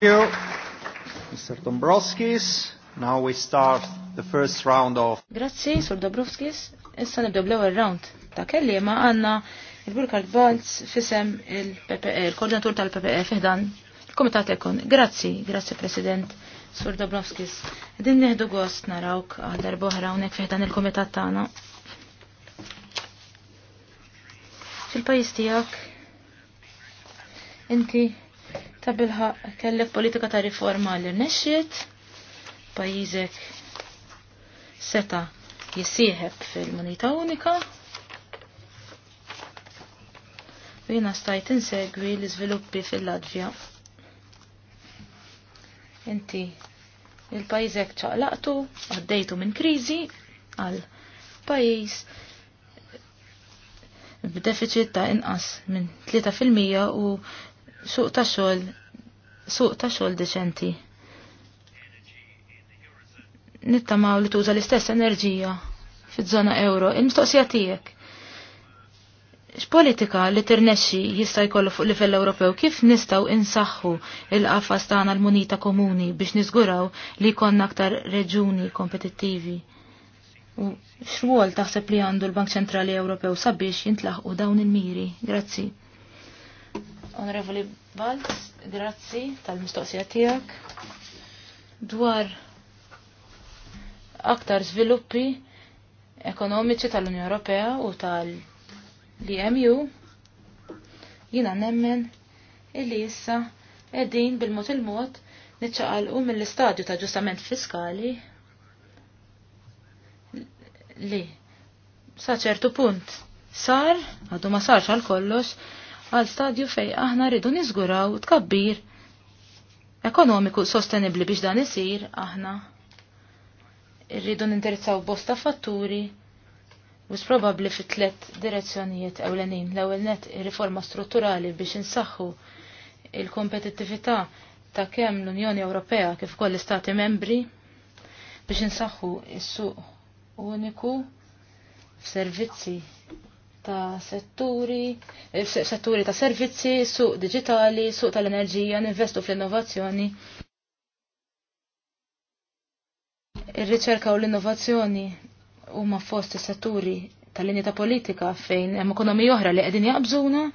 Thank you, Mr. Dombrovskis. Now we start the first round of... Grazzi, Sur Dombrovskis. Issa nibdew l-ewwel round ta' ma' għandna il-Burkard Balz fisem il-PPE, il-koordinatur tal-PPE fiħdan il-Komitat Ekon. Grazzi, grazzi President Sur Dobrovskis. Din neħdu gost narawk għal boħra hawnhekk fiħdan il-Komitat tagħna. Fil-pajjiż tiegħek inti ta' bilħa kellek politika ta' riforma li rnexxiet, pajjiżek seta' jisieħeb fil-Munita Unika. Jina stajt insegwi l-iżviluppi fil-Latvja. Inti il-pajjiżek ċaqlaqtu, għaddejtu minn kriżi għal pajjiż b'deficit ta' inqas minn 3% u suq ta' xogħol suq ta' xogħol deċenti. Nittamaw li tuża l-istess enerġija fiż-żona euro, il-mistoqsija tiegħek. X'politika li tirnexxi jista' jkollu fuq livell Ewropew kif nistgħu insaħħu il-qafas tagħna l-munita komuni biex niżguraw li jkollna aktar reġuni kompetittivi? U x'rwol taħseb li għandu l-Bank Ċentrali Ewropew sabiex jintlaħqu dawn il-miri? Grazzi. Onorevoli Balz, grazzi tal-mistoqsija tijak dwar aktar sviluppi ekonomiċi tal-Unjoni Ewropea u tal-EMU jina nemmen illi jissa edin bil-mod il-mod nitċaqalqu mill-istadju ta' ġustament fiskali li sa' ċertu punt sar, għadu ma sarx għal kollox, għal stadju fej aħna rridu niżguraw tkabbir ekonomiku sostenibli biex dan isir aħna rridu nindirizzaw bosta fatturi u probabbli fi tlet direzzjonijiet ewlenin l-ewwel net riforma strutturali biex insaħħu il-kompetittività ta' kemm l-Unjoni Ewropea kif ukoll l-Istati membri biex insaħħu is-suq uniku f'servizzi ta' setturi, eh, setturi ta' servizzi, suq digitali, suq tal-enerġija, ninvestu fl-innovazzjoni. Ir-riċerka u l-innovazzjoni huma fost is-setturi tal-linja ta' politika fejn hemm ekonomija oħra li qegħdin jaqbżuna,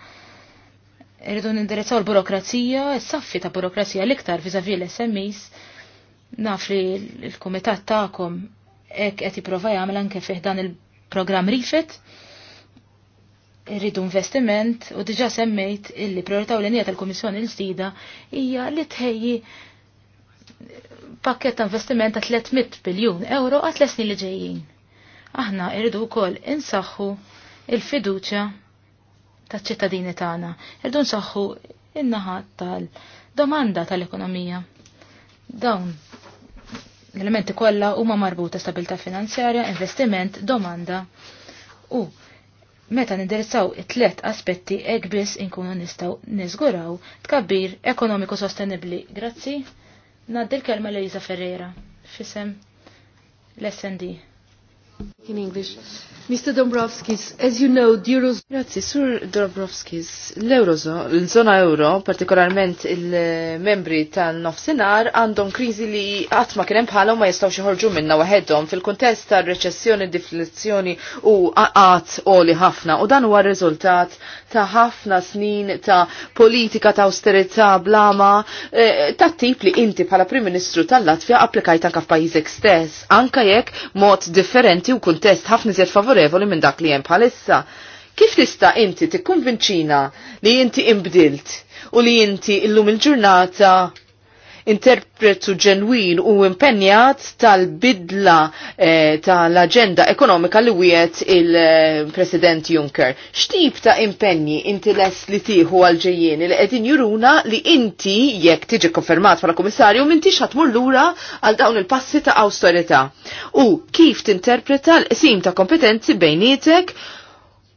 irridu nindirizzaw l-burokrazija, s-saffi ta' burokrazija l-iktar viżavi l-SMEs, naf li l-kumitat ta'kom hekk qed jipprova jagħmel anke fih dan il-programm Rifet. Irridu investiment u diġa semmejt illi priorità l tal-Komissjoni l-ġdida hija li tħejji pakket ta' investiment ta' 300 biljun euro għat l snin li ġejjin. Aħna irridu wkoll insaħħu il-fiduċja taċ ċittadini tagħna. Irridu nsaħħu in-naħa tal-domanda tal-ekonomija. Dawn l-elementi kollha huma marbuta stabilta' finanzjarja, investiment, domanda u Meta nindirizzaw it-tlet aspetti hekk biss inkunu nistgħu niżguraw tkabbir ekonomiku sostenibbli. Grazzi. Naddi l-kelma l Ferreira, fisem l-SND. In English. Mr. Dombrovskis, as you know, the Euro... Grazie, Sur Dombrovskis, l l-zona euro, partikolarment il-membri tal-nofsenar, għandhom krizi li għatma kienem bħalhom ma jistawx ħorġu minna waħedhom fil-kontest ta' reċessjoni, deflazzjoni u għat oli ħafna. U dan huwa r-riżultat ta' ħafna snin ta' politika ta' austerità blama eh, ta' tip li inti bħala Prim Ministru tal-Latvja applikajt anka f'pajjiżek stess, anka jekk mod differenti u kuntest ħafna ziet favorevoli minn dak li hemm bħalissa. Kif tista' inti tikkonvinċina li inti imbdilt u li inti illum il-ġurnata interpretu ġenwin u impenjat tal-bidla eh, tal-agenda ekonomika li wiet il-President Juncker. Xtib ta' impenji inti les li tiħu għal-ġejjien li qegħdin juruna li inti jekk tiġi konfermat bħala kummissarju minti xatmur lura għal dawn il-passi ta' austerità. U kif tinterpreta l-qsim ta' kompetenzi bejnietek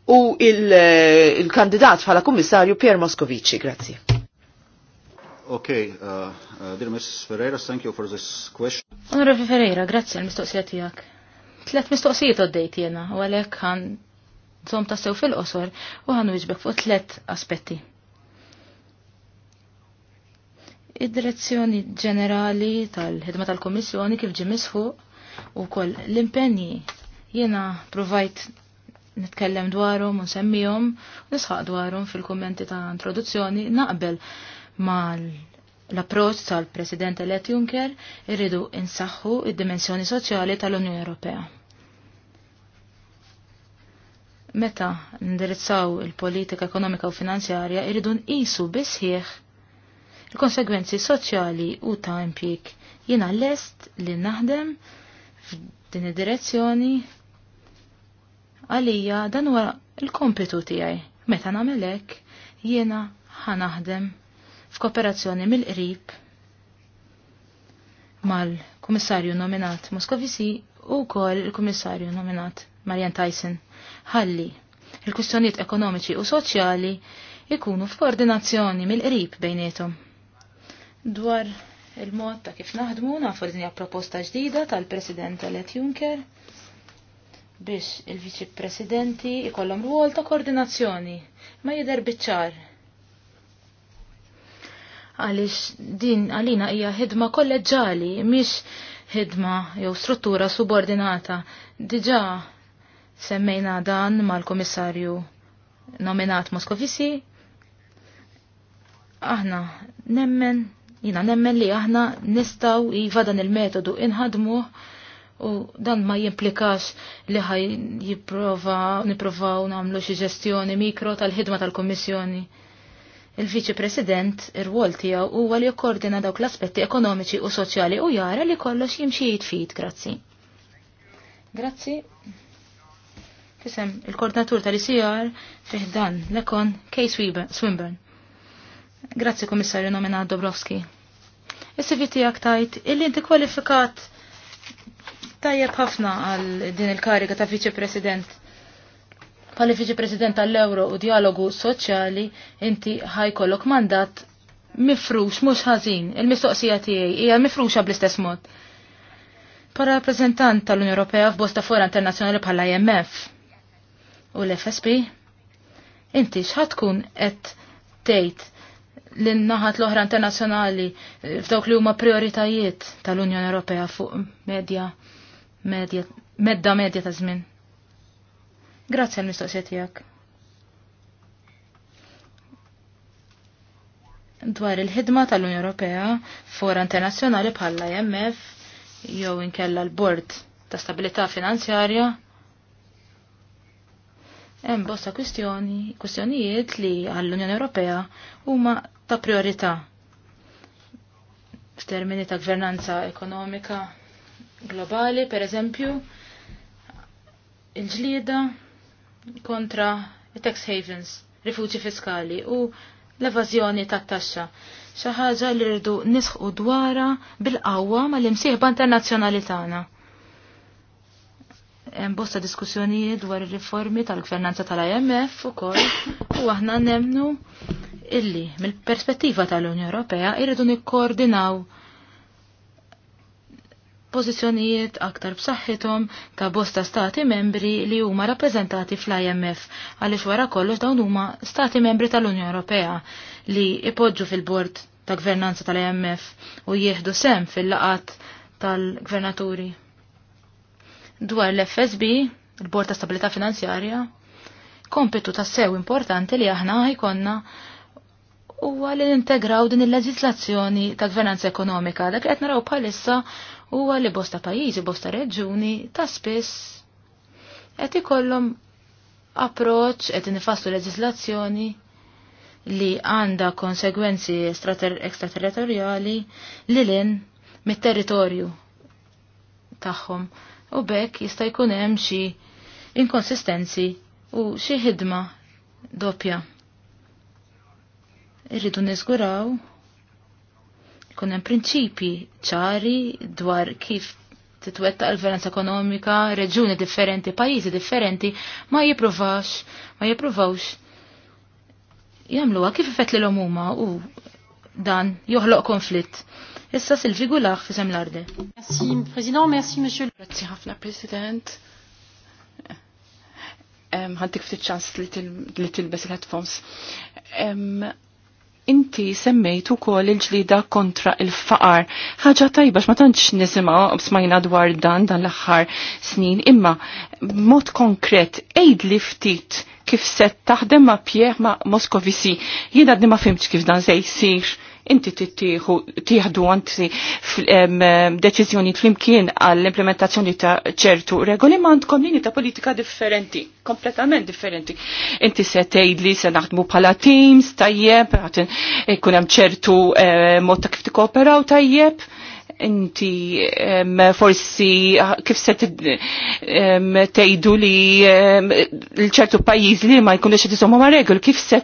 u eh, il-kandidat bħala kummissarju Pier Moscovici. Grazie. Okay, uh, uh, dear Ms Ferreira, thank you for this question. Onorevoli Ferreira, grazie għal-mistoqsija tijak. Tlet mistoqsijiet għoddejt jena, u għalek għan zom tassew fil-qosor u għan uġbek fuq tlet aspetti. Id-direzzjoni ġenerali tal-ħidma tal-Komissjoni kif ġimis fuq u koll l-impenji jena provajt nitkellem dwarhom u nsemmihom u nisħaq dwarhom fil-kummenti ta' introduzzjoni naqbel mal l-approċ tal-President elett Juncker irridu insaħħu id-dimensjoni soċjali tal-Unjoni Ewropea. Meta ndirizzaw il-politika ekonomika u finanzjarja irridu nqisu bisħieħ il-konsegwenzi soċjali u ta' impjik jiena lest li naħdem f'din id-direzzjoni għalija dan huwa l kompitu tiegħi. Meta nagħmel hekk jiena ħanaħdem naħdem f'kooperazzjoni mill-qrib mal-Kummissarju nominat Moskovisi u kol il-Kummissarju nominat Marian Tyson. Ħalli, il-kwistjonijiet ekonomiċi u soċjali ikunu f'koordinazzjoni mill-qrib bejnietom. Dwar il-mod ta' kif naħdmu nafu din dinja proposta ġdida tal-President Elet Juncker biex il-Viċi Presidenti ikollhom ruol ta' koordinazzjoni ma jidher biċ-ċar għaliex din għalina hija ħidma kolleġġali mhix ħidma jew struttura subordinata. Diġà semmejna dan mal-Komissarju nominat Moskovisi. Aħna nemmen, jina nemmen li aħna nistaw iva dan il-metodu inħadmu u dan ma jimplikax li ħaj jiprova, niprovaw namlu xi ġestjoni mikro tal-ħidma tal-Komissjoni. tal ħidma tal tal ħidma tal komissjoni Il-Viċi President ir wol tiegħu huwa li jkoordina dawk l-aspetti ekonomiċi u soċjali u jara li kollox jimxi jitfid, grazzi. Grazzi. Fisem il-koordinatur tal-ICR fiħdan lekon Kay Swinburne. Grazzi Komissarju nominat Dobrovski. Is-CV tiegħek tajt illi inti kwalifikat tajjeb ħafna għal din il-kariga ta' Viċi President Pali fiġi President tal-Euro u dialogu soċjali, inti ħajkollok mandat mifrux, mhux ħażin, il-mistoqsija tiegħi hija mifruxa bl-istess mod. Para rappresentant tal-Unjoni Ewropea f'bosta fora internazzjonali bħala IMF u l-FSB, inti xħat tkun qed tgħid l-naħat l-oħra internazzjonali eh, f'dawk li huma prioritajiet tal-Unjoni Ewropea fuq medja medja medda medja ta' żmien. Grazzi għal mistoqsija tiegħek. Dwar il-ħidma tal-Unja Ewropea fora internazzjonali bħalla IMF jew inkella l-Bord ta' Stabilità Finanzjarja hemm bosta kwistjoni, kwistjonijiet li għall-Unjoni Ewropea huma ta' priorità f'termini ta' gvernanza ekonomika globali, per eżempju, il-ġlieda kontra tax havens, rifuġi fiskali u l-evażjoni tat-taxxa. Xi ħaġa li rridu nisħu dwara bil-qawwa mal-imsieħba internazzjonali tagħna. Hemm bosta diskussjonijiet dwar ir-riformi tal-gvernanza tal-IMF ukoll u aħna nemnu illi mill-perspettiva tal-Unja Ewropea irridu nikkoordinaw pożizzjonijiet aktar b'saħħithom ta' bosta stati membri li huma rappreżentati fl-IMF għaliex wara kollox dawn huma stati membri tal-Unjoni Ewropea li ipoġġu fil-bord ta' gvernanza tal-IMF u jieħdu sem fil-laqat tal-gvernaturi. Dwar l-FSB, il-Bord ta' Stabilità Finanzjarja, kompetu ta' sew importanti li aħna jkonna huwa li nintegraw din il-leġislazzjoni ta' gvernanza ekonomika. Dak qed naraw bħalissa huwa li bosta pajjiżi, bosta reġuni ta' spiss qed ikollhom approċċ qed nifasslu leġislazzjoni li għanda konsegwenzi ekstraterritorjali li lin mit-territorju tagħhom u bekk jista' jkun hemm xi inkonsistenzi u xi ħidma doppja. Irridu niżguraw kunem hemm prinċipji ċari dwar kif titwetta l-veranza ekonomika, reġuni differenti, pajjiżi differenti, ma jippruvax, ma jippruvawx jagħmluha kif ifett li huma u dan joħloq konflitt. Issa Silvi Gulaħ fi sem l-arde. Merci, President, merci, Monsieur. Grazzi ħafna, President. Għantik ftit ċans li tilbes il-headphones. Inti semmejtu kol il-ġlida kontra il-faqar. ħaġa tajba ma tantx nisima smajna dwar dan dan l-aħħar snin, imma mod konkret ejd li ftit kif set taħdem ma ma Moscovici. Jiena ma fimx kif dan se jsir inti tieħdu anzi deċiżjoni flimkien għall-implementazzjoni ta' ċertu regoli ma għandkom linji ta' politika differenti, kompletament differenti. Inti se tgħidli se naħdmu bħala teams tajjeb, ikun hemm ċertu eh, mod ta' kif tikkooperaw tajjeb. Inti forsi kif se tgħidu li l-ċertu pajiz li ma jkunux qed ma' regol, kif se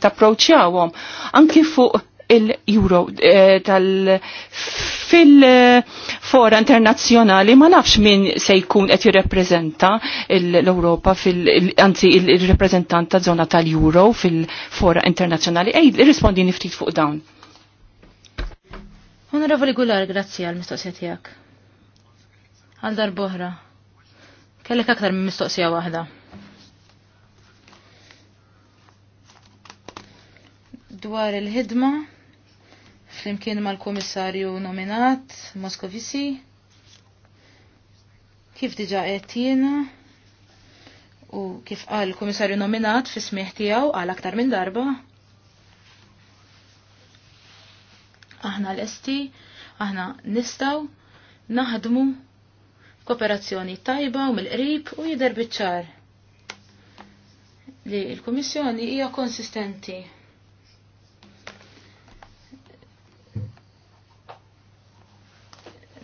tapproċċjawhom anki fuq il-euro eh, fil-fora internazzjonali ma nafx min se jkun qed jirrepreżenta l-Ewropa fil anzi il-rappreżentant ta' zona tal-euro fil-fora internazzjonali. Ej, irrispondini ftit fuq dawn. Onorevoli Gullar, grazzi għal mistoqsija tiegħek. Għal darbohra. Kellek aktar minn mistoqsija waħda. dwar il-ħidma flimkien mal-komissarju nominat Moskovisi. Kif diġa qed u kif għal komissarju nominat fi smieħ tiegħu għal aktar minn darba. Aħna l-esti, aħna nistaw naħdmu kooperazzjoni tajba u mill-qrib u jidher biċ-ċar li l-Kummissjoni hija konsistenti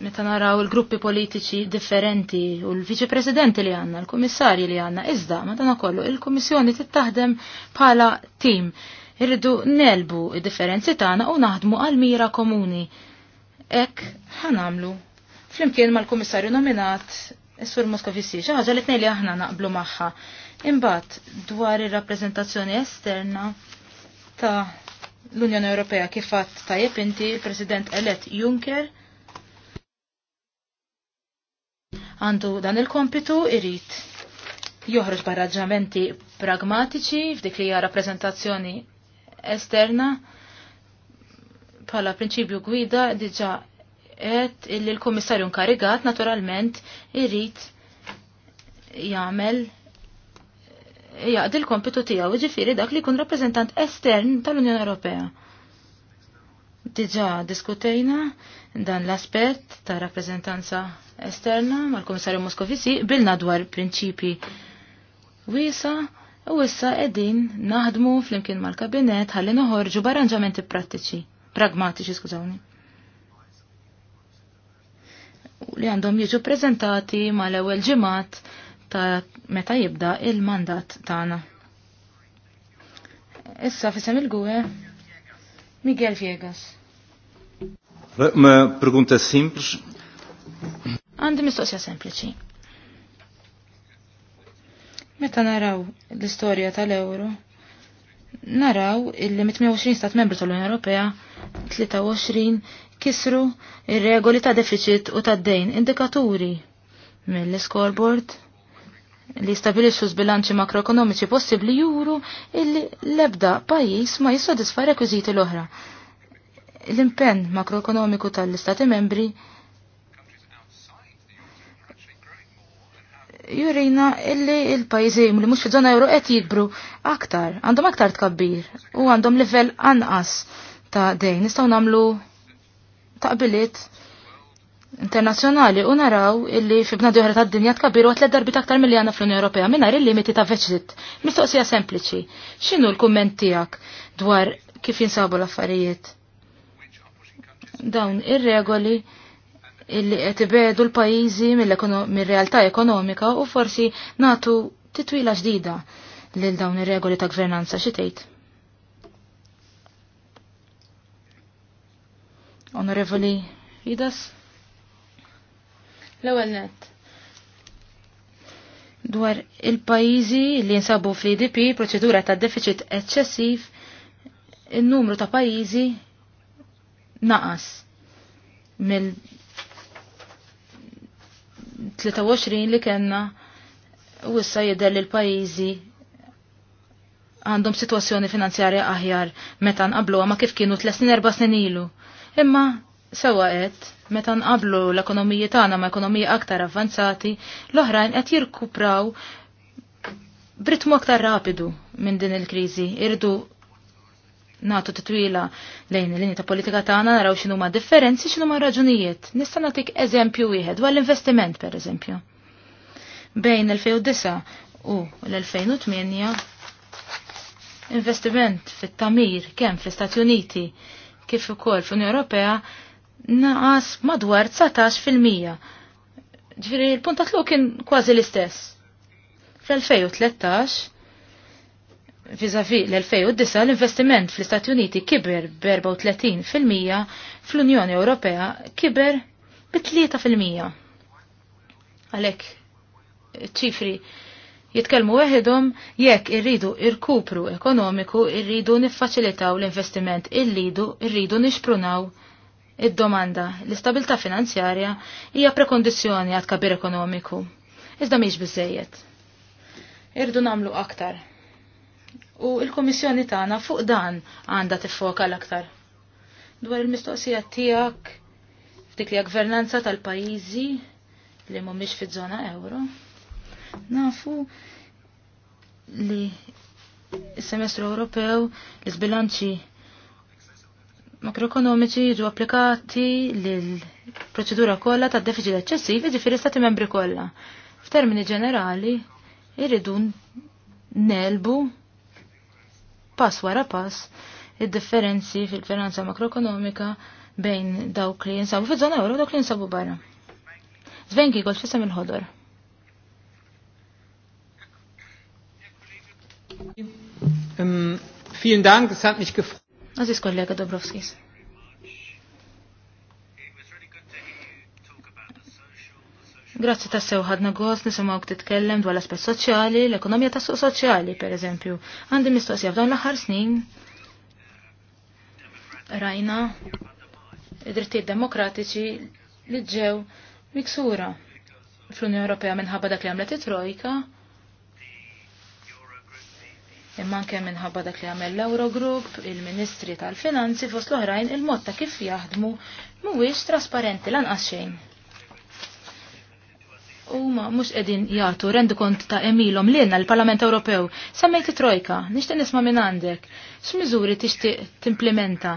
meta naraw il-gruppi politiċi differenti u l-viċi presidenti li għanna, l-komissarji li għanna, iżda madana kollu il-komissjoni tittaħdem bħala tim. Irridu nelbu il differenzi tagħna u naħdmu għal mira komuni. Ek ħanamlu. Flimkien mal-komissarju nominat Is-sur Moskovissi, xi ħaġa li t li aħna naqblu magħha. Imbagħad dwar ir-rappreżentazzjoni esterna ta' l-Unjoni Ewropea kif għadd tajjeb inti l-President elett Juncker għandu dan il-kompitu irrit joħroġ barraġġamenti pragmatiċi f'dik li hija rappreżentazzjoni esterna bħala prinċipju gwida diġa qed illi l-kummissarju nkarigat naturalment irrit jagħmel jaqdi l-kompitu tiegħu jiġifieri dak li jkun rappreżentant estern tal-Unjoni Ewropea. Diġà diskutejna dan l-aspett ta' rappreżentanza esterna mal-Komissarju Moskovici bilna dwar prinċipi wiesa u issa qegħdin naħdmu flimkien mal-kabinet ħalli noħorġu b'arranġamenti prattiċi, pragmatiċi skużawni. Li għandhom jiġu preżentati mal-ewwel ġimat ta' meta jibda il-mandat tagħna. Issa fisem il-gwe Miguel Viegas. Ma pregunta simples. Għandi mistoqsija sempliċi. Meta naraw l-istorja tal-euro, naraw illi mit 120 stat membru tal-Unjoni Ewropea 23 kisru ir-regoli ta' deficit u ta' dejn indikaturi mill-scoreboard li stabilixxu bilanċi makroekonomiċi possibbli juru illi l-ebda pajjiż ma jissodisfa rekwiżiti l-oħra l-impenn makroekonomiku tal-Istati membri jurina illi il-pajzi li mux fil-zona euro qed jikbru aktar, għandhom aktar tkabbir u għandhom livell anqas ta' dejn. Nistgħu nagħmlu taqbiliet internazzjonali u naraw illi fi bnadi oħra tad-dinja tkabbir u tliet darbit aktar miljana fl-Unjoni Ewropea mingħajr il-limiti ta' veċlit. Mistoqsija sempliċi. X'inhu l-kumment tiegħek dwar kif jinsabu l-affarijiet? dawn ir-regoli illi qed ibedu l-pajjiżi mir-realtà ekonomika u forsi natu titwila ġdida lil dawn ir-regoli ta' gvernanza xi tgħid. Onorevoli Idas? L-ewwel net dwar il pajjiżi li jinsabu fl-IDP, proċedura ta' deficit eċċessiv, in numru ta' pajjiżi? naqas mill 23 li kena u issa jidher li l-pajjiżi għandhom sitwazzjoni finanzjarja aħjar meta qablu ma kif kienu 3 snin erba' snin ilu. Imma sewa qed meta qablu l-ekonomiji tagħna ma' ekonomiji aktar avvanzati, l-oħrajn qed jirkupraw b'ritmu aktar rapidu minn din il-kriżi. Irdu nagħtu titwila lejn il-linja ta' politika tagħna naraw x'inhu ma' differenzi x'inhu ma' raġunijiet. Nista' nagħtik eżempju wieħed dwar l-investiment pereżempju. Bejn il-2009 u l-2008 investiment fit-tamir kemm fl-Istati Uniti kif ukoll fl-Unjoni Ewropea naqas madwar 19%. Ġifieri l-puntat luq kien kważi l-istess. Fl-2013 fi l-2009 l-investiment fl-Istati Uniti kiber b-34% fl-Unjoni Ewropea kiber b-3%. Għalek, ċifri jitkelmu weħedhom jekk irridu irkupru ekonomiku irridu niffaċilitaw l-investiment irridu irridu nixprunaw id-domanda. L-istabilta finanzjarja hija prekondizjoni għad kabir ekonomiku. Iżda miex biżejjed. Irridu namlu aktar u il-Komissjoni tagħna fuq dan għandha tiffoka l-aktar. Dwar il-mistoqsija tiegħek f'dik li gvernanza tal-pajjiżi li mhumiex fiż-żona euro. Nafu li s-semestru Ewropew l-sbilanċi makroekonomiċi jiġu applikati lil proċedura kollha tad deficit eċċessiv ġifieri stati membri kollha. F'termini ġenerali, irridu nelbu pass wara pass id-differenzi fil-finanza makroekonomika bejn dawk li jinsabu fil-żona euro u dawk li jinsabu barra. Zvenki għol fissa il-ħodor. Um, vielen Dank, das hat mich gefreut. Das ist Kollege Dobrovskis. Grazzi ta' sew ħadna għos nisimgħu titkellem dwar l-aspett soċjali, l-ekonomija tas suq soċjali pereżempju. Għandi mistoqsija f'dawn l-aħħar snin rajna id-drittijiet demokratiċi li ġew miksura fl-Unjoni Ewropea minħabba dak li għamlet it-Trojka imma anke minħabba dak li għamel l-Eurogroup, il-Ministri tal-Finanzi fost l-oħrajn il-mod ta' kif jaħdmu mhuwiex trasparenti lanqas xejn. Uma mhux qegħdin jagħtu rendu kont ta' emilhom lilna l-Parlament Ewropew. semmejti trojka, nixtieq nisma' minn għandek. X'miżuri tixtieq timplementa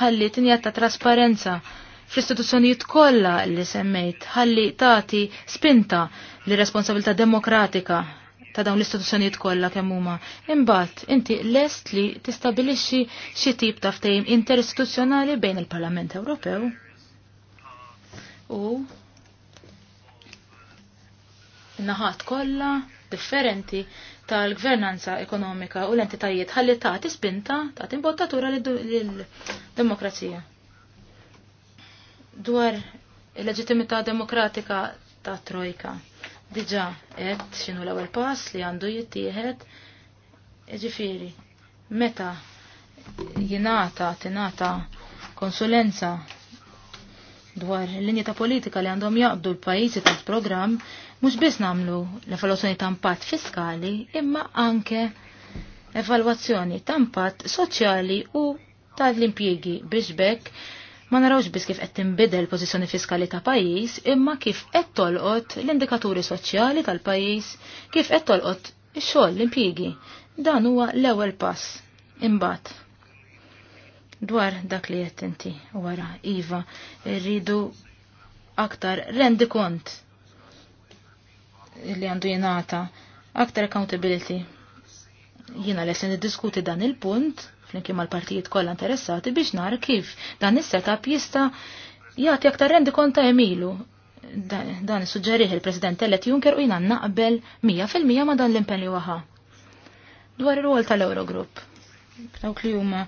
ħalli tinjatta trasparenza fl-istituzzjonijiet kollha li semmejt ħalli tagħti spinta li responsabilità demokratika ta' dawn l-istituzzjonijiet kollha kemm huma. Imbagħad inti lest li tistabilixxi xi tip ta' ftehim interistituzzjonali bejn il-Parlament Ewropew u naħat kollha differenti tal-gvernanza ekonomika u l-entitajiet ħalli ta' spinta tagħti imbottatura l demokrazija Dwar il-leġittimità demokratika ta' trojka. Diġà et x'inhu l-ewwel pass li għandu jittieħed ġifieri meta jingħata tingħata konsulenza dwar l-linja ta' politika li għandhom jaqbdu l-pajjiżi tal-programm mhux biss nagħmlu l-evalwazzjoni ta' impatt fiskali, imma anke evalwazzjoni ta' impatt soċjali u tal-impjiegi biex bekk ma narawx biss kif qed tinbidel pożizzjoni fiskali ta' pajjiż, imma kif qed tolqot l-indikaturi soċjali tal-pajjiż, kif qed tolqot ix-xogħol l-impjiegi. Dan huwa l-ewwel pass. Imbagħad dwar dak li qed inti wara iva rridu aktar rendi kont li għandu jenata aktar accountability. Jina lesen diskuti dan il-punt flimkien mal-partijiet kollha interessati biex nara kif dan is-setup jista' jagħti aktar rendi konta emilu. Dan suġġeriħ il-President Tellet Juncker u jina naqbel 100% ma dan l-impen li waha. Dwar ir għol tal-Eurogroup. Dawk li huma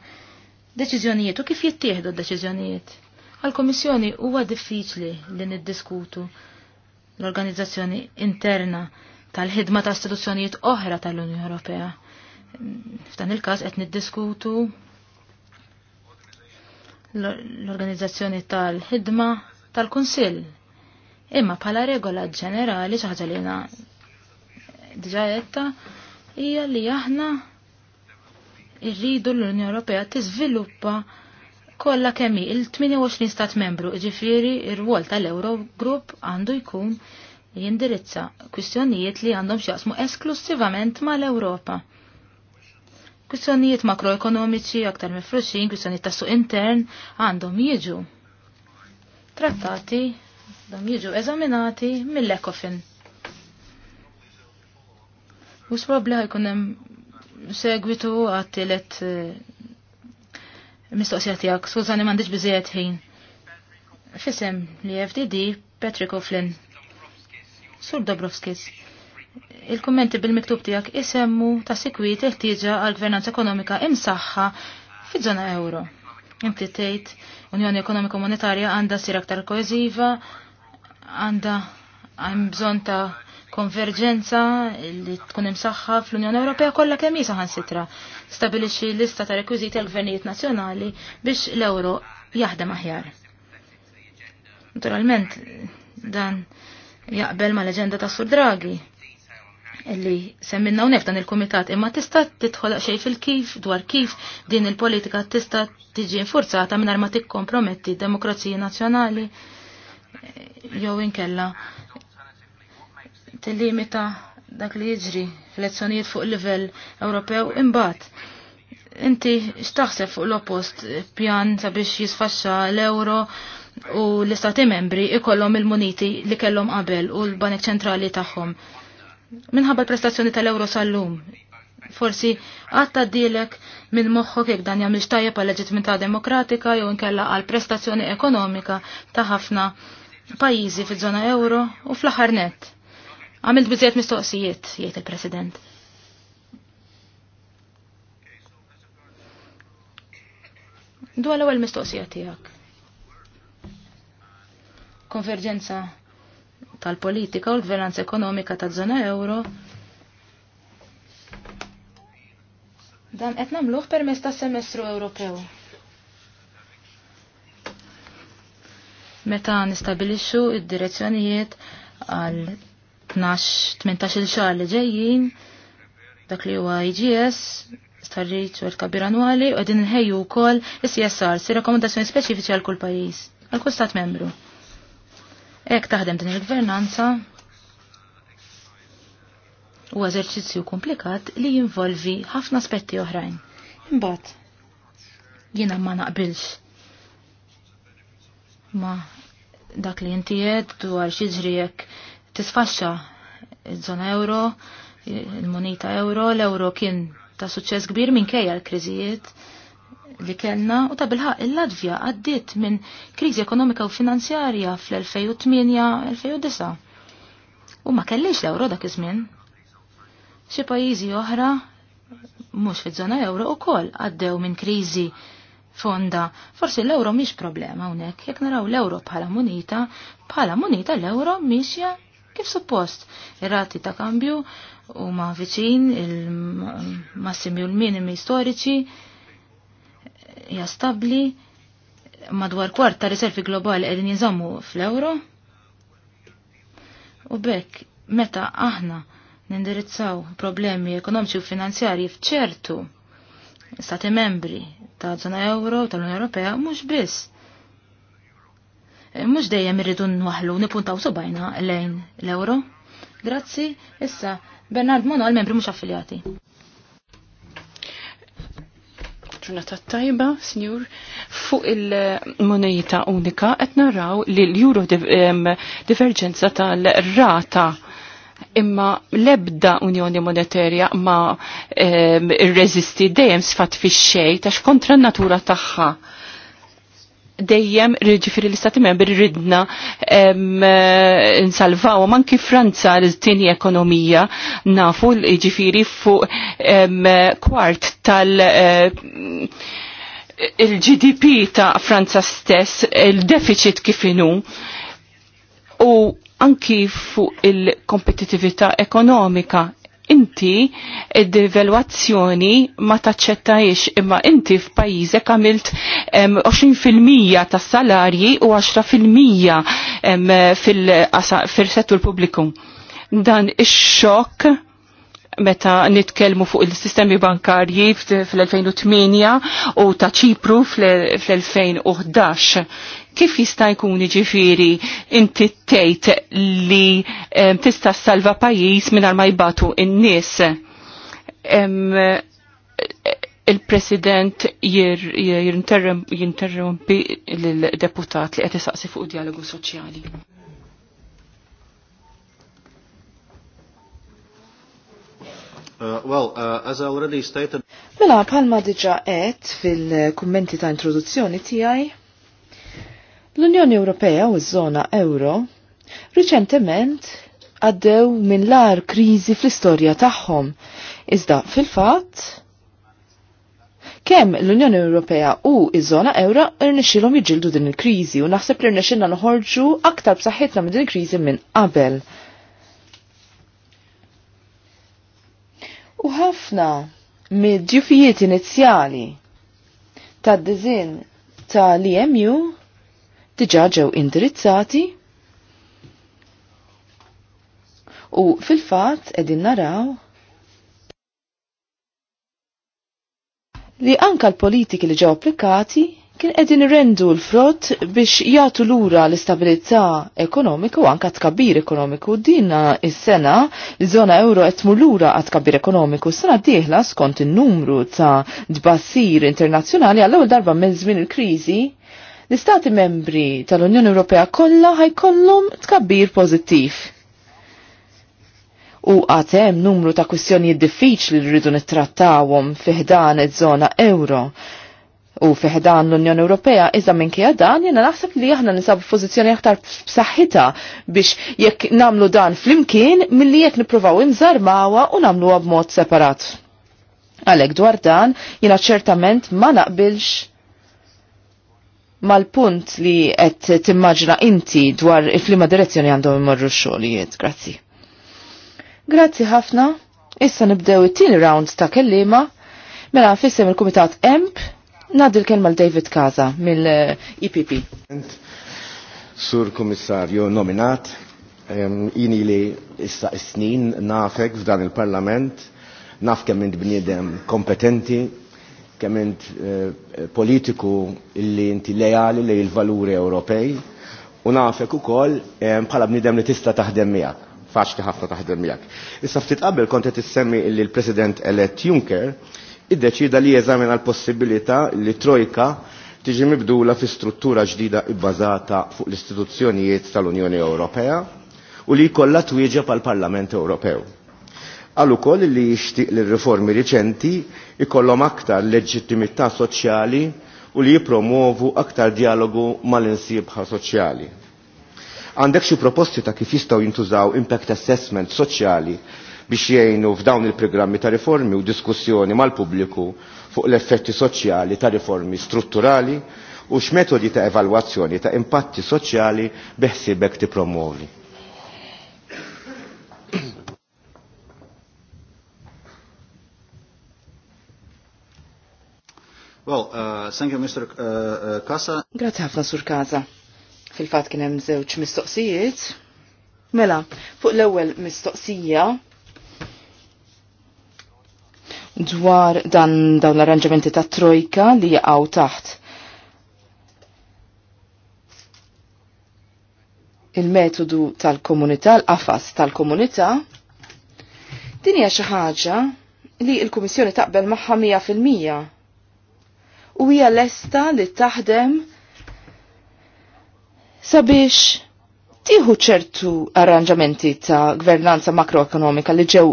deċiżjonijiet u kif jittieħdu d-deċiżjonijiet. Għal-Komissjoni huwa diffiċli li niddiskutu l-organizzazzjoni interna tal-ħidma ta' istituzzjonijiet oħra tal-Unjoni Ewropea. F'dan il-każ qed niddiskutu l-organizzazzjoni tal-ħidma tal-Kunsill. Imma bħala regola ġenerali xi ħaġa li jiena diġà hija li aħna rridu l-Unjoni Ewropea tiżviluppa Kolla kemm il-28 stat membru ġifieri ir-rwol tal-Eurogroup għandu jkun jindirizza kwistjonijiet li għandhom x'jaqsmu esklusivament mal-Ewropa. Kwistjonijiet makroekonomiċi aktar mifruxin, kwistjonijiet tas suq intern għandhom jiġu trattati, għandhom jiġu eżaminati mill ekofin Mux problema jkunem segwitu għat-tielet eh, mistoqsija tiegħek, skużani m'għandix biżejjed ħin. Fisem li FDD Patrick O'Flynn. Sur Dobrovskis. Il-kommenti bil-miktub tiegħek isemmu ta' sikwit il-ħtieġa għal gvernanza ekonomika imsaħħa fiż-żona euro. Inti tgħid Unjoni Ekonomika Monetarja għandha sir aktar koeżiva, għandha hemm bżonn ta' konverġenza li tkun imsaħħa fl-Unjoni Ewropea kollha kemm hija sitra. Stabilixxi lista ta' rekwiżiti għal gvernijiet nazzjonali biex l-euro jaħdem aħjar. Naturalment dan jaqbel mal-leġenda ta' Sur Draghi illi semminna unef dan il-komitat imma tista' titħol xej fil-kif dwar kif din il-politika tista' tiġi infurzata minn ma tikkomprometti demokrazija nazzjonali jew inkella tillimita dak li jiġri f'elezzjonijiet fuq livell Ewropew imbagħad. Inti x'taħseb fuq l-oppost pjan sabiex jisfaxxa l-euro u l-istati membri ikollhom il-muniti li kellhom qabel u l-banek ċentrali tagħhom. Minħabba l-prestazzjoni tal-euro sal-lum, forsi għatta dilek minn moħħok kik dan jagħmel tajjeb għal leġitimità demokratika jew inkella għal prestazzjoni ekonomika ta' ħafna pajjiżi fiż-żona euro u fl-aħħar net. Għamilt bizziet mistoqsijiet, jgħid il-President. Dwa l-ewwel mistoqsija tiegħek. Konverġenza tal-politika u l-gvernanza ekonomika taż-żona euro dan qed nagħmluh permezz tas-semestru Ewropew. Meta nistabilixxu id-direzzjonijiet għal 12-18 il-xar li ġejjin dak li huwa IGS starriċ u l-kabir annwali u għedin nħejju wkoll is-CSR si rekomendazzjoni speċifiċi għal kull pajjiż, għal kull stat membru. Ek taħdem din il-gvernanza u eżerċizzju komplikat li jinvolvi ħafna aspetti oħrajn. Imbagħad jiena ma naqbilx ma dak li inti dwar xi ġrijek tisfaxxa iż-żona euro, il-moneta euro, l-euro kien ta' suċċess kbir minkejja l-kriżijiet li kellna u ta' bilħa il-Latvja għaddiet minn kriżi ekonomika u finanzjarja fl-2008-2009. U ma kellix l-euro dak iż-żmien. Xi pajjiżi oħra mhux fiż-żona euro ukoll għaddew minn kriżi fonda. Forsi l-euro mhix problema hawnhekk, jekk naraw l-euro bħala munita, bħala munita l-euro mixja kif suppost. Ir-rati ta' kambju u ma' viċin il-massimi u l-minimi storiċi jastabli madwar kwart ta' riservi globali għedin jinżammu fl-euro. U bekk, meta aħna nindirizzaw problemi ekonomiċi u finanzjarji fċertu stati membri ta' zona euro tal-Unjoni Ewropea mhux biss mhux dejjem irridu nwaħlu nipuntaw subajna lejn l-euro. Grazzi, issa Bernard Mono għal-membri mhux affiljati ġurnata tajba, snjur, fuq il-moneta unika qed naraw li l-euro divergenza tal-rata imma lebda unjoni monetarja ma irreżisti dejjem sfat fix xej tax kontra natura tagħha dejjem ġifiri l-istati membri ridna eh, nsalvaw manki Franza l-tini ekonomija nafu ġifiri fuq kwart tal eh, il-GDP ta' Franza stess, il-deficit kifinu u anki fuq il-kompetitività ekonomika inti id-devaluazzjoni ma taċċettajx imma inti f'pajjiżek għamilt 20% tas salarji u 10% fil-settur pubbliku. Dan ix-xokk meta nitkellmu fuq il-sistemi bankarji fl-2008 u ta' ċipru fl-2011 Kif jista' jkun ġifiri inti tgħid li tista' salva pajjiż mingħajr ma jbatu in-nies? il-President jinterrompi l-deputat li qed isaqsi fuq dialogu soċjali. Uh, well, uh, as I already stated... Mela, palma diġa għet fil-kummenti ta' introduzzjoni tiegħi, L-Unjoni Ewropea u ż-żona euro riċentement għaddew minn lar kriżi fl-istorja tagħhom. Iżda fil-fatt kemm l-Unjoni Ewropea u iż-żona euro irnexxilhom jiġildu din il-kriżi u naħseb li rnexxilna noħorġu aktar b'saħħitna minn din il-kriżi minn qabel. U ħafna mid-ġufijiet inizjali tad-dizin tal-EMU diġa ġew indirizzati u fil-fatt edin naraw li anka l-politiki li ġew applikati kien edin rendu l-frott biex jagħtu lura l-istabilità ekonomiku u anka tkabbir ekonomiku din is-sena li żona euro qed tmur lura għat tkabbir ekonomiku sena dieħla skont in-numru ta' dbassir internazzjonali għall-ewwel darba minn żmien il-kriżi L-istati membri tal-Unjoni Ewropea kollha ħajkollhom tkabbir pożittiv. U għatem numru ta' kwistjonijiet diffiċli li rridu nittrattawhom ħdan iż-żona euro u ħdan l-Unjoni Ewropea, iżda minkejja dan jena naħseb li aħna nisabu f'pożizzjoni aktar b'saħħitha biex jekk namlu dan flimkien milli jekk nippruvaw imżarmawa u namluha b'mod separat. Għalhekk dwar dan jiena ċertament ma naqbilx mal-punt li qed timmaġna inti dwar il-flima direzzjoni għandhom imorru xogħlijiet. Grazzi. Grazzi ħafna. Issa nibdew it-tieni round ta' kellima. Mela fissem il-Kumitat EMP Nadil kelma l-David Kaza mill-IPP. Sur Komissarju nominat, jini li issa snin nafek f'dan il-Parlament, naf kemm minn bniedem kompetenti, kement eh, politiku illi inti lejali li il valuri Ewropej u nafek u koll eh, bħala bnidem li tista taħdem miegħek, faċli ħafna taħdem miegħek. Issa ftit qabel kont qed issemmi illi l-President elett Juncker iddeċida li jeżamina l-possibilità li trojka tiġi mibdula fi struttura ġdida bbażata fuq l-istituzzjonijiet tal-Unjoni Ewropea u li jkollha twieġeb għal Parlament Ewropew għal ukoll li jixtieq li riformi riċenti ikollhom aktar leġittimità soċjali u li jipromovu aktar dialogu mal insibħa soċjali. Għandek xi proposti ta' kif jistgħu jintużaw impact assessment soċjali biex jgħinu f'dawn il-programmi ta' riformi u diskussjoni mal-pubbliku fuq l-effetti soċjali ta' riformi strutturali u x'metodi ta' evalwazzjoni ta' impatti soċjali beħsibek tippromovi. Well, uh, thank you, Mr. Uh, uh, Kasa. Grazie ħafna, Sur Kasa. Fil-fat kien hemm żewġ mistoqsijiet. Mela, fuq l-ewwel mistoqsija dwar dan dawn l-arranġamenti ta' trojka li jaqgħu taħt il-metodu tal-komunità, l-qafas tal-komunità, din hija xi ħaġa li l-Kummissjoni taqbel magħha mija fil-mija u hija lesta li taħdem sabiex tiħu ċertu arranġamenti ta' gvernanza makroekonomika li ġew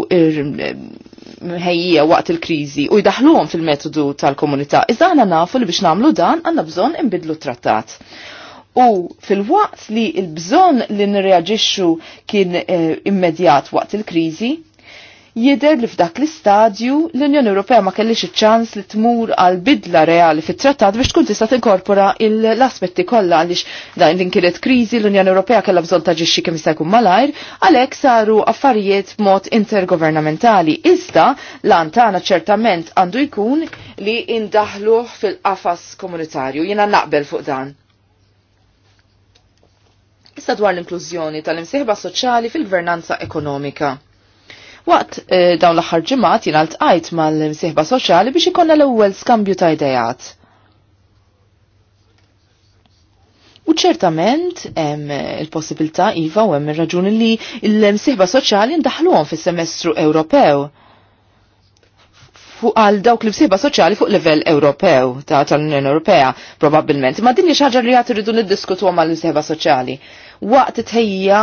ħejjija waqt il-kriżi u jdaħluhom fil-metodu tal-komunità. Iżda aħna nafu li biex nagħmlu dan għandna bżonn inbidlu trattat. U fil-waqt li l-bżonn li nirreaġixxu kien eh, immedjat waqt il-kriżi, jider li f'dak l-istadju l-Unjoni Ewropea ma kellix iċ-ċans li tmur għal bidla reali fit-trattat biex tkun tista' tinkorpora l-aspetti kollha għaliex dan din kienet kriżi l-Unjoni Ewropea kellha bżonn ta' ġixxi kemm jista' jkun malajr, għalhekk saru affarijiet b'mod intergovernamentali. Iżda lan tagħna ċertament għandu jkun li indaħluh fil-qafas komunitarju. Jiena naqbel fuq dan. Issa dwar l-inklużjoni tal-imsieħba soċjali fil-gvernanza ekonomika. Waqt eh, dawn l-aħħar ġimgħat jiena ltqajt mal-imsieħba soċjali biex ikonna l-ewwel skambju ta' idejat. U ċertament hemm il-possibilità iva u hemm ir-raġuni li l-imsieħba soċjali ndaħluhom fis-semestru Ewropew fuq għal dawk li bsiba soċjali fuq livell Ewropew ta' tal-Unjoni Ewropea probabbilment. Ma din ħaġa li għat irridu niddiskutu għam għal soċjali waqt tħejja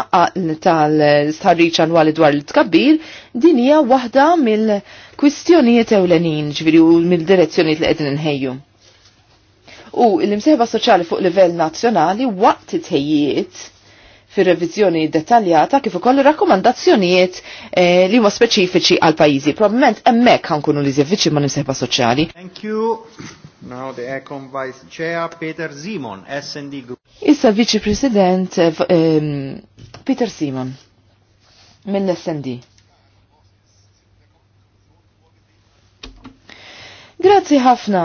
tal istħarriċ annwali dwar l-tkabbir, din hija waħda mill-kwistjonijiet ewlenin ġviri u mill-direzzjoniet li qegħdin nħejju. U l-imsieħba soċjali fuq livell nazzjonali waqt tħejjiet fir revizjoni dettaljata kif ukoll rakkomandazzjonijiet eh, li huma speċifiċi għal pajjiżi. Probabbilment hemmhekk ħankunu li viċi ma' nimsieħba soċjali. Thank you. Now the Econ Vice Chair Peter Simon, SD Group. Issa Viċi President eh, ehm, Peter Simon mill-SND. Grazzi ħafna.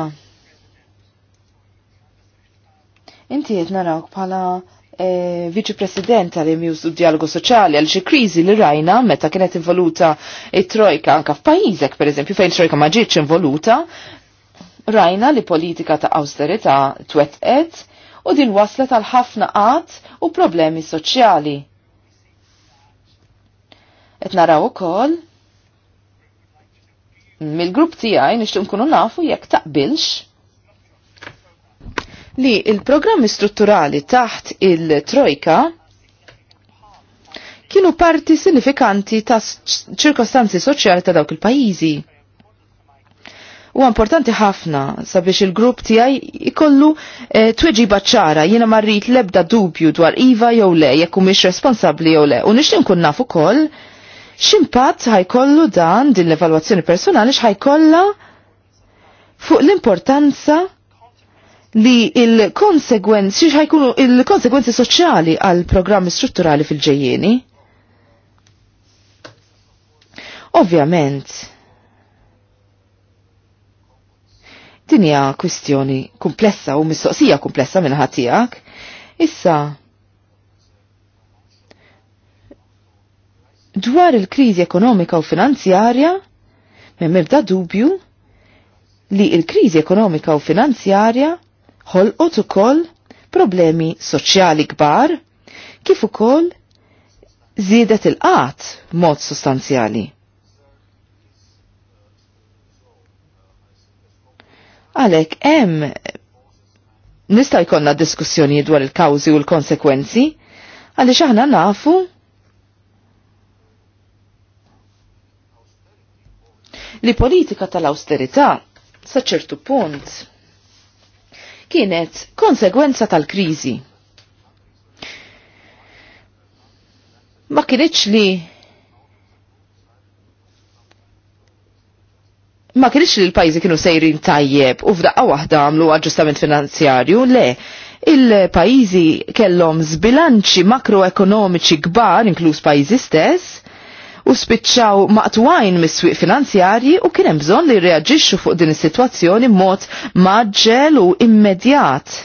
Inti jitnarawk narawk bħala E, Viċi President tal imjużu Dialogu Soċjali għal xi kriżi li rajna meta kienet involuta it-Trojka anka f'pajjiżek pereżempju fejn trojka ma ġietx involuta, rajna li politika ta' austerità twetqet u din waslet għal ħafna qatt u problemi soċjali. Qed naraw ukoll mill-grupp tiegħi nixtieq nkunu nafu jekk taqbilx li il-programmi strutturali taħt il-Trojka kienu parti sinifikanti ta' ċirkostanzi soċjali ta' dawk il-pajizi. U importanti ħafna sabiex il-grupp tiegħi ikollu e, eh, tweġi baċċara jiena marrit lebda dubju dwar iva jew le jekk mhix responsabbli jew le. U nixtieq nkun naf ukoll x'impatt ħajkollu dan din l-evalwazzjoni personali x'ħajkollha fuq l-importanza li il-konsegwenzi, ħajkunu il-konsegwenzi soċjali għal programmi strutturali fil-ġejjeni? Ovvjament, dinja kwistjoni komplessa u mistoqsija komplessa minn ħatijak, issa dwar il-krizi ekonomika u finanzjarja, minn mibda dubju li il-krizi ekonomika u finanzjarja ħolqot ukoll problemi soċjali kbar kif ukoll żiedet il-qat mod sostanzjali. Għalek hemm nista' jkollna diskussjoni dwar il-kawżi u l-konsekwenzi għaliex aħna nafu li politika tal-austerità sa ċertu punt kienet konsegwenza tal-kriżi. Ma kienieċ li ma kienx li l-pajzi kienu sejrin tajjeb u f'daqqa wahda għamlu aġġustament finanzjarju, le, il-pajzi kellhom zbilanċi makroekonomiċi kbar, inkluż pajzi stess, u spiċċaw maqtwajn mis-swieq finanzjarji u kien hemm bżonn li reaġixxu fuq din is-sitwazzjoni mod maġġel u immedjat.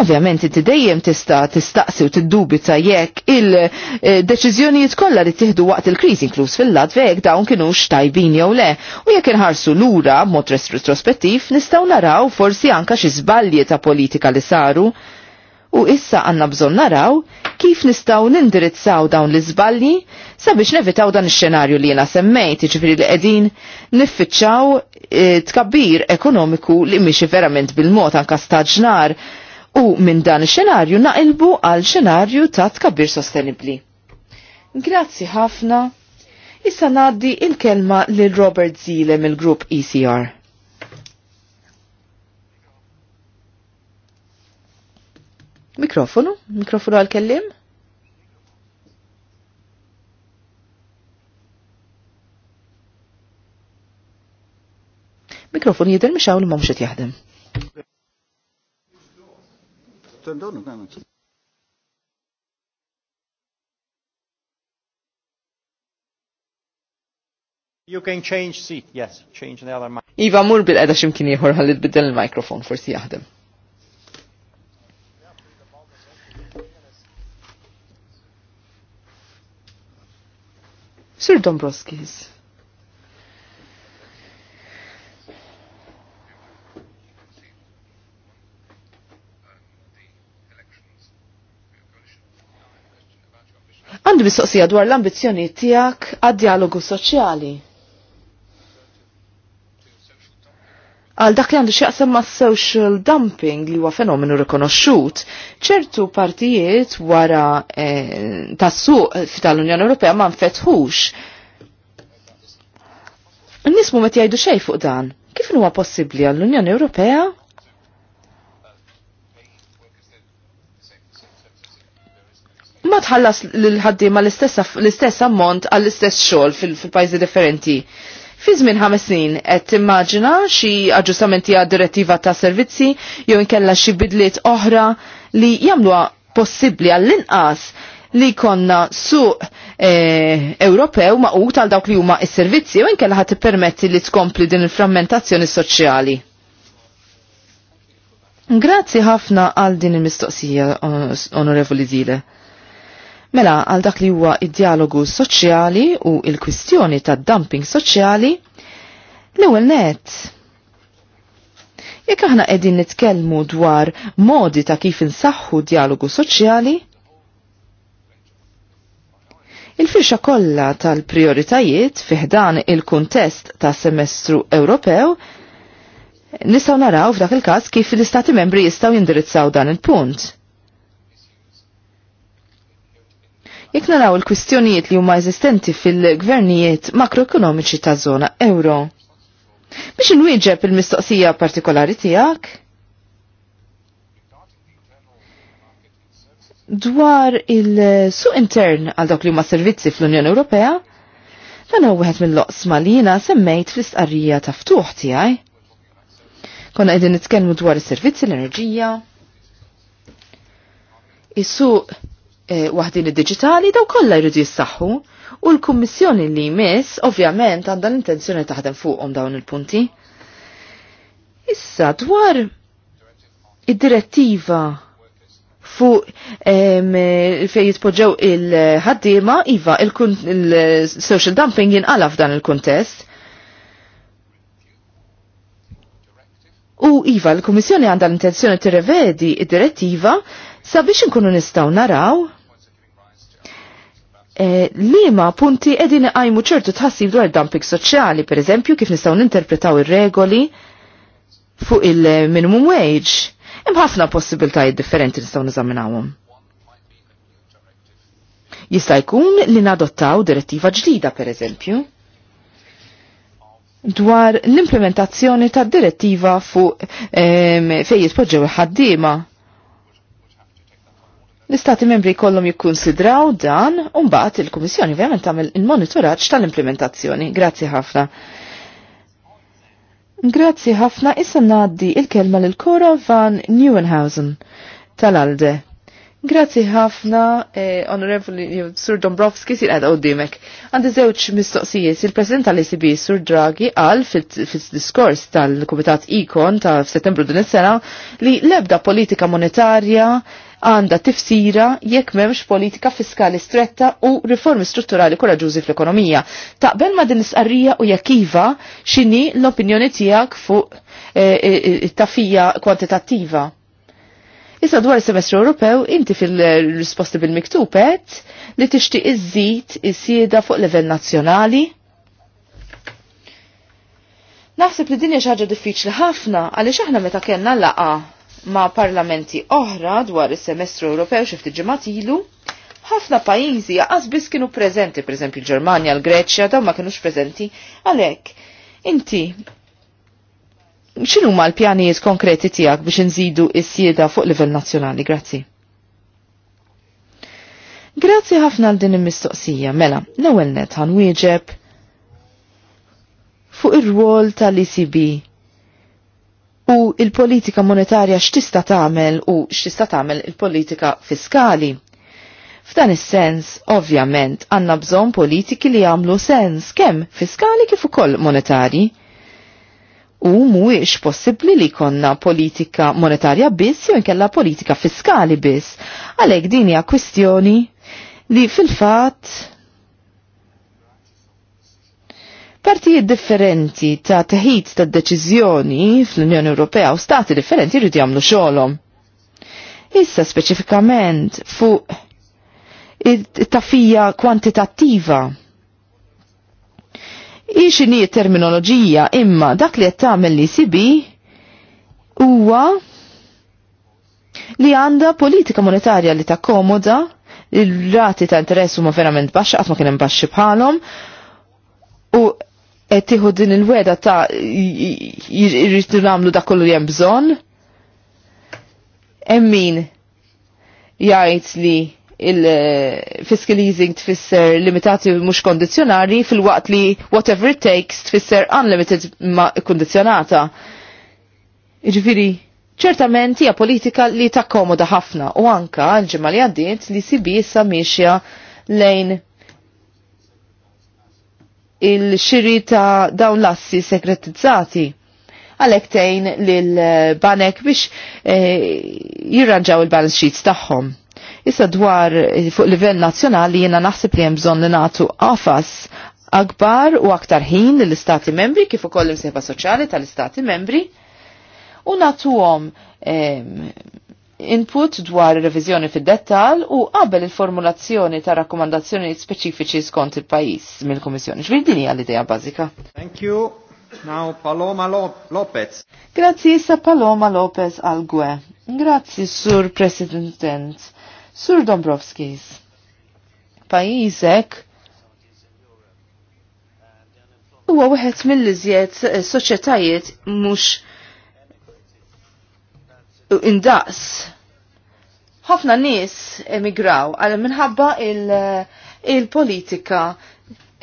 Ovvjament inti dejjem tista' tistaqsi u tiddubita jekk il-deċiżjonijiet kollha li tieħdu waqt il-kriżi inkluż fil-Latvja jekk dawn kienu xtajbin jew le. U jekk inħarsu lura b'mod retrospettiv nistgħu naraw forsi anka xi żbalji ta' politika li saru u issa għanna bżon naraw kif nistaw nindirizzaw dawn l iżbalji sabiex nevitaw dan ix xenarju li jena semmejt iġifri li qegħdin niffiċċaw eh, tkabbir ekonomiku li miexi verament bil-mod anka staġnar u minn dan ix xenarju naqilbu għal xenarju ta' tkabbir sostenibli. Grazzi ħafna. Issa naddi il-kelma lil Robert Zile mill-grupp ECR. Mikrofonu? Mikrofonu għal-kellim? Mikrofon jidher mhux hawn mhux qed jaħdem. You can change seat, yes, change the other mic. Iva mur bil-qeda ximkien ieħor ħalli tbiddel il-mikrofon forsi jaħdem. Sir Dombrovskis. Għandu mistoqsija dwar l-ambizjoni tijak għad-dialogu soċjali. għal dak li għandu xieqsam ma' social dumping li huwa fenomenu rikonoxxut, ċertu partijiet wara eh, tas-suq tal-Unjoni Ewropea ma' nfetħux. Nismu ma jgħidu xej fuq dan. Kif huwa possibbli għall-Unjoni Ewropea ma tħallas l-ħaddiema l-istess ammont għall-istess xogħol fil-pajjiżi differenti. Fi żmien ħames snin qed timmaġina xi aġġustamenti għad direttiva ta' servizzi jew inkella xi bidliet oħra li jagħmluha possibbli għall-inqas li konna suq e, Ewropew maqut għal dawk li huma s-servizzi u inkella ħat permetti li tkompli din il-frammentazzjoni soċjali. Grazzi ħafna għal din il-mistoqsija, onorevoli Zile. Mela għal dak li huwa id-dialogu soċjali u il-kwistjoni tad dumping soċjali, l-ewwel net. Jekk aħna qegħdin nitkellmu dwar modi ta' kif insaħħu dialogu soċjali, Il-firxa kollha tal-prioritajiet fiħdan il-kuntest ta' semestru Ewropew nistgħu naraw f'dak il-każ kif l-istati membri jistgħu jindirizzaw dan il-punt. Jekk naraw il-kwistjonijiet li huma eżistenti fil-gvernijiet makroekonomiċi ta' zona euro. Biex inwieġeb il-mistoqsija partikolari tiegħek? Dwar il-suq intern għal dawk li huma servizzi fl-Unjoni Ewropea, dan huwa wieħed mill-loqsma li jiena semmejt fl-istqarrija ta' ftuħ tiegħi. Konna qegħdin nitkellmu dwar is-servizzi l-enerġija, is-suq E, waħdin id-digitali daw kollha jridu jissaħħu u l-kummissjoni li jmiss ovvjament għandha l-intenzjoni taħdem fuqhom dawn il-punti. Issa dwar id-direttiva fuq fej jitpoġġew il-ħaddiema iva il-social dumping jinqala f'dan il-kuntest. U iva l-Kummissjoni għandha l-intenzjoni tirrevedi id-direttiva sabiex inkunu nistgħu naraw E, eh, lima punti edin għajmu ċertu tħassib dwar dumping soċjali, per eżempju, kif nistaw ninterpretaw ir-regoli fuq il-minimum wage. Hemm ħafna possibiltajiet differenti nistgħu niżaminawhom. Jista' jkun li nadottaw direttiva ġdida, per eżempju, dwar l-implementazzjoni tad direttiva fuq fejn jitpoġġew il-ħaddiema L-istati membri kollum jikkonsidraw dan u mbagħad il-Kummissjoni ovvjament tagħmel il-monitoraġġ tal-implementazzjoni. Grazzi ħafna. Grazzi ħafna issa ngħaddi il-kelma lil Kora van Newenhausen tal-Alde. Grazzi ħafna, eh, onorevoli Sur Dombrovski, si għada għoddimek. Għandi zewċ mistoqsijiet, il-President tal-ECB, Sur Draghi, għal fit diskors tal-Komitat Ikon ta' settembru din is-sena li lebda politika monetarja għandha tifsira jekk m'hemmx politika fiskali stretta u riformi strutturali koraġużi fl-ekonomija. Taqbel ma din isqarrija u jekk iva x'inhi l-opinjoni tiegħek fuq it-tafija eh, eh, eh, kwantitattiva. Issa dwar is-semestru Ewropew inti fil-risposti bil miktupet li tixtieq iżżid is-sieda fuq level nazzjonali. Naħseb li din hija xi ħaġa diffiċli ħafna għaliex aħna meta kellna laqa ma' parlamenti oħra dwar is-semestru Ewropew xi ftit ħafna pajjiżi għaqas biss kienu preżenti, pereżempju l-Ġermanja, l-Greċja, dawn ma kienux prezenti Għalhekk, inti xinu ma l-pjanijiet konkreti tiegħek biex inżidu s-sieda fuq livell nazzjonali? Grazzi. Grazzi ħafna għal din il-mistoqsija, mela, l-ewwel net ħanwieġeb fuq ir-rwol tal-ECB u il-politika monetarja x'tista tagħmel u x'tista tagħmel il-politika fiskali. F'dan is-sens, ovvjament, għandna bżonn politiki li jagħmlu sens kemm fiskali kif ukoll monetarji. U mhuwiex possibbli li konna politika monetarja biss jew inkella politika fiskali biss. Għalhekk din hija kwistjoni li fil-fatt Partijiet differenti ta' teħid ta' deċiżjoni fl-Unjoni Ewropea u stati differenti jridu jagħmlu xogħolhom. Issa speċifikament fuq it-tafija kwantitattiva ixini terminoloġija imma dak li qed tagħmel li sibi huwa li għanda politika monetarja li takkomoda il-rati ta' interess huma verament baxxa qatt ma kien hemm baxxi bħalhom u qed tieħu din il-weda ta' jridu nagħmlu da kollu hemm bżonn? Emmin min jgħid li il-fiscal easing tfisser limitati mhux kondizzjonali fil-waqt li whatever it takes tfisser unlimited ma kondizjonata. Ġifiri, ċertament hija politika li takkomoda ħafna u anka ġimma li għaddiet li sibi issa miexja lejn il-xiri ta' dawn l-assi sekretizzati għalek tejn lil-banek biex eh, jirranġaw il-balance sheets tagħhom. Issa dwar eh, fuq livell nazzjonali jiena naħseb li hemm bżonn li nagħtu għafas akbar u aktar ħin lill-istati membri kif ukoll l-imsieħba soċjali tal-istati membri u nagħtuhom input dwar revizjoni fid-dettal u qabel il-formulazzjoni ta' rakkomandazzjoni speċifiċi skont il-pajis mill-Komissjoni. Ġbir din hija l-idea bażika. Thank you. Now Paloma Lopez. Grazzi sa Paloma Lopez al-Gwe. Grazzi Sur President. Sur Dombrovskis. Pajizek huwa wieħed mill-iżjed soċjetajiet mhux indaqs. Ħafna nies emigraw għal minħabba il-politika il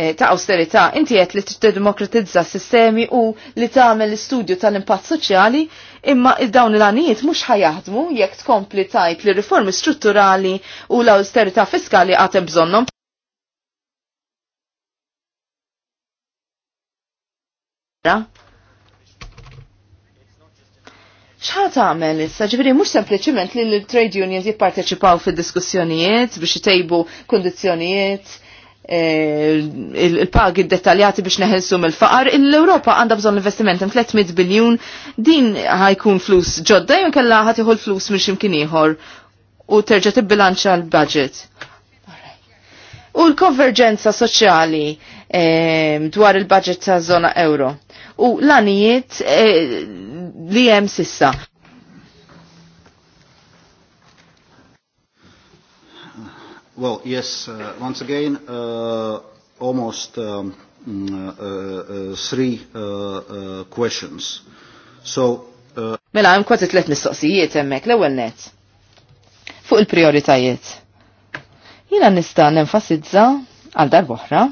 eh, ta' austerità. Inti qed li tiddemokratizza sistemi u li tagħmel l-istudju tal-impatt soċjali, imma dawn l-għanijiet mhux ħajaħdmu jekk tkompli tajt li riformi strutturali u l-austerità fiskali għatem bżonnom. Yeah xħat għamel issa, ġviri mux sempliciment li l-trade unions jipparteċipaw fil diskussjonijiet biex jtejbu kondizjonijiet, eh, il-pagi dettaljati biex neħelsu mill-faqar, l-Europa għanda bżon investiment 300 biljun, din ħajkun flus ġodda, jew kella ħatiħu l-flus minn ximkien ieħor u terġa tibbilanċa l-budget. U l-konverġenza soċjali eh, dwar il-budget ta' zona euro. U l-anijiet eh, li hemm sissa. Well, yes, uh, once again, uh, almost um, mm, uh, uh, three uh, uh, questions. So, uh, Mela, hemm kwasi tliet mistoqsijiet hemmhekk l-ewwel net. Fuq il-prioritajiet. Jina nista' nenfasizza għal darba oħra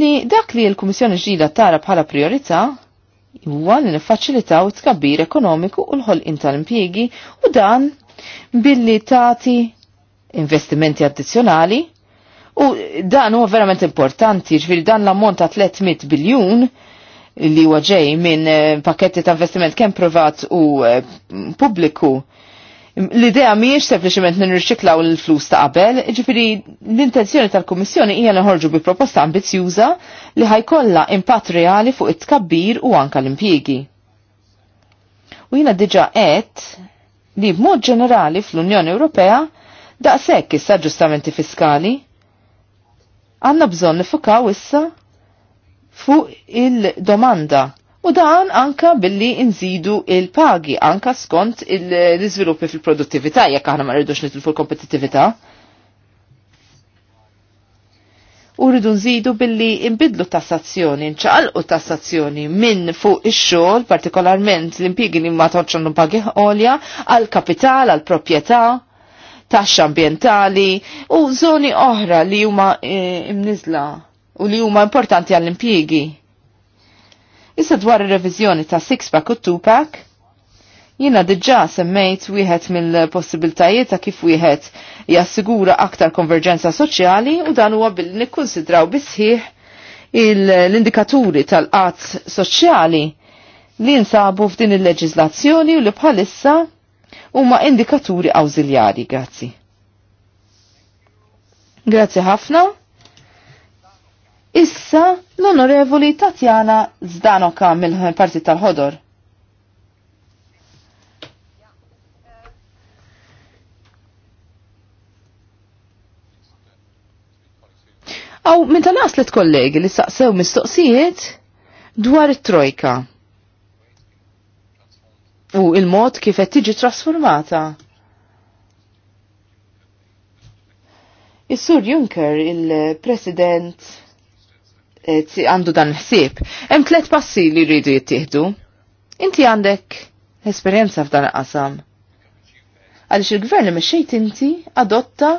li dak li l-Kummissjoni ġdida tara bħala priorità huwa li niffaċilitaw it-tkabbir ekonomiku u l-ħolqin tal-impjiegi u dan billi tagħti investimenti addizzjonali u dan huwa verament importanti, ġifieri dan l-ammont ta' 300 biljun li huwa ġej minn eh, pakketti ta' investiment kemm privat u eh, pubbliku L-idea miex sempliciment nirriċiklaw l-flus ta' qabel, ġifiri l-intenzjoni tal-Kommissjoni hija noħorġu bi proposta ambizjuża li ħajkollha impatt reali fuq it-tkabbir u anka l-impjiegi. U jina diġa qed li b'mod ġenerali fl-Unjoni Ewropea daqshekk issa ġustamenti fiskali għandna bżonn nifukaw issa fuq il-domanda u dan anka billi inżidu il-pagi anka skont l-iżviluppi fil-produttività jekk aħna ma rridux nitilfu l kompetitività U rridu nżidu billi imbidlu tassazzjoni, u tassazzjoni minn fuq ix-xogħol, partikolarment l-impjiegi li ma toċċannu pagi għolja, għal kapital, għal proprjetà taxxa ambientali u zoni oħra li huma eh, imnizla u li huma importanti għall-impjiegi. Issa dwar ir-reviżjoni ta' six pack u two pack, jina diġa semmejt wieħed mill-possibiltajiet ta' kif wieħed jassigura aktar konverġenza soċjali u dan huwa billi nikkunsidraw bisħiħ l-indikaturi tal-qatt soċjali li nsabu f'din il leġizlazzjoni u li bħalissa huma indikaturi awżiljari. Grazzi. Grazzi ħafna. Issa l-onorevoli Tatjana Zdanoka mill parti tal-Ħodor. Aw, minn ta' naslet kollegi li saqsew mistoqsijiet dwar it-trojka. U il-mod kif qed tiġi trasformata. Is-Sur Juncker, il-President Eh, għandu dan ħsieb. Hemm tliet passi li jridu jittieħdu. Inti għandek esperjenza f'dan qasam. Għaliex il-gvern imma xejt inti adotta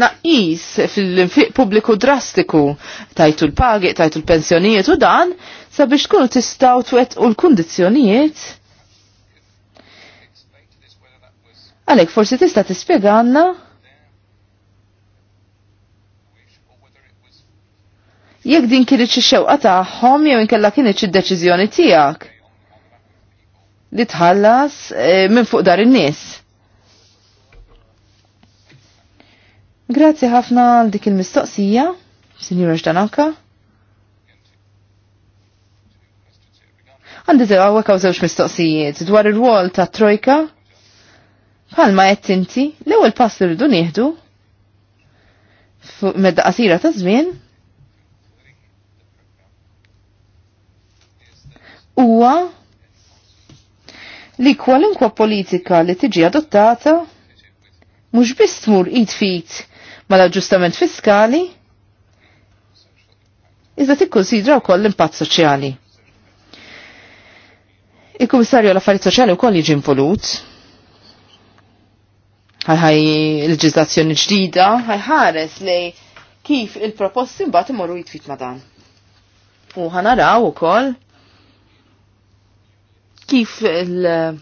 naqis fil-infiq pubbliku drastiku tajtu l-pagi, tajtu l-pensjonijiet u dan sabiex tkunu tistaw twet u l kundizzjonijiet Għalek, forsi tista tispjega għanna jekk din kienet xi xewqa tagħhom jew inkella kienet xi deċiżjoni tiegħek li tħallas eh, minn fuq dar in-nies. Grazzi ħafna għal dik il-mistoqsija, Sinjura Ġdanaka. Għandi għawek għaw zewġ mistoqsijiet dwar ir wol ta' Trojka. Palma qed inti, l-ewwel pass li rridu nieħdu medda qasira ta' żmien huwa li kwalunkwa politika li tiġi adottata mhux biss tmur id fit mal-aġġustament fiskali, iżda tikkonsidra wkoll l-impatt soċjali. Il-Kummissarju għall-Affarijiet Soċjali wkoll jiġi involut l leġizlazzjoni ġdida, ħares li kif il-proposti mbagħad imorru jitfit ma' dan. U ħanaraw ukoll kif il-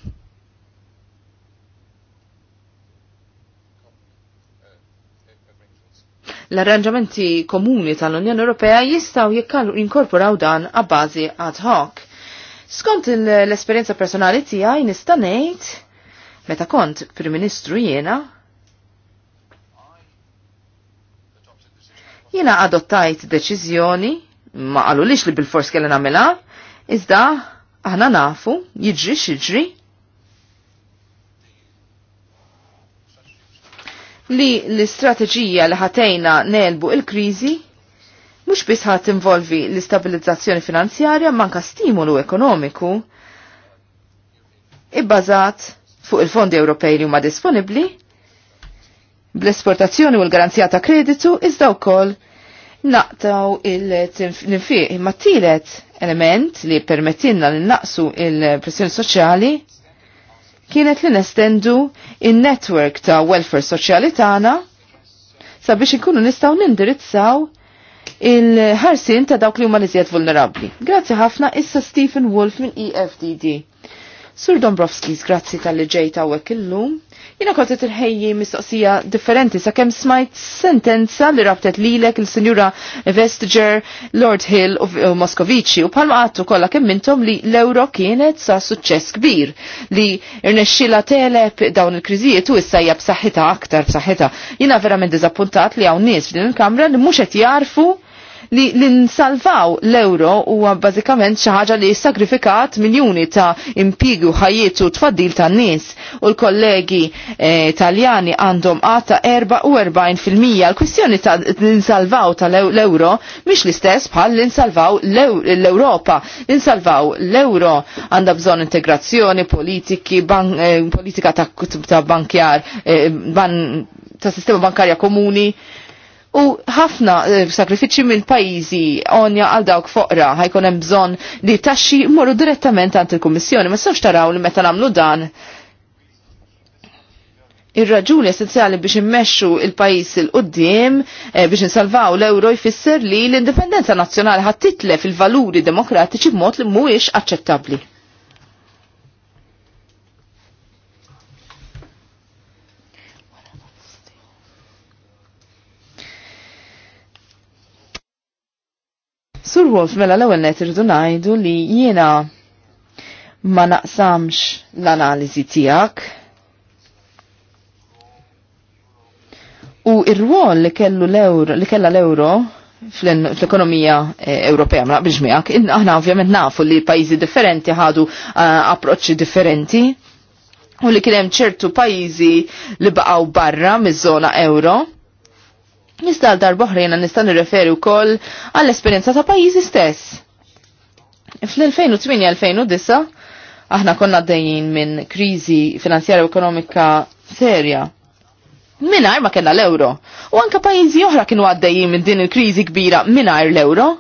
l-arranġamenti komuni tal-Unjoni Ewropea jistaw jinkorporaw dan għabbażi ad hoc. Skont l-esperienza personali tiegħi nista' ngħid meta kont Prim Ministru jiena jiena adottajt deċiżjoni ma qalulix li bil-fors kellha nagħmilha iżda aħna nafu, jiġri xidġri, li l-istrateġija li ħatejna nelbu il-krizi mhux biss ħadd involvi l-istabilizzazzjoni finanzjarja manka stimolu ekonomiku ibbażat fuq il-fondi Ewropej li huma disponibbli bl-esportazzjoni u l-garanzija ta' kreditu iżda wkoll naqtaw il-tinfiq imma tielet element li permettinna li naqsu il-pressjoni soċjali kienet li nestendu il network ta' welfare soċjali tagħna sabiex inkunu nistgħu nindirizzaw il-ħarsin ta' dawk li huma liżjed vulnerabbli. Grazzi ħafna issa Stephen Wolf minn EFDD. Sur Dombrovskis, grazzi tal-li ġejta hawnhekk illum Jina kont qed inħejji mistoqsija differenti sakemm smajt sentenza li rabtet lilek il senjura Vestager, Lord Hill u uh, Moskovici u palma għattu kollha kemm intom li l-euro kienet sa suċċess kbir li irnexxila telep dawn il-kriżijiet u issa hija b'saħħitha aktar b'saħħitha. Jina verament diżappuntat li hawn nies f'din il-kamra li mhux qed jarfu li l-insalvaw l-euro huwa bażikament xi ħaġa li sagrifikat miljuni ta' impigu u ħajjitu tfaddil ta' nies u l-kollegi eh, Taljani għandhom għata 44% l-kwistjoni ta' l-insalvaw ta' l-euro mhix l-istess bħal l-insalvaw l-Europa. L-insalvaw l-euro għandha bżonn integrazzjoni, politiki, eh, politika ta' bankjar, eh, ta' sistema bankarja komuni U ħafna eh, sakrifiċi minn pajizi onja għal dawk foqra ħajkun hemm bżonn li taxxi morru direttament għand il-Kummissjoni, ma sewx taraw li meta nagħmlu dan. Ir-raġuni essenzjali biex immexxu il-pajjiż il qudiem eh, biex insalvaw l ewro jfisser li l-indipendenza nazzjonali ħadd titlef il-valuri demokratiċi b'mod li mhuwiex aċċettabbli. Sur Wolf, mela l-ewel net irridu ngħidu li jiena ma naqsamx l-analiżi tiegħek. U ir-rwol li kellu l-euro, li kella l-euro fl-ekonomija eh, Ewropea ma naqbilx miegħek, aħna ovvjament nafu li pajjiżi differenti ħadu eh, approċċi differenti u li kien hemm ċertu pajjiżi li baqgħu barra miż-żona euro Nista għal darboħrejna nista nirreferi wkoll għall-esperjenza ta' pajjiżi stess. Fl-2008-2009 aħna konna għaddejjin minn kriżi finanzjarja u ekonomika serja. Minar ma kena l-euro. U anka pajjiżi oħra kienu għaddejjin minn din il-kriżi kbira minar l-euro.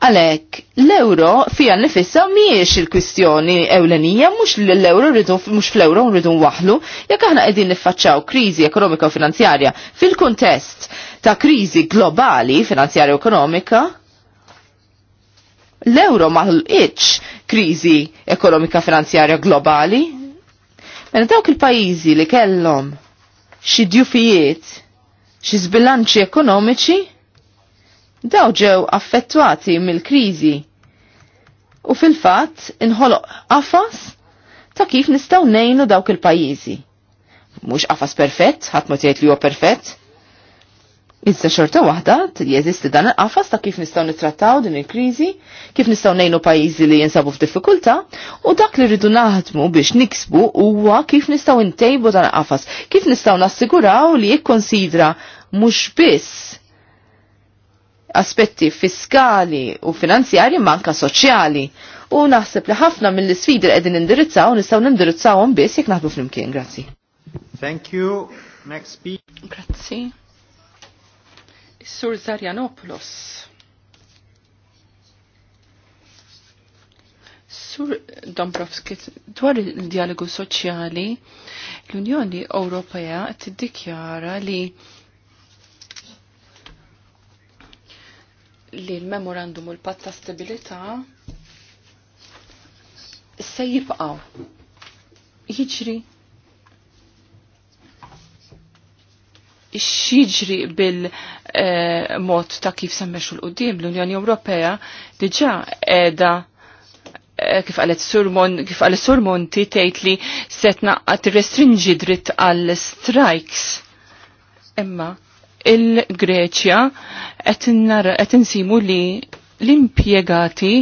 Għalek, l-euro fija nifissa miex il-kwistjoni ewlenija, mux l-euro rridu, mux fl-euro rridu waħlu, jekk aħna qegħdin niffaċċaw kriżi ekonomika u finanzjarja fil-kuntest ta' kriżi globali finanzjarja u ekonomika, l-euro maħluqitx kriżi ekonomika finanzjarja globali. Mena dawk il-pajjiżi li kellhom xi djufijiet, xi zbilanċi ekonomiċi, daw ġew affettwati mill-kriżi u fil-fatt inħoloq qafas ta' kif nistgħu nejnu dawk il-pajjiżi. Mhux qafas perfett, ħadd ma tgħid li huwa perfett. Iżda xorta waħda jeżisti dan il-qafas ta' kif nistgħu nittrattaw din il-kriżi, kif nistgħu nejnu pajjiżi li jinsabu f'diffikultà u dak li rridu naħdmu biex niksbu huwa kif nistgħu ntejbu dan il-qafas, kif nistgħu nassiguraw li jikkonsidra mhux biss aspetti fiskali u finanzjari manka soċjali. U naħseb li ħafna mill-sfidi li qegħdin indirizzaw nistgħu nindirizzawhom biss jekk naħdu flimkien. Grazzi. Thank you. Next speaker. Grazzi. Sur Zarjanopoulos. Sur Dombrovski, dwar il-dialogu soċjali, l-Unjoni Ewropea tiddikjara li li l-memorandum u l-patt ta' stabilità se jibqaw. Jiġri x'jiġri bil-mod eh, ta' kif semmexu l qoddim l-Unjoni Ewropea diġà qiegħda eh, kif għalet surmon, kif għalet surmon ti tejt li setna għat restringi dritt għal strikes. Emma, il-Greċja qed insimu li l-impjegati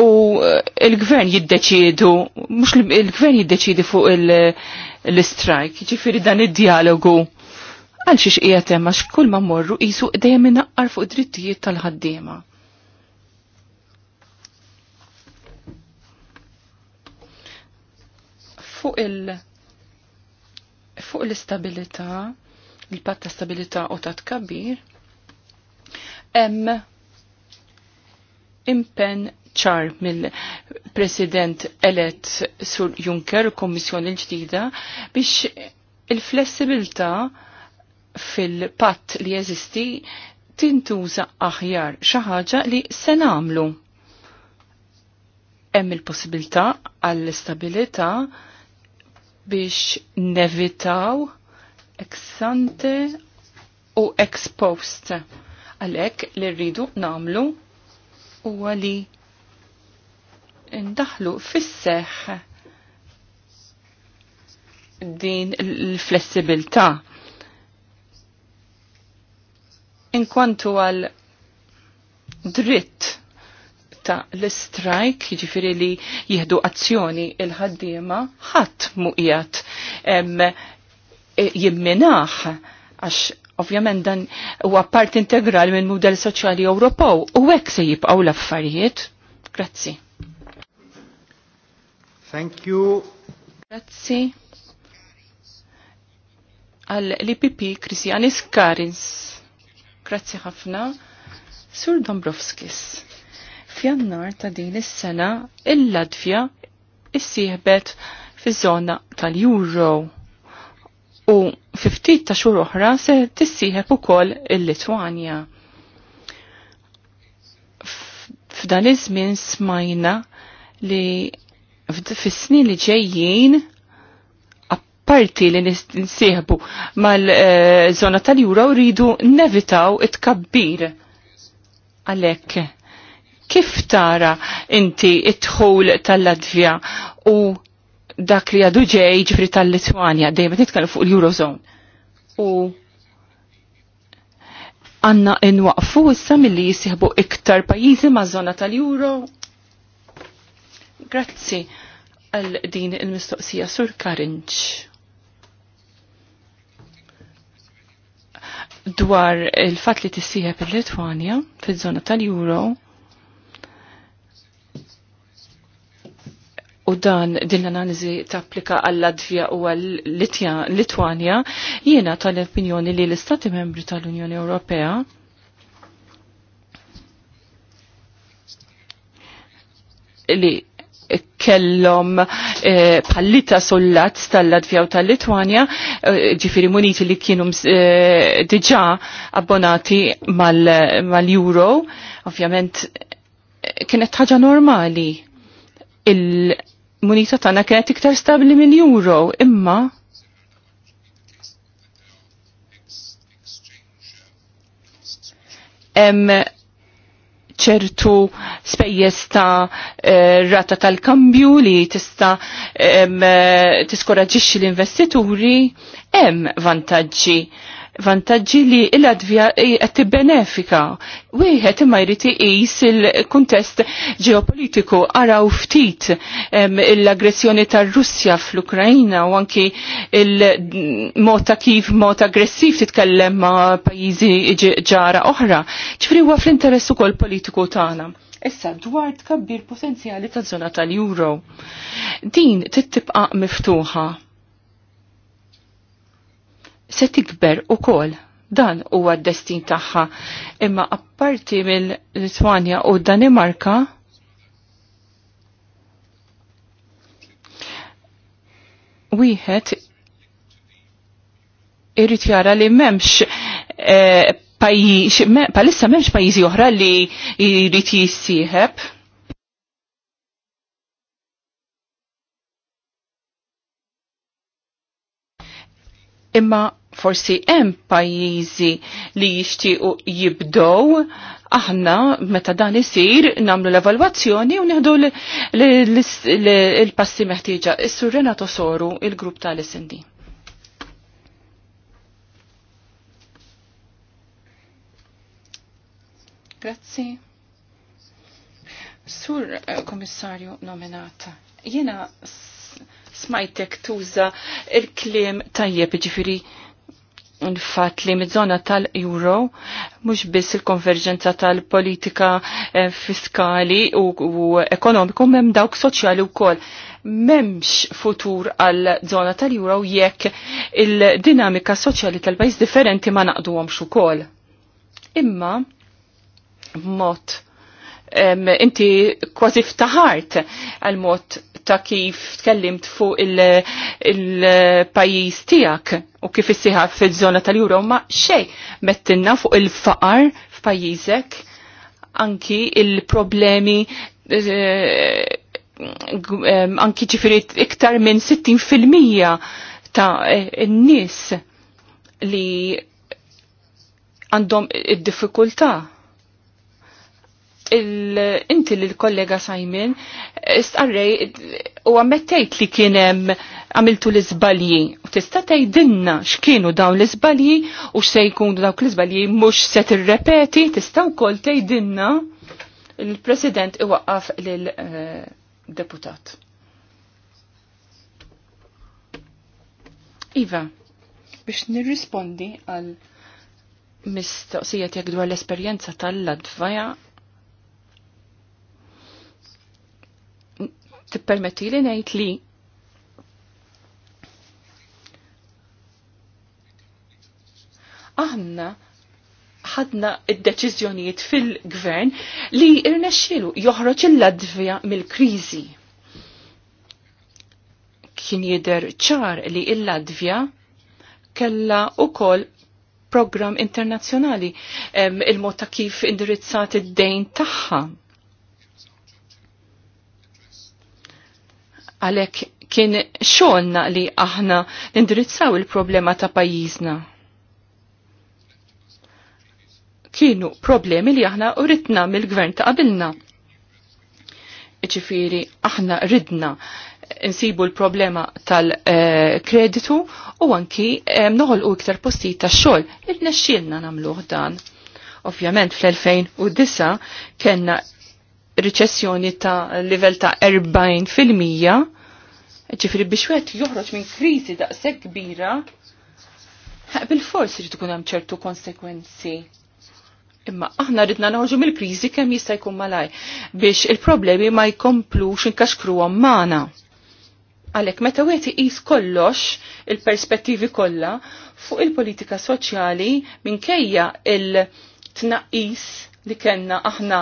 u eh, il-gvern jiddeċiedu: mux il-gvern jiddeċiedi fuq l-strajk, ġifiri dan id-dialogu. Għal xiex ijatem, hemm għax kull ma morru qisu dejjem inaqqar fuq drittijiet tal-ħaddiema. Fuq il- fuq l-istabilità il-patt ta' stabilità u ta' tkabbir, hemm impen ċar mill-President elet Sur Juncker u Kommissjoni l-ġdida biex il-flessibilità fil-patt li jeżisti tintuża aħjar xi ħaġa li se nagħmlu. Hemm il-possibilità għall-istabilità biex nevitaw ex-ante u ex-post. Għalek li rridu namlu u għali ndaħlu fisseħ din l-flessibilta. Inkwantu għal dritt ta' l strike ġifiri li jihdu azzjoni il-ħaddima, ħadd muqijat E, jimminaħ għax ovvjament dan huwa part integrali minn mudell soċjali Ewropew u hekk se jibqgħu l-affarijiet. Grazzi. Thank you. Grazzi. Għal l-IPP Krisjanis Karins. Grazzi ħafna. Sur Dombrovskis. Fjannar ta' din is-sena il-Latvja sieħbet fi zona tal-Euro u fi ftit ta' xhur oħra se tissieħeb ukoll il-Litwanja. F'dan iż-żmien smajna li fis-snin li ġejjin apparti li nisieħbu mal-zona eh, tal-jura rridu nevitaw it-kabbir. Għalek, kif tara inti it-ħol tal-Latvija u dak li għadu ġej ġifri tal litwania dejjem nitkellem fuq l-Eurozone. U għanna nwaqfu issa milli jisihbu iktar pajjiżi ma' zona tal-Euro. Grazzi għal din il-mistoqsija sur Karinċ. Dwar il-fat li tissieħeb il litwania fil-zona tal-Euro, u dan din l-analizi tapplika għall-Latvija u għall-Litwanja, jiena tal-opinjoni li l-Istati membri tal-Unjoni Ewropea li kellom eh, pallita sollat tal-Latvija u tal-Litwanja, eh, ġifiri muniti li kienu eh, diġa abbonati mal-Euro, ovvjament eh, kienet ħaġa normali il- munita tagħna kienet iktar stabbli minn euro, imma hemm ċertu spejjeż ta' eh, rata tal-kambju li tista' eh, tiskoraġixxi l-investituri, hemm vantaġġi vantaġġi li l-Latvja qed tibbenefika. Wieħed imma jrid iqis il-kuntest ġeopolitiku araw ftit l-aggressjoni tar-Russja fl-Ukrajna u anki il-mod ta' kif mod aggressiv titkellem ma' pajjiżi ġara oħra. Ġifri huwa fl-interess ukoll politiku tagħna. Issa dwar tkabbir potenzjali taż-żona tal-Euro. Din tittibqa' miftuħa se tikber u kol. Dan huwa d-destin tagħha. Imma apparti mill-Litwanja u Danimarka, wieħed irrit jara li memx eh, pajjiż, palissa memx pajjiżi oħra li jrid jissieħeb. Imma forsi hemm pajjiżi li jixtiequ jibdow aħna meta dan isir nagħmlu l-evalwazzjoni u nieħdu l-passi meħtieġa. Is-sur Renato Soru, il-grupp tal-SND. Grazzi. Sur eh, komissarju nominata, jiena smajtek tuża il-klim tajjeb ġifiri Infatt li mid-zona tal-euro mhux biss il-konverġenza tal-politika eh, fiskali u, u ekonomiku mem dawk soċjali wkoll memx futur għal zona tal-euro jekk il-dinamika soċjali tal-pajis differenti ma naqduhomx ukoll. Imma mod inti kważi ftaħart għal mod ta' kif tkellimt fuq il-pajis il tijak u kif issiħa fil-żona tal juroma xej mettinna fuq il-faqar f'pajjiżek anki il-problemi eh, eh, mm, anki ġifiri iktar minn 60% ta' eh, n-nis li għandhom id-diffikulta' inti l-kollega Simon istqarrej u għammettejt li kienem għamiltu l-izbalji u tista' tgħidilna x'kienu dawn l-izbalji u x'se jkunu l-izbalji mhux se tirrepeti tista' wkoll tgħidilna il-President għaf l eh, deputat. Iva, biex nirrispondi għal mistoqsija tiegħek dwar l-esperjenza tal-Ladvaja tippermetti li ngħid li aħna ħadna id-deċiżjonijiet fil-gvern li irnexxielu joħroġ il-Latvija mill-kriżi. Kien jidher ċar li il-Latvja kella ukoll program internazzjonali il-mod ta' kif indirizzat id-dejn tagħha Għalek kien xolna li aħna nindirizzaw il-problema ta' pajizna. Kienu problemi li aħna uritna mill-gvern ta' qabilna. Iċifiri, aħna ridna nsibu l-problema tal-kreditu u anki noħol u iktar posti ta' xol. Il-nexxilna namluħ dan. Ovvjament fl-2009 kena riċessjoni ta' livell ta' 40 fil-mija, ġifri biex wet joħroġ minn kriżi daqshekk kbira, bil-fors irid ikun hemm ċertu konsekwenzi. Imma aħna ridna noħorġu mill-kriżi kemm jista' jkun malaj biex il-problemi ma jkomplux inkaxkruhom magħna. Għalhekk meta wieħed iqis kollox il-perspettivi kollha fuq il-politika soċjali minkejja il-tnaqqis li kellna aħna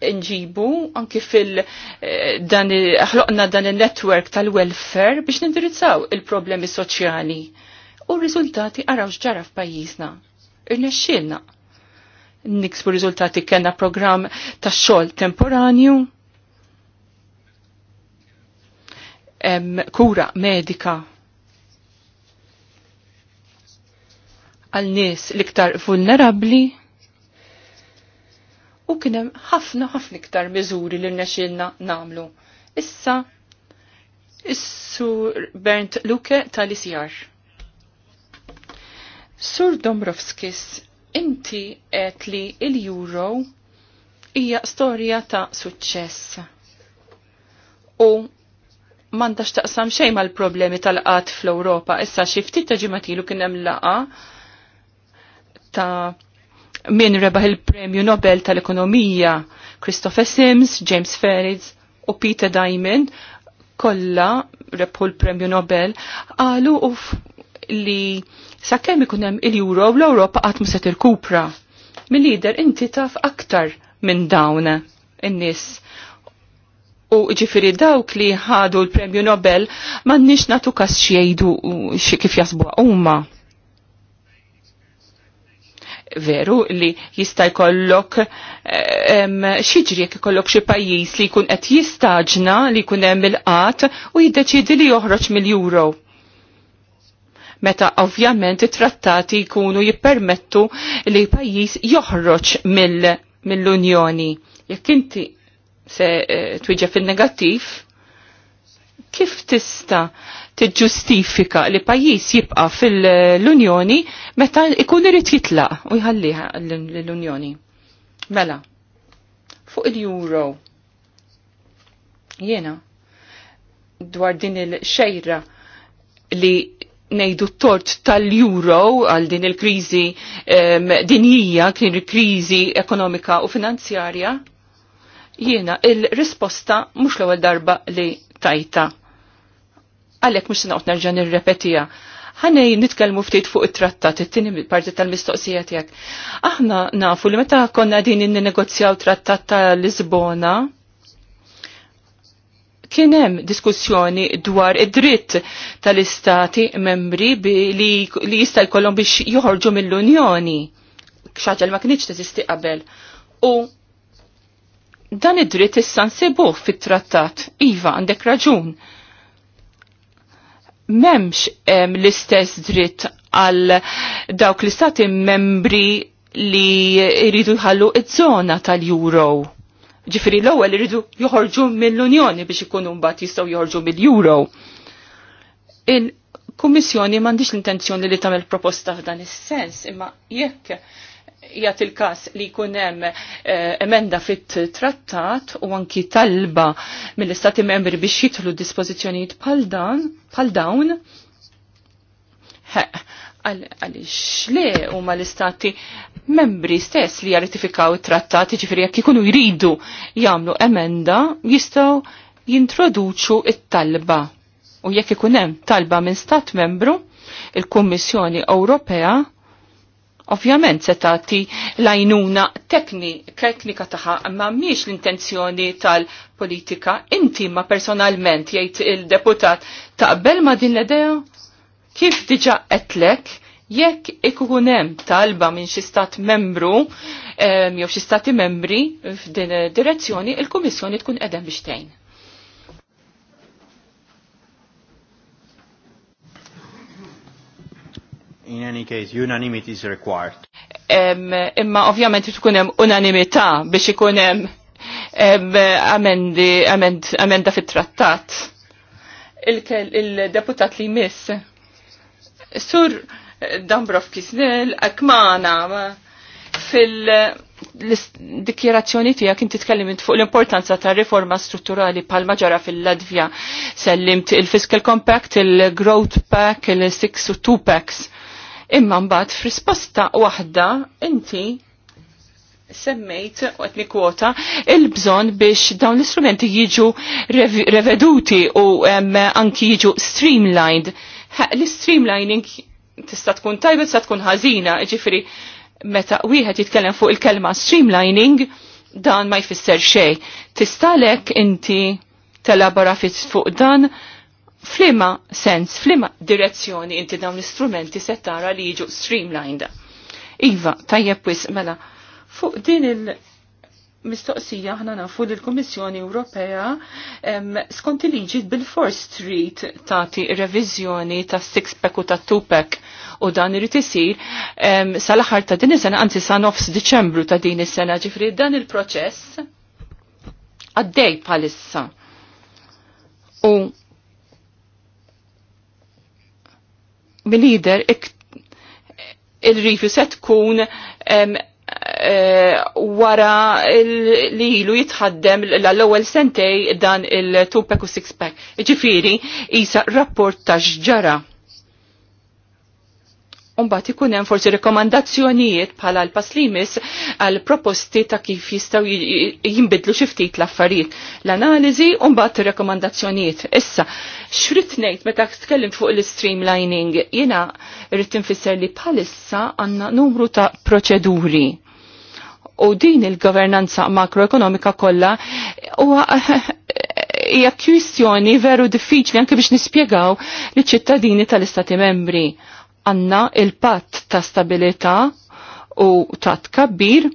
nġibu anki fil eh, dan aħloqna dan il-network tal-welfare biex nindirizzaw il-problemi soċjali. U r-riżultati araw ġara f'pajjiżna. Irnexxielna. Niksbu riżultati kellna programm ta' xogħol temporanju. Em, kura medika għal nies l-iktar vulnerabli u kienem ħafna ħafna iktar miżuri li rnexilna namlu. Issa, is Bernd Luke tal-ISR. Sur Dombrovskis, inti qed li il-Euro hija storja ta' suċċess. U m'għandax taqsam xejn mal-problemi tal-qat fl-Ewropa. Issa xi ftit ta' ġimatilu kien hemm laqa ta' min rebaħ il-Premju Nobel tal-Ekonomija, Christopher Sims, James Ferris u Peter Diamond, kolla rebħu l-Premju Nobel, għalu uff li sakkem ikunem il-Euro u l-Europa għatmu se tirkupra. Mill-lider inti taf aktar minn dawn in-nis. U ġifiri dawk li ħadu l-Premju Nobel ma nix natu kas xiejdu kif jasbu għumma veru li jista' jkollok xiġri jekk ikollok xi pajjiż li jkun qed jistaġna li jkun hemm il-qatt u jiddeċidi li joħroġ mill-euro. Meta ovvjament it-trattati jkunu jippermettu li pajjiż joħroġ mill-Unjoni. jekk inti se eh, twiġġa fin-negattiv, kif tista' tiġġustifika li pajjiż jibqa fil-Unjoni meta ikun irid jitlaq u jħalliha l-Unjoni. Mela, fuq il-Euro. Jena, dwar din il-xejra li nejdu tort tal-euro għal din il-krizi um, dinjija, kien il-krizi ekonomika u finanzjarja, jiena il-risposta mux l-ewwel darba li tajta għalek mux sinaqt nerġa nirrepetija. Għanej nitkelmu ftit fuq it-trattat, it-tini parti tal-mistoqsija tijak. Aħna nafu li meta konna din n-negozjaw trattat tal-Lisbona, kienem diskussjoni dwar id-dritt tal-istati membri li, li jista' jkollhom biex joħorġu mill-Unjoni. Xaġa ma kienx teżisti qabel. U dan id-dritt issa nsibuh fit-trattat. Iva, għandek raġun memx l-istess dritt għal dawk l-istati membri li jridu jħallu iż zona tal-euro. Ġifiri l-ewwel iridu joħorġu mill-Unjoni biex ikunu mbagħad jistgħu joħorġu mill-Euro. Il-Kummissjoni m'għandix l-intenzjoni li tagħmel proposta f'dan is-sens, imma jekk jgħat il-kas li kunem eh, emenda fit-trattat u anki talba mill-istati membri biex jitlu dispozizjoniet pal dawn għalix li u ma l-istati membri stess li jarratifikaw it-trattati ġifiri jekk ikunu jridu jagħmlu emenda jistgħu jintroduċu it-talba. U jekk ikun hemm talba minn stat membru, il-Kummissjoni Ewropea Ovvjament se tagħti lajnuna teknika taħħa ma miex l-intenzjoni tal-politika. Inti ma personalment jgħid il-deputat taqbel ma din l-idea? Kif diġa qedlek jekk ikun hemm talba minn xi stat membru jew xi stati membri f'din direzzjoni, il-Kummissjoni tkun qedem biex tgħin. in any case, unanimity is required. Imma ovvjament tkun hemm unanimità biex ikun hemm amendi amenda fit-trattat. Il-deputat li jmiss. Sur Dambrov Kisnel, akmana fil-dikjerazzjoni tiegħek inti tkellimt fuq l-importanza ta' riforma strutturali pal ġara fil-Ladvja. Sellimt il-Fiscal Compact, il-Growth Pack, il-Six u Two Packs Imma mbagħad f'risposta waħda inti semmejt u għetni kwota il-bżon biex dawn l-istrumenti jiġu reveduti u um, anki jiġu streamlined. L-streamlining tista' tkun tajba, tista' tkun ħażina, ġifiri meta wieħed jitkellem fuq il-kelma streamlining dan ma jfisser xej. Tistalek inti telabora fuq dan flima sens, flima direzzjoni inti dawn l-istrumenti se tara li jiġu streamlined. Iva, tajjeb wis, mela, fuq din il-mistoqsija ħna nafu li l-Kommissjoni Ewropea skont il-liġi bil-4 Street tati revizjoni ta' 6-pack u ta' 2-pack u dan irid isir sal-aħħar ta' din is-sena, anzi sa' nofs Diċembru ta' din is-sena, ġifri dan il-proċess għaddej palissa. U bil lider il-rifju se tkun eh, wara li ilu jitħaddem l-ewwel sentej dan il-2 pack u 6 pack. Ġifieri isa rapport ta' xġara. Umbat ikun hemm forsi rekomandazzjonijiet bħala l-paslimis għal proposti ta' kif jistgħu jinbidlu xi ftit l-affarijiet. L-analiżi u mbagħad rekomandazzjonijiet. Issa, xrid ngħid meta tkellimt fuq l-streamlining, jiena rrid tinfisser li bħalissa għandna numru ta' proċeduri u din il-governanza makroekonomika kollha huwa hija kwistjoni veru diffiċli anke biex nispjegaw liċ ċittadini tal-Istati membri għanna il-patt ta' stabilità u ta' tkabbir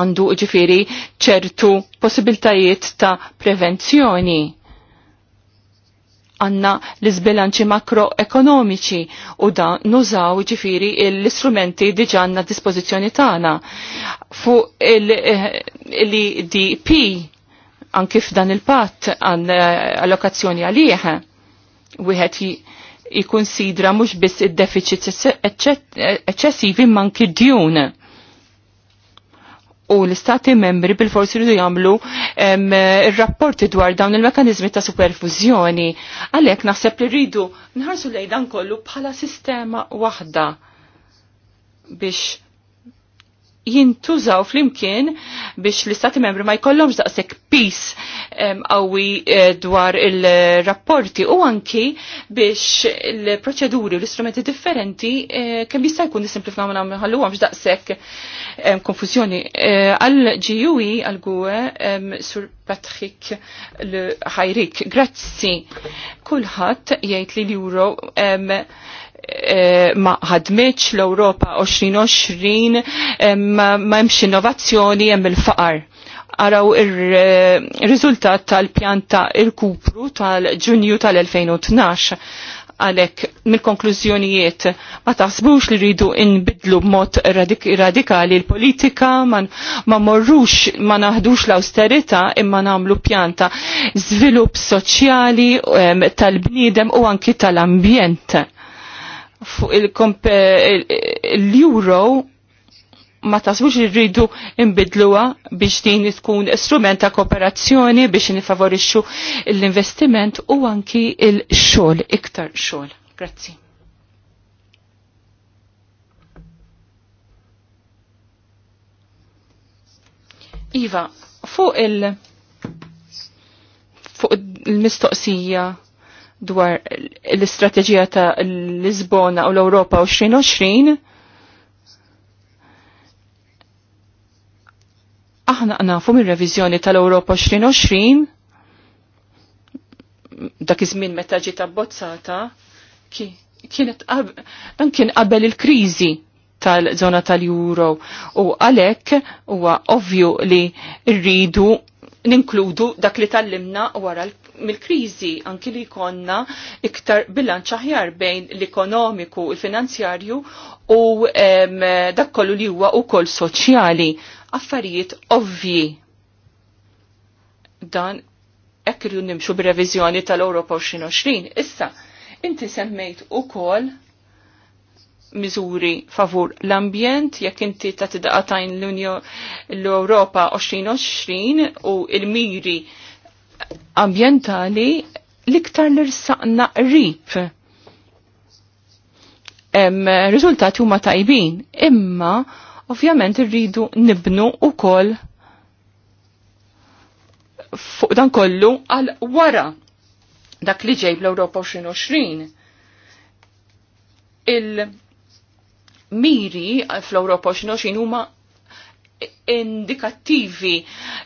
għandu ġifiri ċertu possibiltajiet ta' prevenzjoni. Għanna l-izbilanċi makroekonomiċi u da nużaw ġifiri l-istrumenti diġanna dispozizjoni tagħna. Fu l eh, dp anki f'dan il-pat għan eh, allokazzjoni għalieħ, wieħed jikunsidra mhux biss id-deficit eċċessivi manki djun. U l-istati membri bil-forsi rridu il rapporti dwar dawn il-mekanizmi ta' superfużjoni. Għalhekk naħseb li rridu nħarsu lejn dan kollu bħala sistema waħda biex jintużaw flimkien biex l-istati membri ma jkollhomx daqshekk pis qawwi eh, dwar il-rapporti u anki biex il-proċeduri u l-istrumenti differenti eh, kemm jista' jkun nisimplifnaw minn għamlu ħalluhomx daqshekk konfużjoni. Eh, għal GUI e, għal e, sur Patrick l ħajrik. Grazzi. Kulħadd jgħid li l-Euro Eh, ma ħadmitx l-Europa 2020 eh, ma jemx innovazzjoni hemm il-faqar. Araw ir-riżultat tal-pjanta il-kupru tal-Ġunju tal-2012 għalek mill-konklużjonijiet ma taħsbux li rridu inbidlu b'mod radikali l-politika, ma morrux, ma naħdux l-austerita imma namlu pjanta zvilup soċjali tal-bniedem u anki tal-ambjent fuq eh, il-euro ma tasbux irridu rridu imbidluwa biex din tkun strument ta' kooperazzjoni biex nifavorixxu l-investiment u anki il-xogħol iktar xogħol. Grazzi. Iva, fuq il- fuq il-mistoqsija dwar l-istrateġija ta' Lisbona u l-Europa 2020 aħna nafu minn reviżjoni tal-Europa 2020 dak iż-żmien meta ġiet abbozzata kienet dan kien qabel il-kriżi tal-żona tal-Euro u għalhekk huwa ovvju li rridu ninkludu dak li tallimna wara l mil kriżi anki li konna iktar bilanċ aħjar bejn l-ekonomiku, il-finanzjarju u em, dak kollu li huwa ukoll soċjali. Affarijiet ovvji. Dan hekk irju nimxu b'reviżjoni tal-Ewropa 2020. Issa, inti semmejt ukoll miżuri favur l-ambjent, jekk inti ta' tidaqatajn l-Europa 2020 u il-miri ambientali liktar l-irsaqna Em, Rizultati huma tajbin, imma ovvjament irridu nibnu u koll fuq dan kollu għal wara dak li ġej bl-Europa 2020. Il-miri fl-Europa 2020 huma indikattivi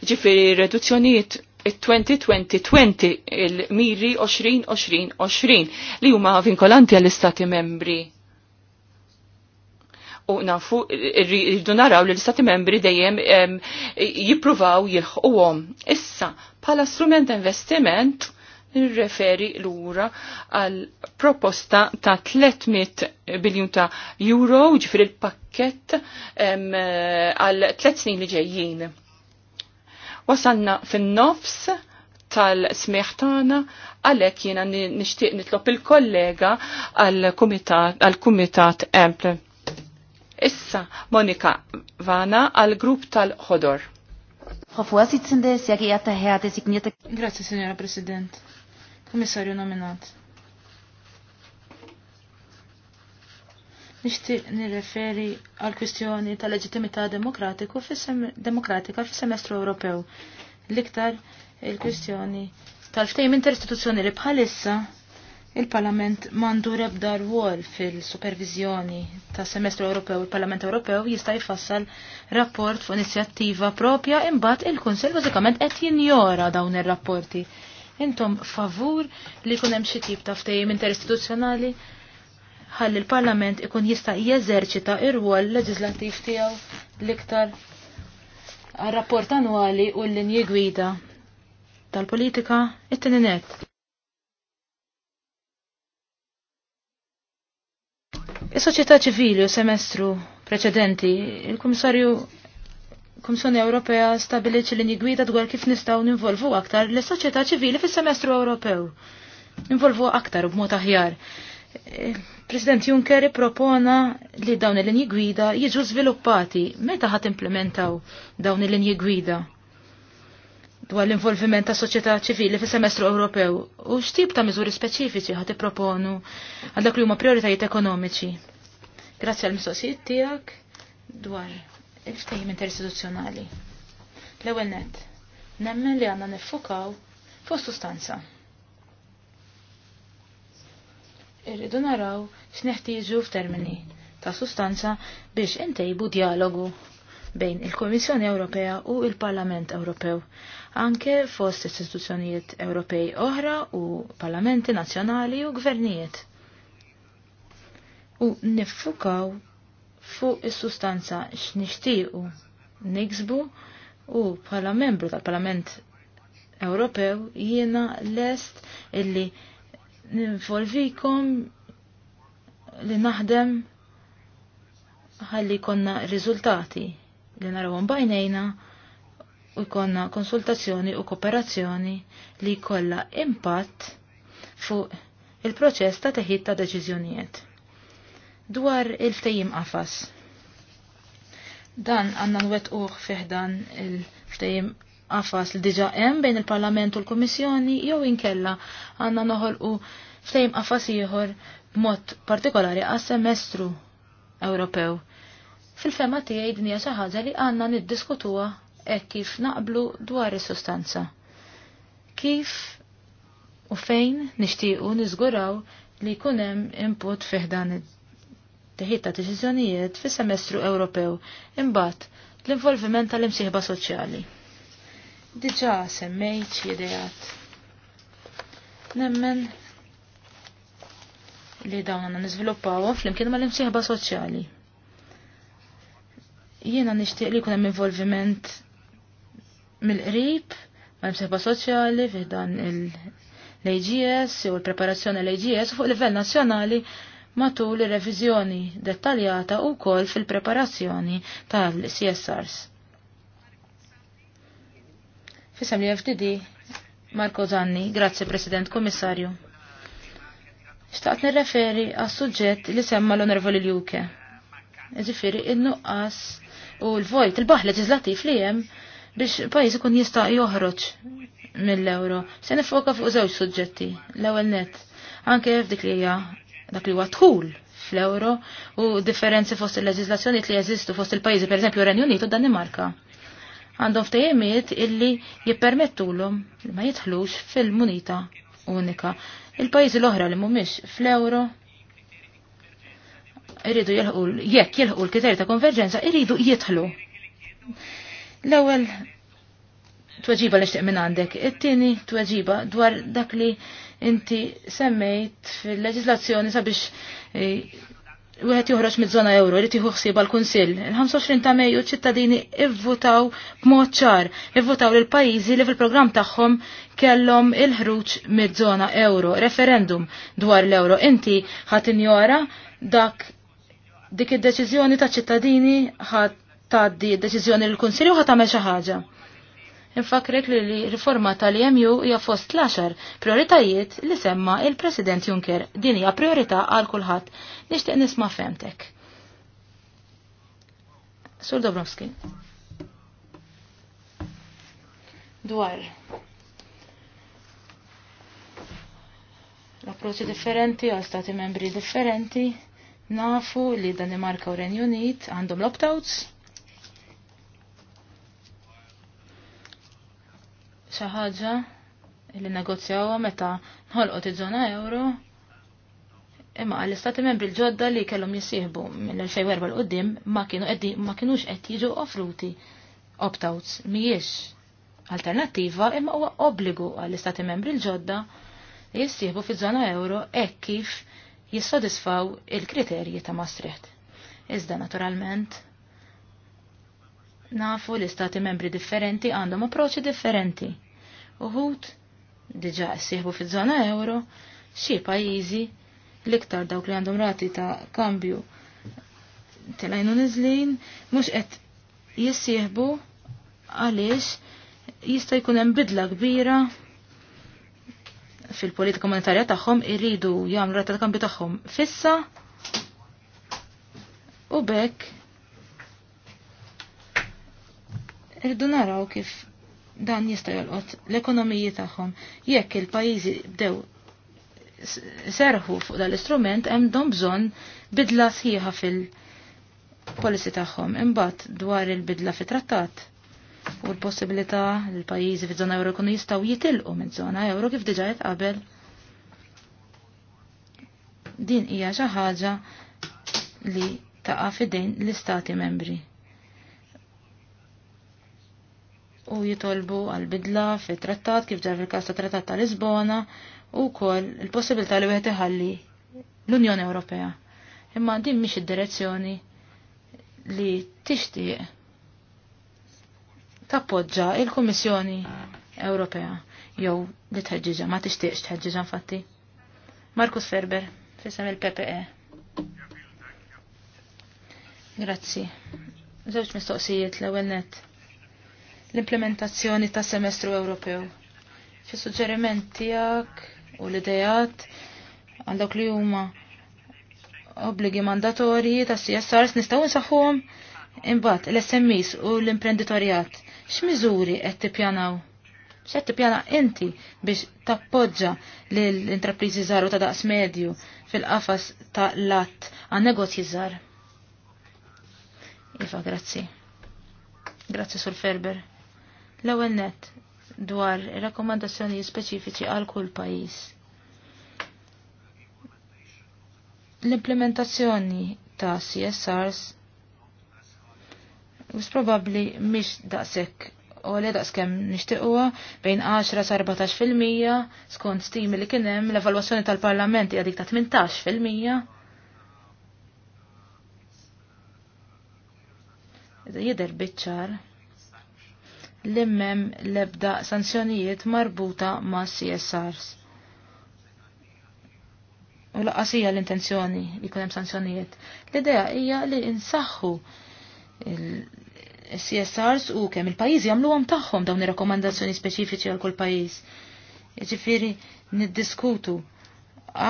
ġifiri reduzzjoniet It-2020 twenti l-miri 2020 20 il-miri 20-20-20 li huma vinkolanti għall-istati membri. U nafu, rridu naraw li l-istati membri dejjem jipruvaw jilħuqom. Issa, pala strument investiment, nirreferi l-ura għal proposta ta' 300 biljun ta' euro ġifir il-pakket għal 3 snin li ġejjin Wasanna fin-nofs tal-smiħ tagħna għalhekk jiena nixtieq nitlob il-kollega għall-kumitat Emple. Issa Monika Vana għall-grupp tal-ħodor. Grazie, signora President. Kommissarju nominat. nixtieq nirreferi għal kwistjoni ta' leġittimità demokratiku demokratika fis-semestru Ewropew. L-iktar il-kwistjoni tal-ftejm interistituzzjoni li bħalissa il-Parlament mandu rebda rwol fil-supervizjoni ta' semestru Ewropew. Il-Parlament Ewropew jista' jfassal rapport fuq inizjattiva propja imbagħad il-Kunsell bażikament qed jinjora dawn ir-rapporti. Intom favur li kunem hemm xi tip ta' ftehim interistituzzjonali ħalli l-Parlament ikun jista' jeżerċita ir-rwol leġislattiv tiegħu l-iktar għar-rapport annwali u l-linji gwida tal-politika it-tininet. Is-soċjetà ċivili u semestru preċedenti, il-Kummissarju Kumissjoni Ewropea stabiliċ l-linji gwida dwar kif nistgħu ninvolvu aktar l-soċjetà ċivili fis-semestru Ewropew. Ninvolvu aktar b'mod aħjar. President Juncker propona li dawn il-linji gwida jiġu sviluppati. Meta ħat implementaw dawn il-linji gwida? Dwar l-involviment ta' soċjetà ċivili fis semestru Ewropew u x'tip ta' miżuri speċifiċi ħat ipproponu għal dak li huma prioritajiet ekonomiċi. Grazzi għal mistoqsijiet tiegħek dwar il-ftehim interistituzzjonali. L-ewwel nett, nemmen li għandna niffukaw fuq sustanza. irridu naraw x'neħtieġu f'termini ta' sustanza biex intejbu dialogu bejn il-Komissjoni Ewropea u il-Parlament Ewropew, anke fost istituzzjonijiet Ewropej oħra u parlamenti nazzjonali u gvernijiet. U niffukaw fuq is-sustanza x'nixtiequ niksbu u bħala membru tal-Parlament Ewropew jiena lest illi ninvolvikom li naħdem ħalli konna riżultati li narawhom bajnejna u konna konsultazzjoni u kooperazzjoni li jkollha impatt fuq il-proċess ta' teħid ta' deċiżjonijiet. Dwar il-ftejim qafas. Dan għanna uħ fiħdan il-ftejim qafas li diġa hemm bejn il-Parlament u l-Kummissjoni jew inkella għandna noħolqu ftejm qafas ieħor b'mod partikolari għas-semestru Ewropew. Fil-fema tiegħi din hija xi ħaġa li għandna niddiskutuha hekk kif naqblu dwar is-sustanza. Kif u fejn nixtiequ niżguraw li jkun hemm input fih dan it-teħid ta' deċiżjonijiet fis-semestru Ewropew imbagħad l-involviment tal-imsieħba soċjali diġa semmejt jidejat. Nemmen li dawn għanna nizviluppawa fl-imkien ma l imsiħba soċjali. Jiena nishtiq li kunem involviment mill-qrib ma l imsiħba soċjali fiħdan l-AGS u l-preparazzjoni l-AGS fuq livell nazzjonali matul ir-reviżjoni dettaljata u kol fil-preparazzjoni tal-CSRs. Fisem li FDD, Marco Zanni, grazie President Komissarju. Xtaqt nirreferi għas suġġett li semma l onorvoli Ljuke. Ġifiri, il-nuqqas u l-vojt, il-baħ leġizlativ li jem biex pajis ikun jista' joħroġ mill-euro. Se nifoka fuq żewġ suġġetti. L-ewwel net, anke f'dik li hija dak li huwa tħul fl-euro u differenzi fost il-leġizlazzjoni li jeżistu fost il-pajjiżi pereżempju Renju Unit u Danimarka għandhom ftejemiet illi jippermettulhom li ma jidħlux fil-munita unika. Il-pajjiżi l-oħra li mhumiex fl-euro irridu jilħu jekk jilħu l-kriterji ta' konverġenza irridu jidħlu. L-ewwel tweġiba li xtieq minn għandek, it-tieni tweġiba dwar dak li inti semmejt fil-leġislazzjoni sabiex eh, wieħed joħroġ miż-żona euro, li tiħu ħsieba l-Kunsill. Il-25 ta' meju ċittadini ivvutaw b'mod ċar, ivvutaw l pajjiżi li fil-programm tagħhom kellhom il-ħruġ miż-żona euro, referendum dwar l-euro. Inti ħat injora dak dik id-deċiżjoni ta' ċittadini ħat tgħaddi d-deċiżjoni l konsil u ħat għamel xi ħaġa. Infakrek li l-riforma tal-EMU hija fost l-10 prioritajiet li semma il-President Juncker. Din hija priorità għal kulħadd. Nixtieq nisma' femtek. Sur Dobrovski. Dwar l-approċċi differenti għal stati membri differenti nafu li Danimarka u Renju Unit għandhom l-opt-outs xi ħaġa li negozjawa meta nħolqot iġona żona euro imma għall-istati membri l-ġodda li kellhom jissieħbu mill-2004 l qudiem ma kienu qed ma kienux qed jiġu offruti opt-outs mhijiex alternattiva imma huwa obbligu għall-istati membri l-ġodda li jissieħbu fiż-żona euro hekk kif jissodisfaw il-kriterji ta' Maastricht. Iżda naturalment nafu l-istati membri differenti għandhom approċċi differenti Uħut diġa jissieħbu fiż-żona euro xi pajjiżi l-iktar dawk li għandhom rati ta' kambju telajnu nizlin mhux qed jissieħbu għaliex jista' jkun hemm bidla kbira fil-politika monetarja tagħhom irridu jagħmlu rata ta' kambju tagħhom fissa u bekk irridu naraw kif dan jista' jolqot l-ekonomiji tagħhom. Jekk il-pajjiżi bdew serħu fuq dal-istrument hemm dom bżonn bidla sħiħa fil-policy tagħhom. Imbagħad dwar il-bidla fit-trattat u l-possibilità li l-pajjiżi fi żona euro jkunu jistgħu jitilqu minn żona euro kif diġà qabel. Din hija xi ħaġa li taqa' fidejn l-istati membri. u jitolbu għal-bidla fi trattat kif ġar fil-kas ta' trattat ta' Lisbona u kol il-possibilità li wieħed iħalli l-Unjoni Ewropea. Imma din mhix id-direzzjoni li tixtieq tappoġġa il-Kummissjoni Ewropea jew li tħeġġiġa, ma tixtieqx tħeġġiġa infatti. Markus Ferber, fisem il-PPE. Grazzi. Żewġ mistoqsijiet l-ewwel l-implementazzjoni ta' semestru Ewropew. Xi suġġeriment tiegħek u l-idejat għal li huma obbligi mandatorji ta' CSRs nistgħu nsaħħuhom imbagħad l-SMEs u l-imprenditorjat. X'miżuri qed tippjanaw? X'qed tippjana inti biex tappoġġa lill-intrapriżi żgħar ta' daqs medju fil-qafas ta' lat għan negozji żgħar. Iva, grazzi. Grazzi Sur Ferber. L-ewwel net dwar rakkomandazzjonijiet speċifiċi għal kull pajjiż. L-implementazzjoni ta' CSRs us probabli mhix daqshekk u li daqskem nishtiqwa bejn 10 sa 14% skont stimi li kienem l-evalwazzjoni tal-parlament hija dik ta' 18%. Jider biċċar l-immem lebda sanzjonijiet marbuta ma' CSRs. U laqqasija l-intenzjoni li kunem sanzjonijiet. L-idea hija li insaħħu CSRs u kemm il pajiz jagħmluhom tagħhom dawn ir-rakkomandazzjoni speċifiċi għal kull pajjiż. Jiġifieri niddiskutu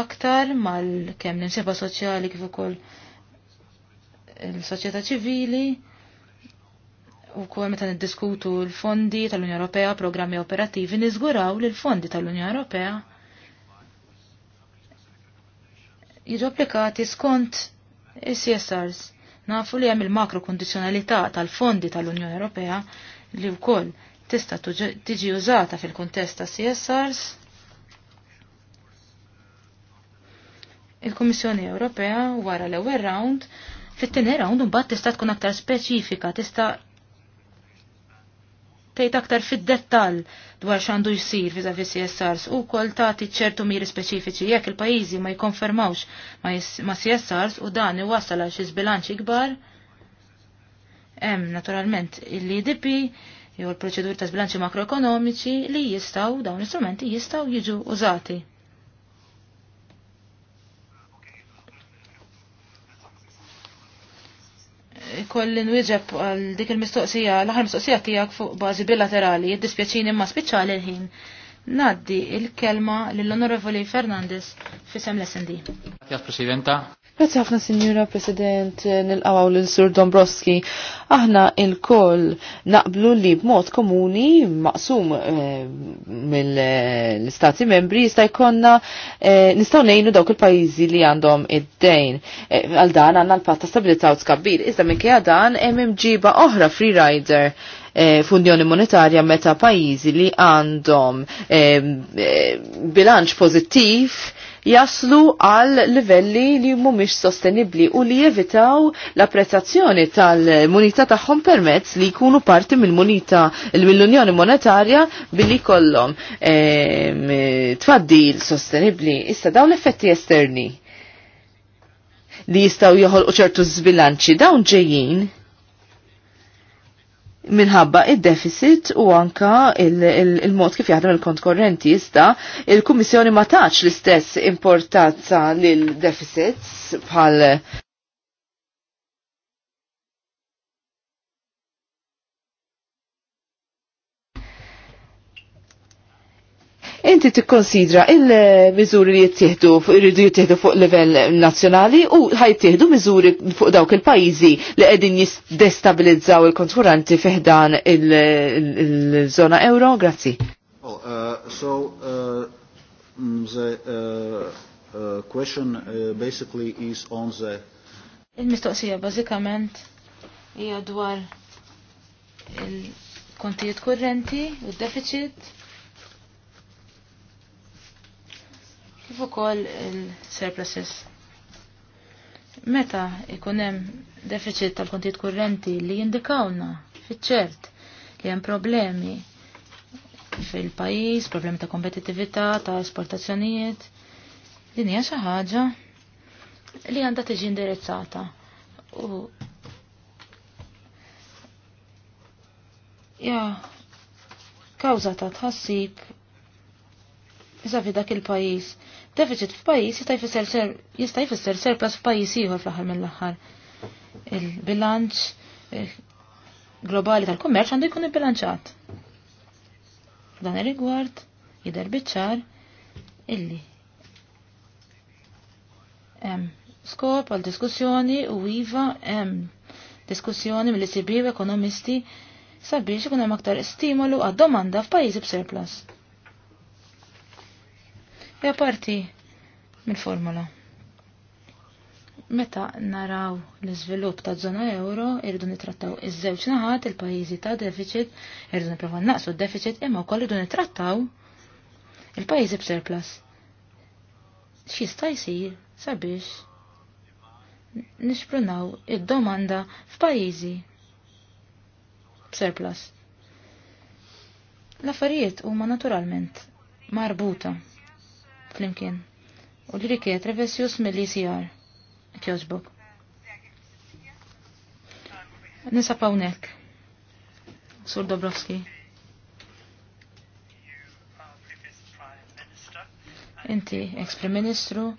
aktar mal kemm l-imseba soċjali kif ukoll il-soċjetà ċivili u kol meta niddiskutu l-fondi tal-Unja Ewropea, programmi operativi, niżguraw li l-fondi tal-Unja Ewropea jiġu applikati skont is-CSRs. Nafu li hemm il-makro kondizjonalità tal-fondi tal-Unjoni Ewropea li wkoll tista' tiġi użata fil-kuntest ta' CSRs. Il-Kummissjoni Ewropea wara l-ewwel round fit-tieni round mbagħad tista' tkun aktar speċifika, tista' tgħid aktar fid-dettall dwar xandu jsir viza vis CSRs u kol tagħti ċertu miri speċifiċi jekk il-pajjiżi ma jikonfermawx ma' CSRs u dan iwassal xi bilanċi kbar. Hemm naturalment il-LDP jew il-proċedur ta' zbilanċi makroekonomiċi li jistgħu dawn l-istrumenti jistgħu jiġu użati. kolli nwieġeb għal dik il-mistoqsija, l-aħħar mistoqsija tiegħek fuq bażi bilaterali, jiddispjaċini ma spiċali l-ħin Naddi il-kelma l onorevoli Fernandez fisem l-SND. Grazie, Presidenta. Grazie ħafna, Signora President, nil-qawaw l-Sur Dombrowski. Aħna il-koll naqblu li b'mod komuni maqsum eh, mill-Stati membri jista' jkollna eh, nistgħu ngħinu dawk il-pajjiżi li għandhom id-dejn. Eh, għal dan għandna l-patta stabilità u tkabbir, iżda minkejja dan hemm imġiba oħra free rider F'undjoni e, f'Unjoni Monetarja meta pajjiżi li għandhom e, e, bilanċ pożittiv jaslu għal livelli li mhumiex sostenibbli u li jevitaw l-apprezzazzjoni tal-munita tagħhom permezz li jkunu parti mill-munita mill-Unjoni Monetarja billi kollhom eh, tfaddil sostenibbli. Issa dawn effetti esterni li jistaw joħolqu ċertu zbilanċi dawn ġejjin minħabba id-deficit u anka il-mod kif jaħdem il-kont korrenti jista, il-Kummissjoni ma taċ l-istess importanza lil deficits bħal inti tikkonsidra il-miżuri li jittieħdu irridu jittieħdu fuq livell nazzjonali u ħajtieħdu miżuri fuq dawk il-pajjiżi li qegħdin jiddestabilizzaw il konturanti fiħdan il-żona euro. Grazzi. Oh, uh, so uh, mm, the uh, question basically is on the Il-mistoqsija bażikament hija dwar il-kontijiet kurrenti u d-deficit kif ukoll il-surpluses. Meta ikunem hemm deficit tal-kontijiet kurrenti li jindikawna fiċ-ċert li hemm problemi fil-pajjiż, problemi ta' kompetitività, ta' esportazzjonijiet, din hija xi ħaġa li għandha tiġi indirizzata. U ja kawża ta' tħassib Iżavi dak il-pajis Deficit f'pajjiż jista' jfisser surplus f'pajis ieħor fl-aħħar mill-aħħar. Il-bilanċ eh, globali tal-kummerċ għandu jkun ibbilanċat. Dan ir-rigward jidher biċ-ċar illi hemm skop għal diskussjoni u iva hemm diskussjoni mill-ICB ekonomisti sabiex ikun hemm aktar stimolu għad domanda f'pajjiżi b'surplus. Ja parti mill-formula. Meta naraw l-iżvilupp ta' żona euro, irridu nitrattaw iż-żewġ naħat il-pajjiżi ta' deficit, irridu nipprova naqsu d-deficit, imma wkoll irridu nitrattaw il-pajjiżi b'surplus. X'jista' jsir sabiex nixprunaw id-domanda f'pajjiżi b'surplus. L-affarijiet huma naturalment marbuta flimkien. U li rikiet revesjus mill-ICR. Kjoġbok. Nisapawnek. Sur Dobrovski. Inti ex-Prim Ministru,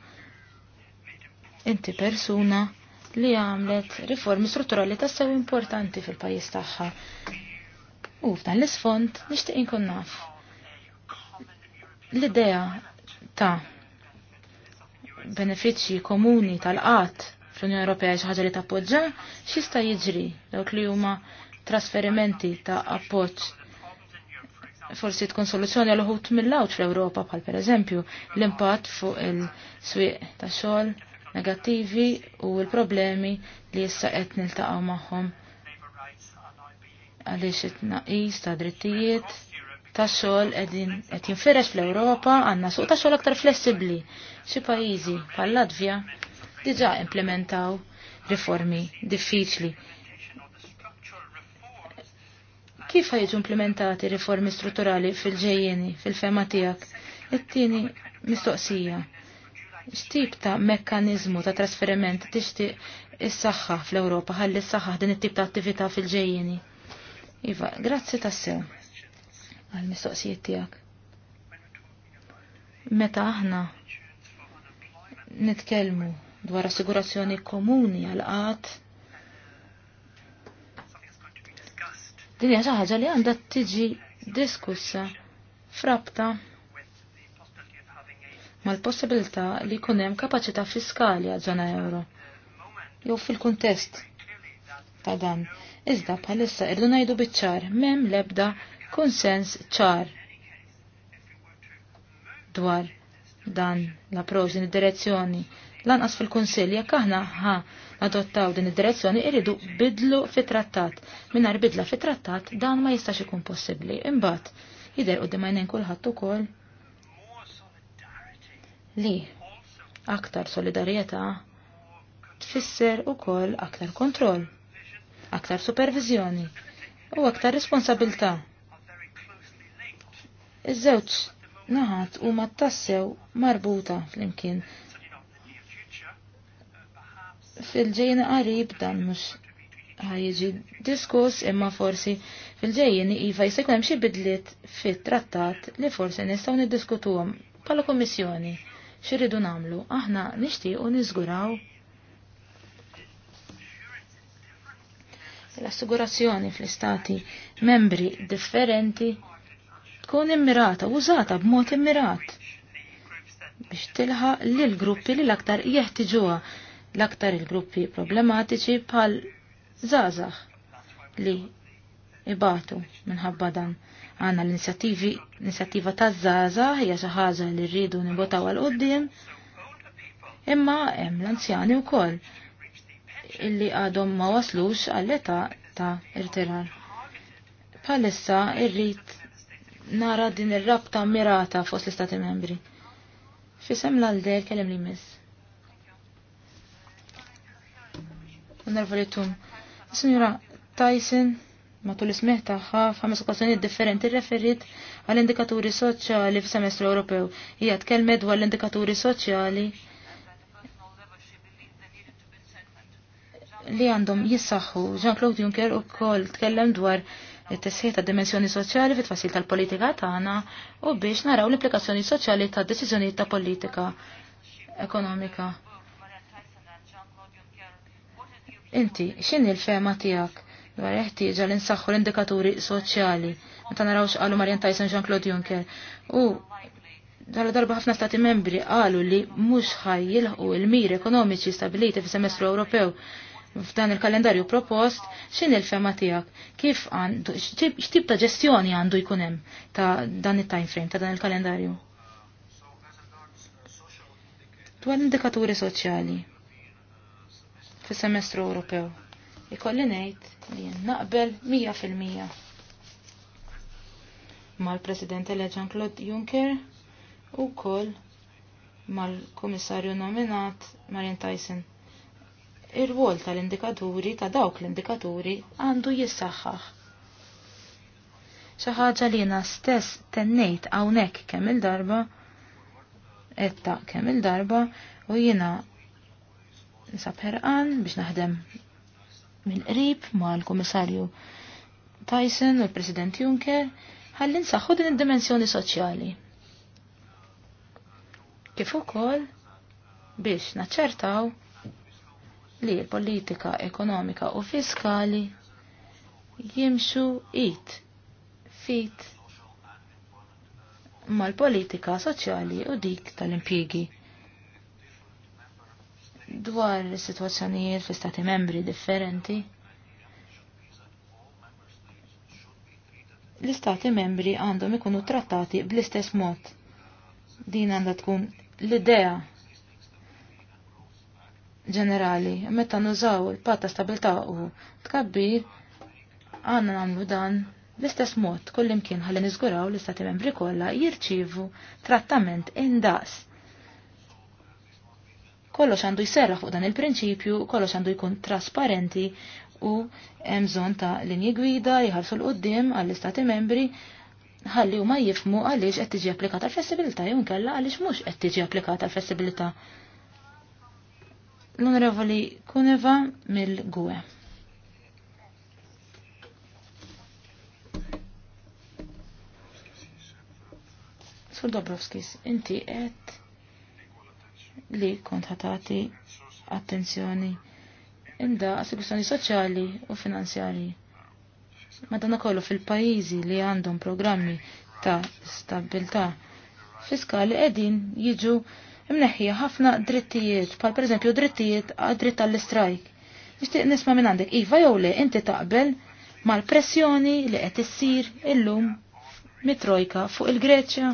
inti persuna li għamlet riformi strutturali tas-sew importanti fil-pajis tagħha. U f'dan l-isfond nixtieq inkun naf l-idea ta' benefiċċji komuni tal-qatt fl-Unjoni Ewropea xi ħaġa li tappoġġa, xista' jiġri dawk li huma trasferimenti ta' appoġġ forsi tkun soluzzjoni għal uħut mill għawġ fl-Ewropa bħal pereżempju l-impatt fuq il-swieq ta' xogħol negattivi u l-problemi li issa qed niltaqgħu magħhom għaliex it-tnaqqis ta' drittijiet tax-xogħol qegħdin qed jinferex fl-Ewropa għandna suq ta' xogħol aktar flessibbli. Xi pajjiżi bħal Latvja diġa' implementaw riformi diffiċli. Kif ħajġu implementati riformi strutturali fil-ġejjeni, fil-fema tiegħek? It-tieni mistoqsija. X'tip ta' mekkaniżmu ta' trasferiment tixtieq is-saħħa fl-Ewropa ħalli s-saħħa din it-tip ta' attività fil-ġejjeni? Iva, grazzi tassew għal-mistoqsijiet tiegħek. Meta aħna nitkellmu dwar assigurazzjoni komuni għal qat din hija xi ħaġa li għandha tiġi diskussa frabta mal-possibilità li jkun hemm kapaċità fiskali għal żona euro jew fil-kuntest ta' dan. Iżda bħalissa irdu ngħidu biċ-ċar m'hemm l-ebda konsens ċar dwar dan la approċ din id-direzzjoni. Lanqas fil-Kunsill jekk aħna ħa adottaw din id-direzzjoni iridu bidlu fit-trattat. Mingħajr bidla fit-trattat dan ma jistax ikun possibbli. Imbagħad jidher qudiem għajnejn kulħadd ukoll li aktar solidarjetà tfisser ukoll aktar kontroll, aktar supervizjoni u aktar responsabilta' Iż-żewġ naħat huma tassew marbuta flimkien. Fil-ġejjin qarib dan mhux ħajġi diskuss imma forsi fil-ġejjin iva jsekun hemm xi bidliet fit-trattat li forsi nistgħu niddiskutuhom bħala kummissjoni xirridu nagħmlu aħna nixtiequ niżguraw l-assigurazzjoni fl-istati membri differenti tkun immirata, użata b'mod immirat biex tilħaq lil gruppi li l-aktar jeħtiġuha l-aktar il-gruppi problematiċi bħal zazax li ibatu minħabba dan. Għanna l-inizjattivi, inizjattiva ta' zaza hija xi ħaġa li rridu nibotaw għal qudiem imma hemm l-anzjani wkoll illi għadhom ma waslux għall-età ta' irtirar. Palissa irrid nara din ir-rabta mirata fost l-Istati membri. Fisem l-għalde kellem li mis. Nervu li tum. Signora Tyson, matul ismeħ taħħa f'ħames okkażjonijiet differenti referit għall-indikaturi soċjali fis-Semestru Ewropew. Hija tkellmet dwar l-indikaturi soċjali li għandhom jissaħħu. Jean-Claude Juncker ukoll tkellem dwar it-tisħiħ ta' dimensjoni soċjali fit tfasil tal-politika tagħna u biex naraw l-implikazzjoni soċjali ta' deċiżjonijiet ta' politika ekonomika. Inti, x'inhi l-fema tiegħek dwar eħtieġa li nsaħħu l-indikaturi soċjali meta naraw x'qalu Marian Tyson Jean-Claude Juncker u dalla darba ħafna stati membri qalu li mhux ħajjilħu il-miri ekonomiċi stabiliti fis-semestru Ewropew f'dan il-kalendarju propost xin il-fema tijak kif għandu, xtib ta' ġestjoni għandu jkunem ta' dan il-time frame, ta' dan il-kalendarju. Dwar indikaturi soċjali fis semestru Ewropew. Ikolli ngħid li naqbel 100% mal-President Eleġan Claude Juncker u koll mal-Kummissarju nominat Marian Tyson ir-rwol tal-indikaturi ta' dawk l-indikaturi għandu jissaħħaħ. Xi ħaġa li jiena stess tennejt hawnhekk kemm il-darba etta kemm il-darba u jiena nisab ħerqan biex naħdem minn qrib mal-Kummissarju Tyson u l-President Juncker ħalli nsaħħu din id-dimensjoni soċjali. Kif ukoll biex naċċertaw li l-politika ekonomika u fiskali jimxu it fit mal-politika soċjali u dik tal-impjegi. Dwar situazzjonijiet fi stati membri differenti, l-istati membri għandhom ikunu trattati bl-istess mod. Din għandha tkun l-idea ġenerali, meta nużaw il-pat ta' stabilta' u tkabbir, għanna namlu dan l-istess mod kullimkien ħalli niżguraw l-istati membri kollha jirċievu trattament indaqs. Kollox għandu jserraħ fuq dan il-prinċipju, kollox għandu jkun trasparenti u hemm bżonn ta' linji gwida jħarsu l qoddim għall-istati membri ħalli huma jifmu għaliex qed tiġi applikata l-flessibilità jew kalla għaliex mhux qed tiġi applikata l-flessibilità l-Onorevoli Kuneva mill-GUE. Sur Dobrovskis, inti et li kont ħatati attenzjoni inda kwistjoni soċjali u finanzjarji. Madonna kollu fil-pajjiżi li għandhom programmi ta' stabilità fiskali qegħdin jiġu imneħħija ħafna drittijiet, pal per eżempju drittijiet dritt tal-istrajk. Nixtieq nisma' minn għandek iva jew le inti taqbel mal-pressjoni li qed issir illum mitrojka fuq il-Greċja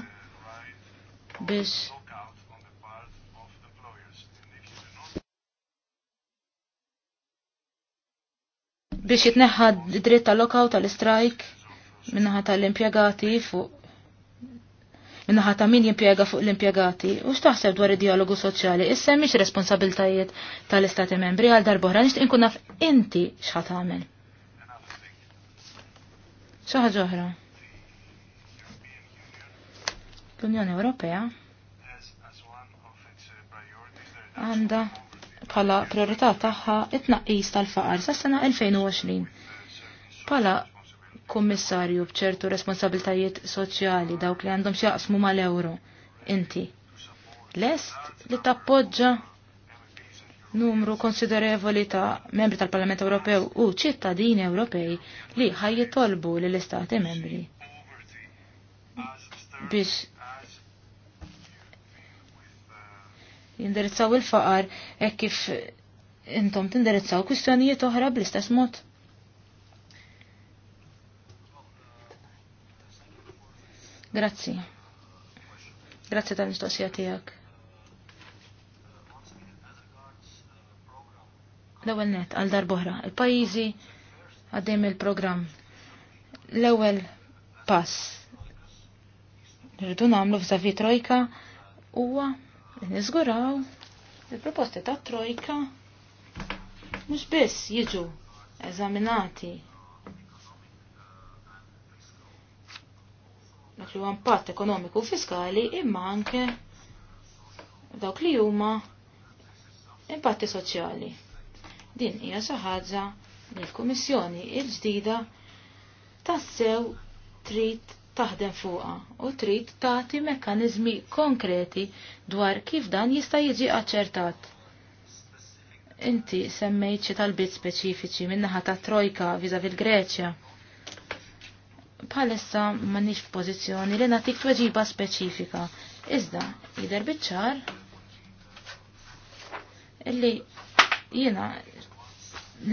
biex biex jitneħħa dritt tal-lockout tal-strike minnaħa tal-impjegati fuq minnaħa ta' min jimpjega fuq l-impjegati u x'taħseb dwar id-dialogu soċjali issa miex responsabiltajiet tal-Istati Membri għal darbora nixtieq inkun naf inti x'ħat tagħmel. Xi ħaġa oħra. L-Unjoni Ewropea għandha bħala priorità tagħha it-tnaqqis tal-faqar sas-sena 2020. Pala kummissarju bċertu responsabiltajiet soċjali dawk li għandhom xjaqsmu mal-euro. Inti. Lest li tappoġġa numru konsiderevoli ta' membri tal-Parlament Ewropew u ċittadini Ewropej li ħajjitolbu lill istati membri biex jindirizzaw il-faqar e kif intom tindirizzaw kwistjonijiet oħra bl-istess mod. Grazzi. Grazzi tal-mistoqsija tiegħek. L-ewwel net għal darbohra. Il-pajjiżi għaddejjem il-programm. L-ewwel pass. Rridu nagħmlu f'zavi trojka huwa niżguraw il-proposti ta' trojka mhux biss jiġu eżaminati dak li huwa impatt ekonomiku u fiskali imma anke dawk li huma impatti soċjali. Din hija xi ħaġa li l-Kummissjoni l-ġdida tassew trid taħdem fuqha u trid tagħti mekkaniżmi konkreti dwar kif dan jista' jiġi aċċertat. Inti semmejt xi talbiet speċifiċi min-naħa ta' Trojka viża fil-Greċja bħalissa m'għandniex f'pożizzjoni li nagħtik tweġiba speċifika. Iżda jidher biċ-ċar illi jiena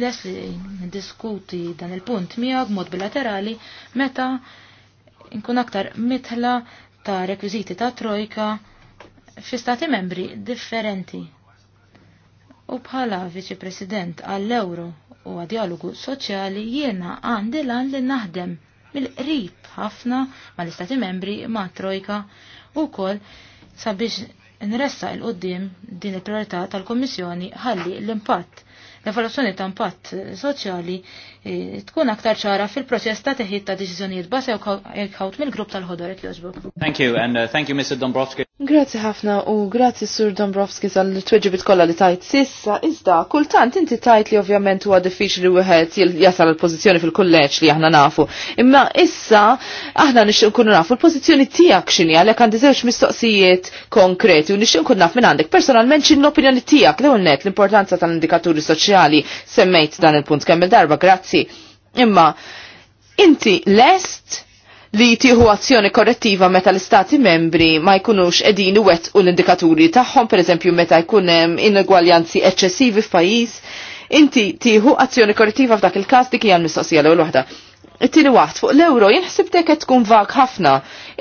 les li diskuti dan il-punt miegħu b'mod bilaterali meta nkun aktar mitħla ta' rekwiżiti ta' trojka fi stati membri differenti. U bħala viċi president għall-euro u għad dialogu soċjali jiena għandi lan li naħdem mill-qrib ħafna mal-Istati membri ma' Trojka u kol sabiex nressa il-qoddim din il-priorità tal-Kommissjoni ħalli l-impatt l-evaluazzjoni ta' impatt soċjali eh, tkun aktar ċara fil-proċess ta' teħid ta' deċiżjonijiet basew kaut mill-grupp tal-ħodor it Thank you and uh, thank you Mr. Dombrovski. Grazzi ħafna u grazzi Sur Dombrovski tal-tweġibit kollha li tajt sissa, iżda kultant inti tajt li ovvjament huwa diffiċli wieħed jasal l-pożizzjoni fil-kulleġġ li aħna nafu. Imma issa aħna nixtieq nkunu nafu l-pożizzjoni tiegħek x'inhi għalhekk għandi żewġ mistoqsijiet konkreti u nixtieq nkun naf minn għandek personalment x'in l-opinjoni tiegħek li net l-importanza tal-indikaturi soċjali semmejt dan il-punt kemm il-darba, grazzi. Imma inti lest li tieħu azzjoni korrettiva meta l-istati membri ma jkunux edin wet u l-indikaturi tagħhom, pereżempju meta jkun hemm inugwaljanzi eċċessivi f'pajjiż, inti tieħu azzjoni korrettiva f'dak il-każ dik hija l-mistoqsija l waħda. tieni waħd fuq l-euro jinħsib qed tkun vag ħafna.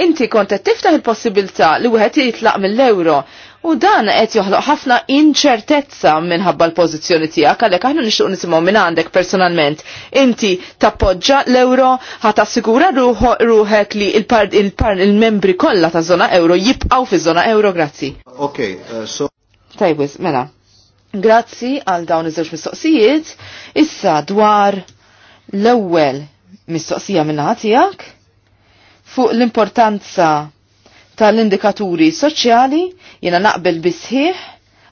Inti kont qed tiftaħ il-possibilità li wieħed jitlaq mill-euro U dan qed joħloq ħafna inċertezza minħabba l-pożizzjoni tiegħek għalhekk aħna nixtieq nisimgħu minn għandek personalment. Inti tappoġġa l-euro ħat assigura ruħek li il-membri kollha ta' żona euro jibqgħu fi żona euro, grazzi. Ok, eh, so. Tajbis, mela. Grazzi għal dawn iż-żewġ mistoqsijiet. Issa dwar l-ewwel mistoqsija minn tiegħek fuq l-importanza tal-indikaturi soċjali Jena naqbel bisħiħ,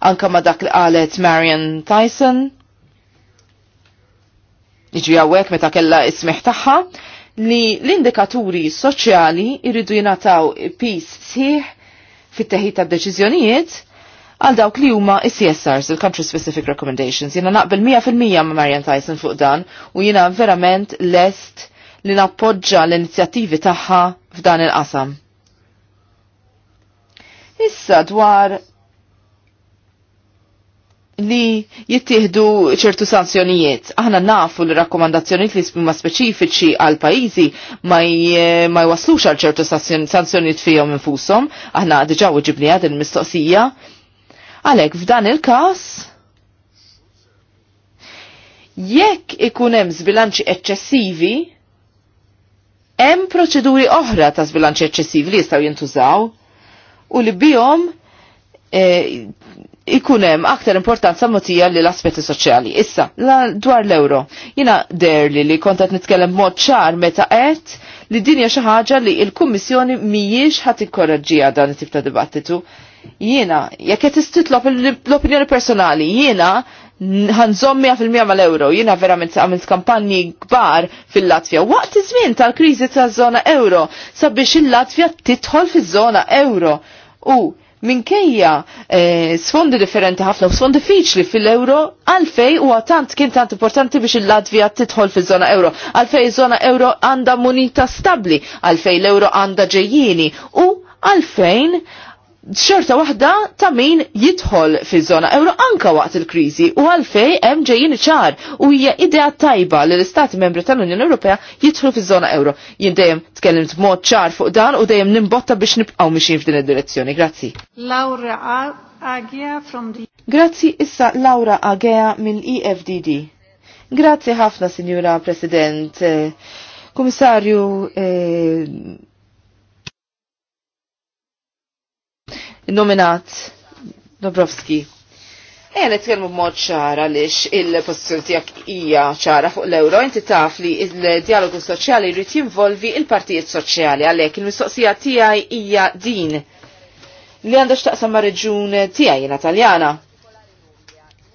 anka ma dak li qalet Marian Tyson. Iġi għawek meta kella ismiħ taħħa li l-indikaturi soċjali irridu jinataw pis sħiħ fit-teħid ta' deċiżjonijiet għal dawk li huma CSRs, il-Country Specific Recommendations. Jena naqbel 100% ma' Marian Tyson fuq dan u jena verament lest li nappoġġa l-inizjattivi tagħha f'dan il-qasam. Issa dwar li jittieħdu ċertu sanzjonijiet. Aħna nafu li rakkomandazzjonijiet li huma speċifiċi għal pajjiżi ma, ma jwaslux għal ċertu sanzjonijiet fihom infushom. Aħna diġà ġibni għad il-mistoqsija. Għalhekk f'dan il-każ jekk ikun hemm żbilanċi eċċessivi, hemm proċeduri oħra ta' żbilanċi eċċessivi li jistgħu jintużaw u li bihom eh, ikunem aktar importanza motija li l-aspetti soċjali. Issa, la, dwar l-euro, jina derli li kontat nitkellem mod ċar meta qed li dinja xi ħaġa li l-Kummissjoni mhijiex ħadd ikkoraġġija dan it-tip ta' dibattitu. Jiena, jekk qed istitlob l-opinjoni personali, jiena ħanżom 100% mal-euro, jiena verament għamilt kampanji kbar fil-Latvja. Waqt iż-żmien tal-kriżi taż-żona euro sabiex il-Latvja titħol fiż-żona euro. U minkejja eh, sfondi differenti ħafna u sfondi fiċli fil-euro għalfej u għatant kien tant importanti biex il-Latvija titħol fil-zona euro. Għalfej zona euro għanda munita stabli, għalfej l-euro għanda ġejjini u għalfejn xorta waħda ta' min jidħol fi zona euro anka waqt il-krizi u għalfej hemm ġejjin ċar u hija idea tajba li l-Istati membri tal-Unjoni Ewropea jidħlu fi zona euro. Jien dejjem tkellimt b'mod ċar fuq dan u dejjem nimbotta biex nibqgħu mixin f'din id-direzzjoni. Grazzi. Laura Agea from the Grazzi issa Laura Agea mill-EFDD. Grazzi ħafna, Sinjura President. Komissarju, eh, nominat Dobrovski. Ejja nitkellmu b'mod ċara għaliex il-pożizzjoni tijak hija ċara fuq l-euro, inti taf li il dialogu soċjali jrid jinvolvi il-partijiet soċjali għalhekk il-mistoqsija tiegħi hija din li għandu x'taqsam ma' reġun tiegħi jiena Taljana.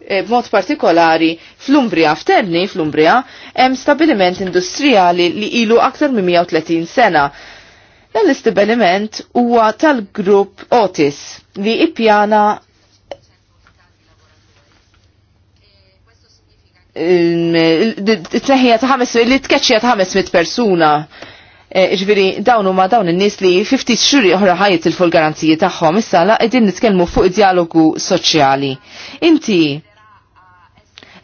E, b'mod partikolari fl-Umbria f'Terni fl-Umbria hemm stabiliment industrijali li ilu aktar minn 130 sena Dan l-istibeliment huwa tal-grupp Otis li ippjana t-neħija ta' ħames, li t-keċċija ta' ħames mit persuna. E, ġviri, dawnu ma dawn il-nis li 50 xuri oħra ħajt il fol garanzijiet tagħhom issa la id-din nitkellmu fuq dialogu soċjali. Inti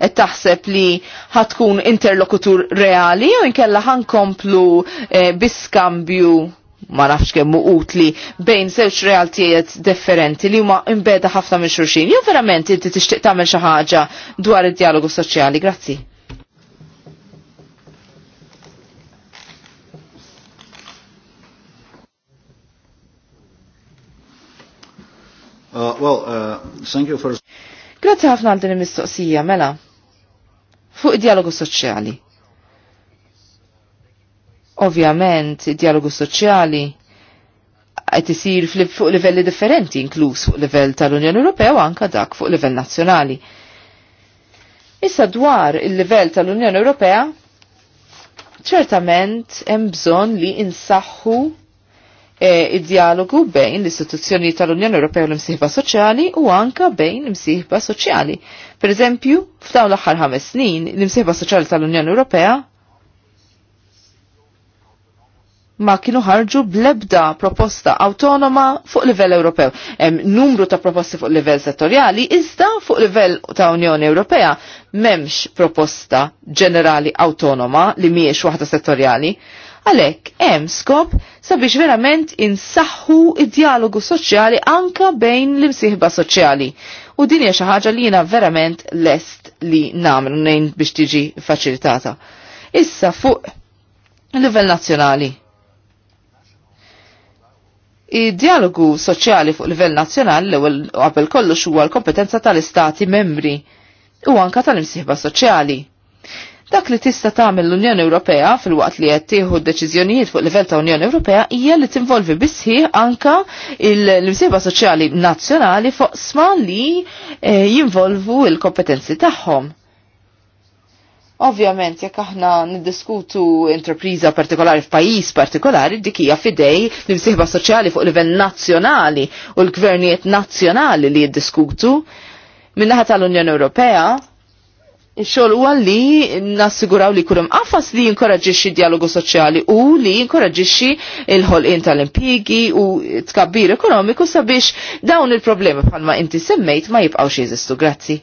qed taħseb li ħatkun interlokutur reali jew inkella ħankomplu e, biskambju ma nafx kemm utli bejn żewġ realtijiet differenti li huma imbeda ħafna minn xulxin. Jew verament inti tixtieq tagħmel xi ħaġa dwar id-dialogu soċjali. Grazzi. Uh, well, uh, thank you for... Grazie ħafna għal din il-mistoqsija, mela. Fuq dialogu soċjali. Ovvjament, id dialogu soċjali qed isir fuq livelli differenti, inkluż fuq livell tal-Unjoni Ewropea u anka dak fuq livell nazzjonali. Issa dwar il-livell tal-Unjoni Ewropea, ċertament hemm bżonn li insaħħu eh, id-dialogu bejn l-istituzzjoni tal-Unjoni Ewropea u l-imsieħba soċjali u anka bejn l-imsieħba soċjali. Per eżempju, f'dawn l-aħħar ħames snin, l-imsieħba soċjali tal-Unjoni Ewropea ma kienu ħarġu blebda proposta autonoma fuq livell Ewropew. Hemm numru ta' proposti fuq livell settorjali, iżda fuq livell ta' Unjoni Ewropea m'hemmx proposta ġenerali autonoma li mhijiex waħda settorjali. Għalhekk hemm skop sabiex verament insaħħu id-dialogu soċjali anka bejn l-imsieħba soċjali. U din hija xi ħaġa li jiena verament lest li nagħmlu nejn biex tiġi faċilitata. Issa fuq livell nazzjonali Id-dialogu soċjali fuq livell nazzjonali l-ewwel qabel kollox huwa l-kompetenza tal-istati membri u anka tal-imsieħba soċjali. Dak li tista' tagħmel l-Unjoni Ewropea fil-waqt li qed tieħu deċiżjonijiet fuq livell ta' Unjoni Ewropea hija li tinvolvi bisħieħ anka l-imsieba soċjali nazzjonali fuq sma li eh, jinvolvu l-kompetenzi tagħhom. Ovvjament, jekk aħna niddiskutu intrapriża partikolari f'pajjiż partikolari, dik hija fidej li msieħba soċjali fuq livell nazzjonali u l-gvernijiet nazzjonali li jiddiskutu. Minnaħa tal-Unjoni Ewropea, xogħol huwa li nassiguraw li kullum qafas li jinkoraġixxi dialogu soċjali u li jinkoraġixxi il-ħolqien tal impjiegi u tkabbir ekonomiku sabiex dawn il-problemi bħalma inti semmejt ma jibqgħux jeżistu. Grazzi.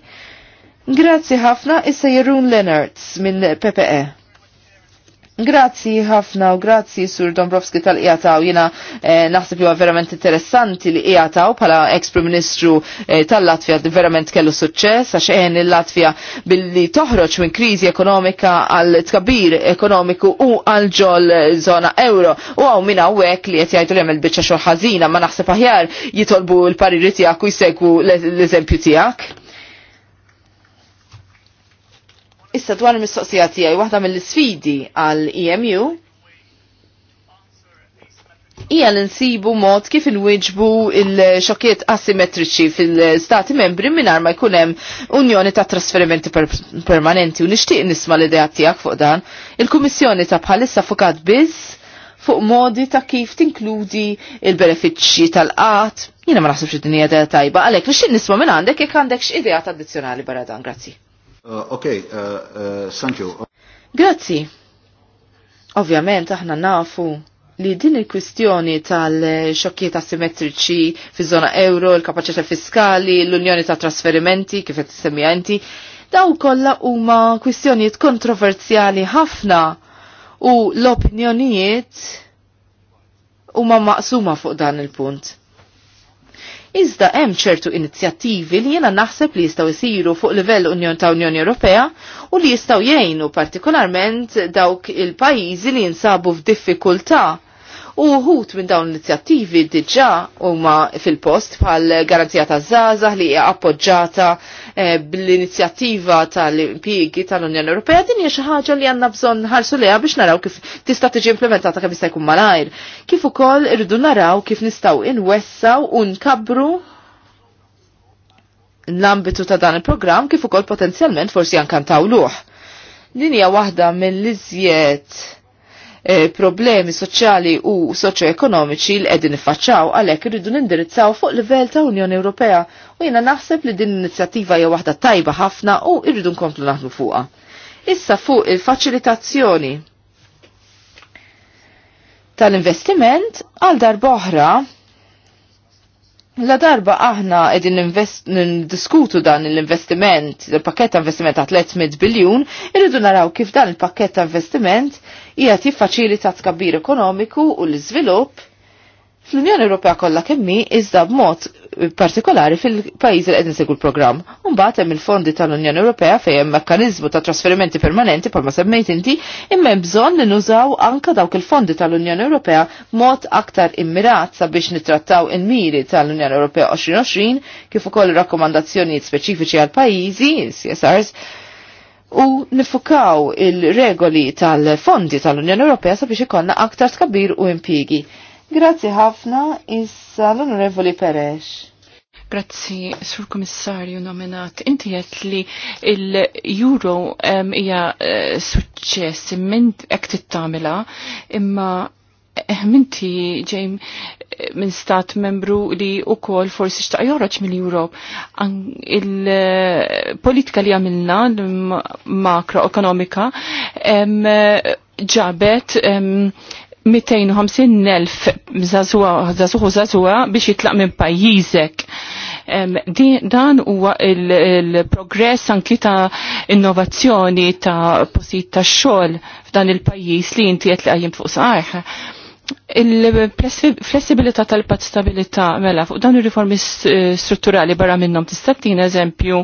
Grazzi ħafna issa Jerun Leonards minn PPE. Grazzi ħafna u grazzi sur Dombrovski tal-Ijataw. Jina eh, naħseb juwa verament interessanti li Ijataw pala ex-Prim Ministru eh, tal-Latvija verament kellu suċċess għax eħen il-Latvija billi toħroġ minn krizi ekonomika għal tkabir ekonomiku u għal ġol zona euro. U għaw minna għek li jett jajtu li għamil bieċa xorħazina ma naħseb aħjar jitolbu l-pariri tijak u jisegwu l-eżempju tijak. Issa dwar il-mistoqsija tiegħi waħda mill-isfidi għal EMU hija l-insibu mod kif inwiġbu il-xokiet asimetriċi fil-stati membri mingħajr ma jkun hemm unjoni ta' trasferimenti per permanenti u nixtieq nisma l-idea tiegħek fuq dan. Il-Kummissjoni ta' bħalissa fukat biss fuq modi ta' kif tinkludi il-benefiċċji tal-qat. Jiena ma naħsibx id-dinja tajba għalhekk nixtieq nisma' minn għandek jekk għandek x'idea addizzjonali barra dan. Grazzi. Uh, ok, uh, uh, thank you. Grazzi. Ovvjament aħna nafu li din il-kwistjoni tal-xokkiet asimetriċi fi zona euro, il-kapacità fiskali, l-unjoni ta' trasferimenti, kif qed semmija inti, daw kollha huma kwistjonijiet kontroversjali ħafna u l-opinjonijiet huma maqsuma fuq dan il-punt. Iżda hemm ċertu inizjattivi li jiena naħseb li jistgħu jsiru fuq livell Unjon ta' Unjoni Ewropea u li jistgħu jgħinu partikolarment dawk il-pajjiżi li jinsabu f'diffikultà u uħut minn dawn l-inizjattivi diġà huma fil-post bħal garanzija ta' Zazah li hija appoġġjata eh, bl-inizjattiva tal-impjiegi tal-Unjoni Ewropea din hija xi ħaġa li għandna bżonn ħarsu leha biex naraw kif tista' tiġi implementata kemm jista' jkun malajr. Kif ukoll irridu naraw kif nistgħu inwessaw u nkabbru l-ambitu ta' dan il-programm kif ukoll potenzjalment forsi jankantawluh. Din hija waħda mill-iżjed E, problemi soċjali u soċjoekonomiċi li qegħdin ifaċċaw għalhekk irridu nindirizzaw fuq livell ta' Unjoni Ewropea u jiena naħseb li din l-inizjattiva hija waħda tajba ħafna u rridu nkomplu naħdmu fuqha. Issa fuq il-faċilitazzjoni tal-investiment għal oħra La darba aħna edin diskutu dan l-investiment, il-pakket ta' investiment ta' 300 biljun, irridu naraw kif dan il-pakket ta' investiment hija tiffaċilita tkabbir ekonomiku u l-iżvilupp fl-Unjoni Ewropea kollha kemmi iżda b'mod partikolari fil-pajjiż li qed insegwu l-programm. Mbagħad hemm il-fondi tal-Unjoni Ewropea fejn hemm mekkaniżmu ta' trasferimenti permanenti bħalma semmejt inti, imma hemm bżonn li nużaw anke dawk il-fondi tal-Unjoni Ewropea mod aktar immirat sabiex nittrattaw il-miri tal-Unjoni Ewropea 2020 kif ukoll rakkomandazzjonijiet speċifiċi għal pajjiżi, CSRs, u nifukaw il-regoli tal-fondi tal-Unjoni Ewropea sabiex ikollna aktar skabir u impjigi. Grazzi ħafna issa l-Onorevoli Perex. Grazzi, Sur Komissarju nominat. Inti jett li il-Euro hija um, suċċess minn ektit tittamela, imma eh, minti ġejm eh, minn stat membru li u kol forsi xtaq joraċ mill europ Il-politika li għamilna makroekonomika ġabet 250.000 zazuħu zazuħa biex jitlaq minn pajjiżek. Dan huwa il-progress anki ta' innovazzjoni ta' posit ta' xogħol f'dan il-pajjiż li inti qed li fuq saqajħ. Il-flessibilità tal-pat stabilità mela fuq dan ir-riformi strutturali barra minnhom tista' tina eżempju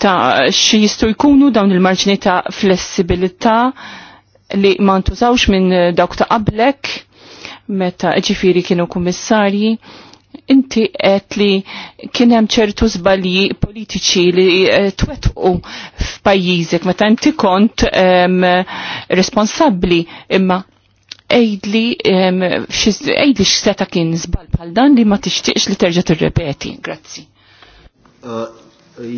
ta' xi jistgħu jkunu dawn il-marġni ta' flessibilità li ma ntużawx minn eh, dawk ta' qablek, meta ġifiri kienu kummissarji, inti qed li kien hemm ċertu żbalji politiċi li eh, twetqu f'pajjiżek meta inti kont responsabbli imma ejdli um, ejdli x'seta kien żball bħal dan li ma tixtieqx li terġa' tirrepeti. Grazzi. Uh,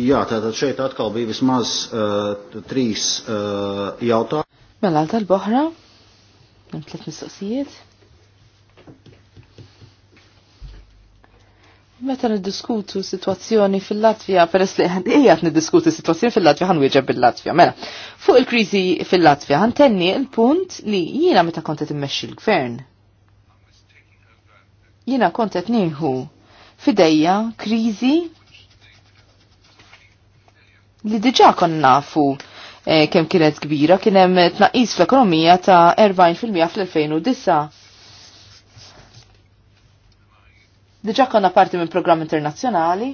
ja, tātad ċejta atkal bija vismaz uh, trīs uh, Mela tal-boħra, hemm tliet mistoqsijiet. Meta niddiskutu s-sitwazzjoni fil-Latvja, peress li ħanqijat niddiskutu sitwazzjoni fil ħan wieġeb bil-Latvja. Mela, fuq il-kriżi fil-Latvja tenni il-punt li jiena meta kont qed immexxi l-gvern. Jiena kont qed nieħu fidejja kriżi li diġà konna kemm kienet kbira, kien hemm tnaqqis fl-ekonomija ta' 40% fl-2009. Diġà konna parti minn programm internazzjonali,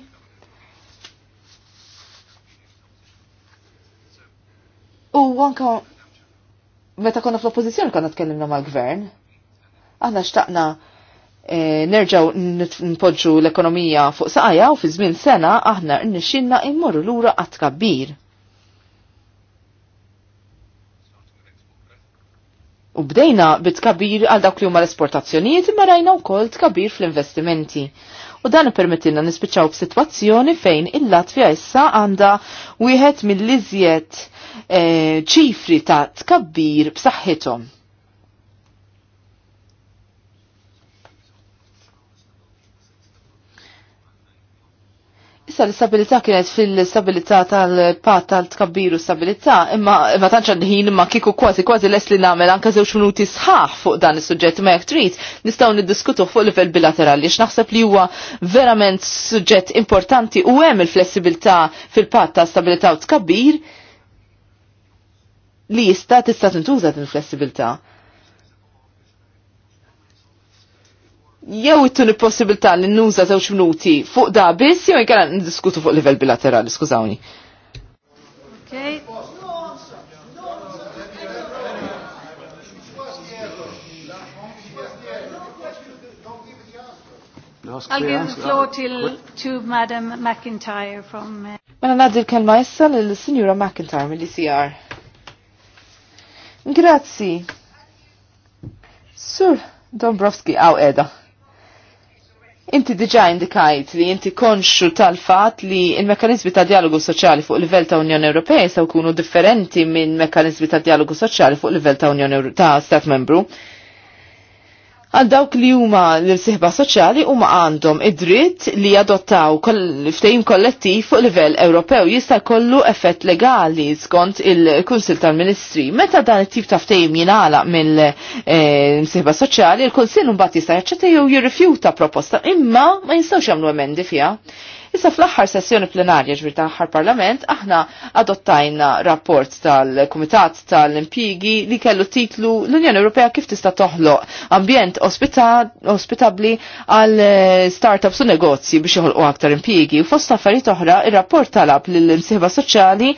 U għanka, meta konna fl-oppozizjoni konna tkellimna mal-gvern, aħna xtaqna e, nerġaw npoġġu l-ekonomija fuq saqajja u fi żmien sena aħna rnixxinna immorru lura għat kabbir. U bdejna bit-kabir għal dawk li huma l-esportazzjonijiet imma rajna wkoll tkabir fl-investimenti. U dan permettilna nispiċċaw b'sitwazzjoni fejn il-Latvja issa għandha wieħed mill-iżjed eh, ċifri ta' tkabbir b'saħħithom. Issa l-istabilità kienet fil-stabilità tal-pat tal-tkabbiru stabilità, imma ma tantx ħin imma kiku kważi kważi les li nagħmel anka żewġ minuti sħaħ fuq dan is-suġġett ma jekk trid nistgħu niddiskutu fuq livell bilaterali x naħseb li huwa verament suġġett importanti u hemm il-flessibilità fil-pat ta' stabilità u tkabbir li jista' tista' tintuża din il-flessibilità. jew il possibilità li nuża żewġ minuti fuq da biss jew inkella ndiskutu fuq livell bilaterali, skużawni. Okay. I'll give the floor till, to Madam McIntyre from... Uh, mela naddi l-kelma issa l signora McIntyre mill-ICR. Grazzi. Sur Dombrovski, għaw edha. Inti diġa indikajt li inti konxu tal-fat li il-mekanizmi ta' dialogu soċjali fuq livell ta' Unjoni Ewropea jistgħu jkunu differenti minn mekanizmi ta' dialogu soċjali fuq livell ta' Unjoni ta' Stat Membru għal dawk li huma l-sihba soċjali huma għandhom id-dritt li jadottaw ftehim kollettiv fuq livell Ewropew jista' jkollu effett legali skont il-Kunsil tal-Ministri. Meta dan it-tip ta' ftehim jingħala mill-sihba eh, soċjali, il-Kunsil mbagħad jista' jaċċetta jew jirrifjuta proposta imma ma jistgħux jagħmlu emendi fiha. Issa fl-aħħar sessjoni plenarja ġbir ta' aħħar parlament, aħna adottajna rapport tal-Kumitat tal impigi li kellu titlu l-Unjoni Ewropea kif tista' toħloq ambjent ospitabli għal eh, startups u negozji biex joħolqu aktar impjigi. U fost affarijiet oħra, ir-rapport talab lill-imsieħba soċjali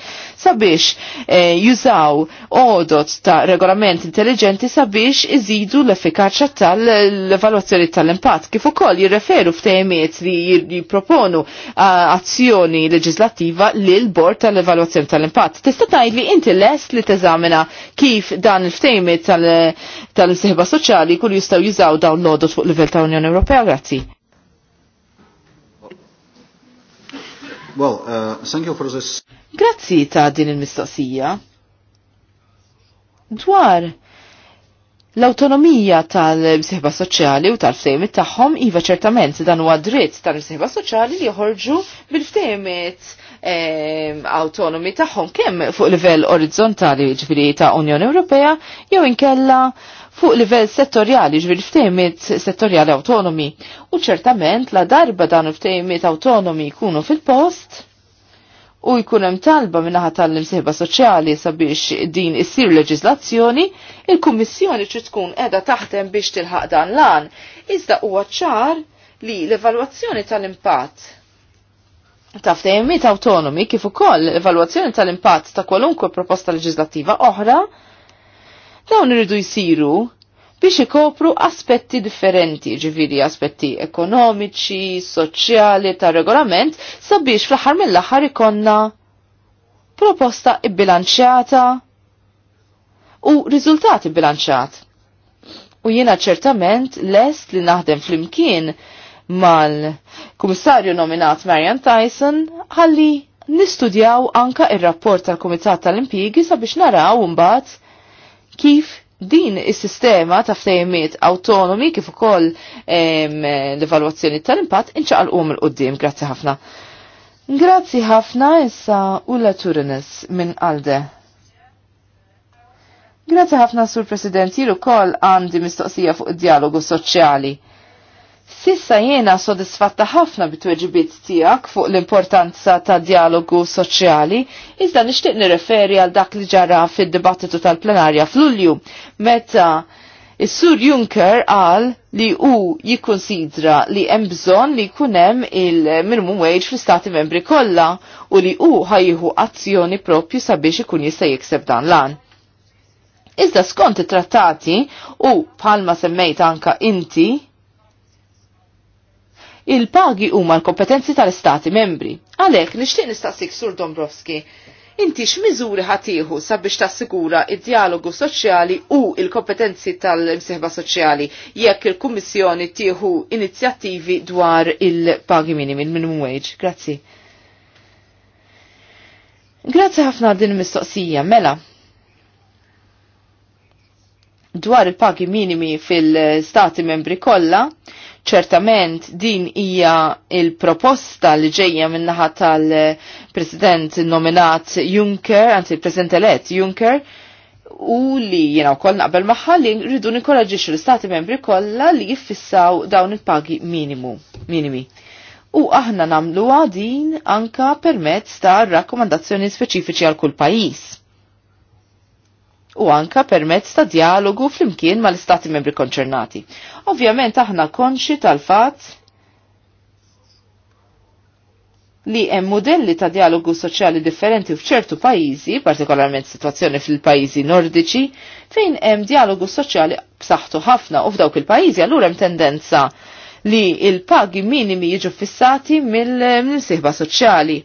sabiex eh, jużaw odot ta' regolament intelligenti sabiex iżidu l-effikaċja tal-evaluazzjoni tal-impatt kif ukoll jirreferu f'temiet li jipproponu Eh, azzjoni leġislattiva lil bord tal-evalwazzjoni tal-impatt. Tista' tgħidli inti lest li teżamina kif dan il ftejmi tal-imsieħba soċjali kull jistgħu jużaw dawn l-għodot fuq livell ta' Unjoni Ewropea. Grazzi. Well, uh, thank you for this. Grazzi ta' din il-mistoqsija. Dwar L-autonomija tal-msiħba soċjali u tal-ftehimiet tagħhom iva ċertament dan huwa dritt tal-msiħba soċjali li joħorġu bil-ftehimiet ehm, autonomi tagħhom kemm fuq livell orizzontali ġifieri ta' Unjoni Ewropea jew inkella fuq livell settorjali ġifieri ftehimiet settorjali autonomi. U ċertament la darba dan il-ftehimiet autonomi jkunu fil-post u jkun hemm talba minnaħa tal-imsieħba soċjali sabiex din issir leġislazzjoni, il-Kummissjoni ċi tkun qiegħda taħtem biex tilħaq dan lan. Iżda huwa ċar li l-evalwazzjoni tal-impatt ta' autonomi kif ukoll l-evalwazzjoni tal-impatt ta' kwalunkwe proposta leġislattiva oħra dawn iridu jsiru biex ikopru aspetti differenti, ġiviri aspetti ekonomiċi, soċjali, ta' regolament, sabiex fl-ħar mill-ħar ikonna proposta ibbilanċjata u riżultati bilanċjat. U jiena ċertament lest li naħdem fl-imkien mal-Kummissarju nominat Marian Tyson ħalli nistudjaw anka ir-rapport tal-Kumitat tal-Impjigi sabiex naraw mbagħad kif din is-sistema ta' ftejmiet autonomi kif ukoll l-evalwazzjoni tal-impatt inċaqalqu um mill qudiem Grazzi ħafna. Grazzi ħafna issa Ulla Turines minn Alde. Grazzi ħafna Sur President, jilu kol għandi mistoqsija fuq id-dialogu soċjali. Sissa jiena sodisfatta ħafna bit-tweġibiet tiegħek fuq l-importanza ta' dialogu soċjali, iżda nixtieq nirreferi għal dak li ġara fid-dibattitu tal-plenarja f'Lulju, meta Is-Sur Juncker qal li hu jikkonsidra li hemm bżonn li jkun hemm il-minimum wage fl-Stati membri kollha u li hu ħajjieħu azzjoni propju sabiex ikun jista' jikseb dan lan. Iżda skont it-trattati u bħalma semmejt anka inti il-pagi huma l-kompetenzi tal-Istati membri. Għalhekk nixtieq nistaqsik Sur Dombrovski, inti x'miżuri ħatiħu sabiex tassigura id-dialogu soċjali u il-kompetenzi tal-imsieħba soċjali jekk il-Kummissjoni tieħu inizjattivi dwar il-pagi minimi, il-minimum wage. Grazzi. Grazzi ħafna din mistoqsija, mela. Dwar il-pagi minimi fil-stati membri kollha, ċertament din hija il-proposta li ġejja minnaħa tal-President nominat Juncker, anzi il-President elett Juncker, u li jena u koll naqbel maħħa li rridu nikoraġiċu l-Stati membri kollha li jiffissaw dawn il-pagi minimu, minimi. U aħna namlu għadin anka permezz ta' rakkomandazzjoni speċifiċi għal kull pajis u anka permezz ta' dialogu flimkien mal-istati membri konċernati. Ovvjament aħna konxi tal-fatt li hemm modelli ta' dialogu soċjali differenti f'ċertu pajjiżi, partikolarment situazzjoni fil-pajjiżi nordiċi, fejn hemm dialogu soċjali b'saħħtu ħafna u f'dawk il-pajjiżi allura hemm tendenza li il-pagi minimi jiġu fissati mill sihba soċjali.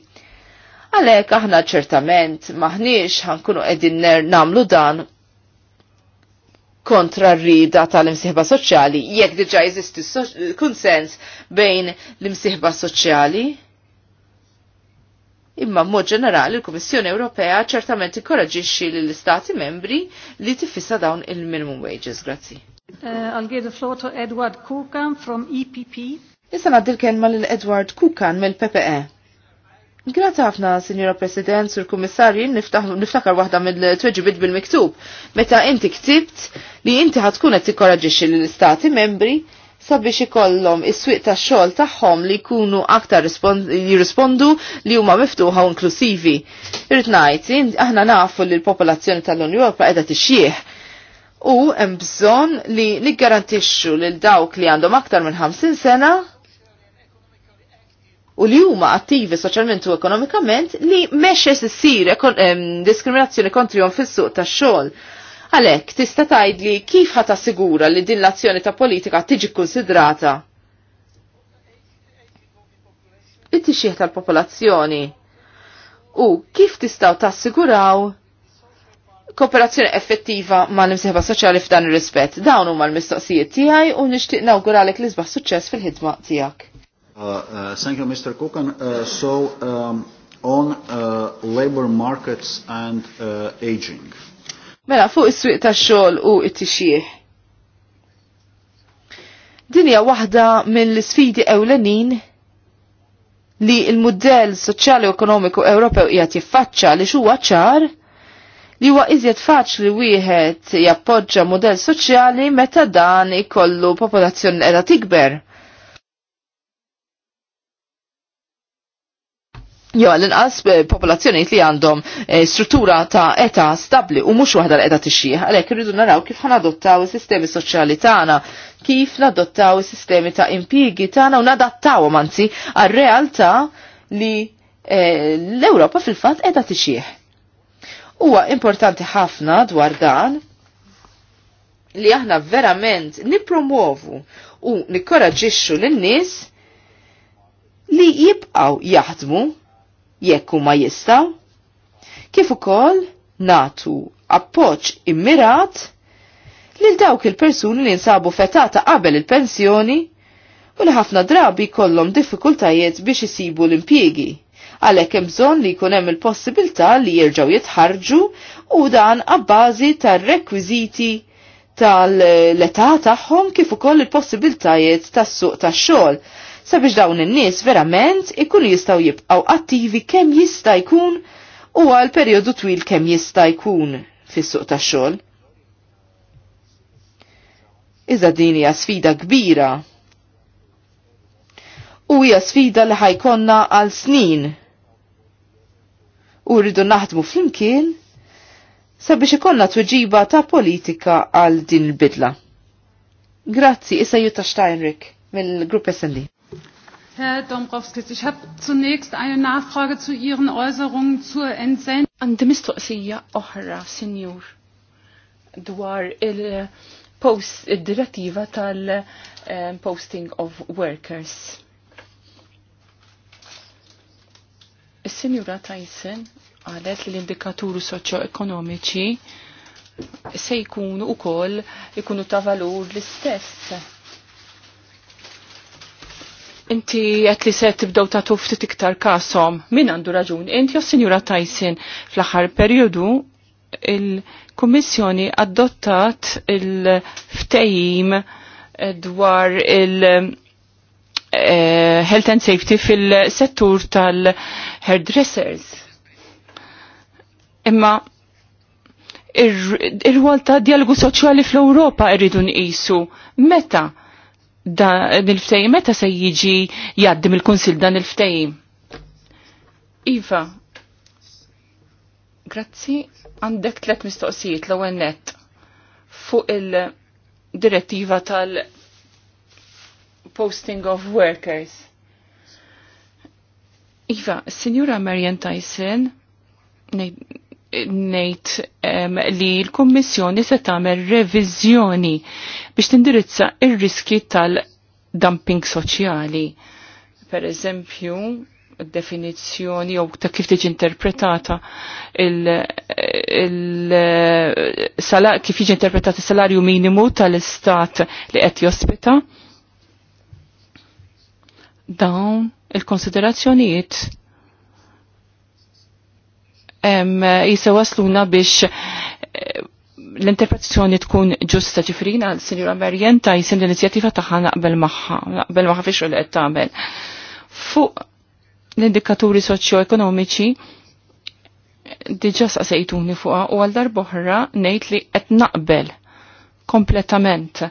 Għalek aħna ċertament maħniex ħankunu edin namlu dan kontra rrida tal-imsiħba soċjali, jekk diġa jeżisti konsens bejn l-imsiħba soċjali? Imma mod ġenerali l-Kummissjoni Ewropea ċertament ikkoraġixxi lill istati membri li tifissa dawn il-minimum wages. Grazzi. Eh, I'll give the floor to Edward Kukan from EPP. Issa naddi l-kelma lil Edward Kukan mill-PPE. Grazie ħafna, Signora President, Sur Kummissarju, niftakar waħda mill-tweġibit bil-miktub. Meta inti ktibt li inti ħatkun qed tikkoraġixxi lill-istati membri sabiex ikollhom is-swieq tax-xogħol tagħhom li jkunu aktar jirrispondu li huma miftuħa u inklusivi. Irid ngħid, aħna nafu li l-popolazzjoni tal-Unjoni Ewropea qiegħda tixjih. U hemm bżonn li niggarantixxu lil dawk li għandhom aktar minn 50 sena u li huma attivi soċjalment u ekonomikament li mexxes issir diskriminazzjoni kontrihom fis-suq tax-xogħol. Għalhekk tista' tgħidli kif ħa assigura li din l-azzjoni ta' politika tiġi kkunsidrata? It-tixjih tal-popolazzjoni. U kif tistgħu tassiguraw kooperazzjoni effettiva ma' l-imsieħba soċjali f'dan ir-rispett. Dawn huma l-mistoqsijiet tiegħi u nixtieq nawguralek l-isbaħ suċċess fil-ħidma tiegħek. Uh, uh, thank you, Mr. Kukan. Uh, so, um, on uh, labor markets and uh, aging. Mela, fuq is-swieq tax-xogħol u t-tixjih. Dinja waħda mill-sfidi ewlenin li l modell soċjali u ekonomiku Ewropew qiegħed jiffaċċa li huwa ċar li huwa iżjed faċli wieħed jappoġġa modell soċjali meta dan ikollu popolazzjoni qiegħda tikber. Jo, l-inqas eh, popolazzjoniet li għandhom eh, struttura ta' eta stabli u mux waħda l-eta tixjih, għalek rridu naraw kif ħanadottaw il-sistemi soċjali tagħna, kif nadottaw il-sistemi ta' impigi tagħna u nadattaw manzi għal-realtà li eh, l-Ewropa fil-fatt eta tixjih. Huwa importanti ħafna dwar dan li aħna verament nipromovu u nikkoraġixxu lin-nies li jibqaw jaħdmu jekk huma jistaw? kif ukoll natu appoġġ immirat lil dawk il-persuni li nsabu fetata qabel il-pensjoni u li ħafna drabi kollom diffikultajiet biex isibu l-impjiegi għalhekk hemm bżonn li jkun hemm il-possibilità li jerġgħu jitħarġu u dan abbażi tar-rekwiżiti tal-età tagħhom kif ukoll il-possibiltajiet tas-suq tax-xogħol sabiex dawn in-nies verament ikunu jistgħu jibqgħu attivi kemm jista' jkun u għal perjodu twil kemm jista' jkun fis-suq tax-xogħol. Iżda din hija sfida kbira u hija sfida li ħajkonna għal snin. U rridu naħdmu flimkien sabiex ikonna tweġiba ta' politika għal din il-bidla. Grazzi, issa Jutta Steinrich mill-Grupp SND. Herr Dombrovskis, ich habe zunächst eine Nachfrage zu Ihren Äußerungen zur Entsendung. Għandi mistoqsija oħra, Sinjur, dwar il-direttiva il direttiva tal posting of workers. Signora Tyson għalet li l-indikaturi socio ekonomiċi se jkunu u koll jkunu ta' valur l-istess Inti għet li se tibdaw ta' ftit iktar kasom. Min għandu raġun? Inti jo Sinjura Tyson fl-aħħar periodu il-Kummissjoni adottat il ftejim dwar il- health and safety fil-settur tal-hairdressers. Imma ir-rwol ta' dialogu soċjali fl-Ewropa irridu nqisu. Meta dan il-ftejim meta se jiġi jaddim il-Kunsil dan il-ftejim. Iva, grazzi, għandek tlet mistoqsijiet l ewwel nett fuq il-direttiva tal-posting of workers. Iva, Signora Marian Tyson, ngħid um, li l-Kummissjoni se tagħmel reviżjoni biex tindirizza ir-riski tal-dumping soċjali. Per eżempju, definizzjoni jew ta' kif tiġi interpretata il, il sala, kif jiġi interpretat is-salarju minimu tal-istat li qed jospita. Dawn il-konsiderazzjonijiet jisa wasluna biex eh, l-interpretazzjoni tkun ġusta ġifrina għal Sinjura Marjen ta' jisim l-inizjativa taħħa naqbel maħħa, naqbel maħħa fiex li qed tagħmel. Fuq l-indikaturi ekonomiċi diġa saqsejtuni fuqha u għal darboħra ngħid li qed naqbel kompletament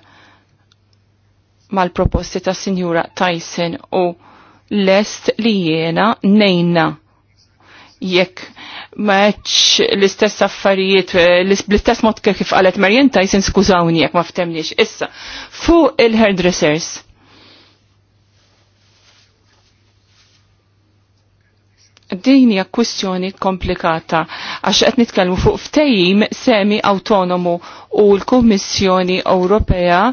mal-proposti ta' Sinjura Tyson u lest li jiena nejna jekk maċ l-istess affarijiet, eh, l-istess mod kif għalet Marjen Tyson skużawni jek ma ftemniex. Issa, fuq il-hairdressers. Din hija kwistjoni komplikata għax qed nitkellmu fuq ftehim semi autonomu u l-Kummissjoni Ewropea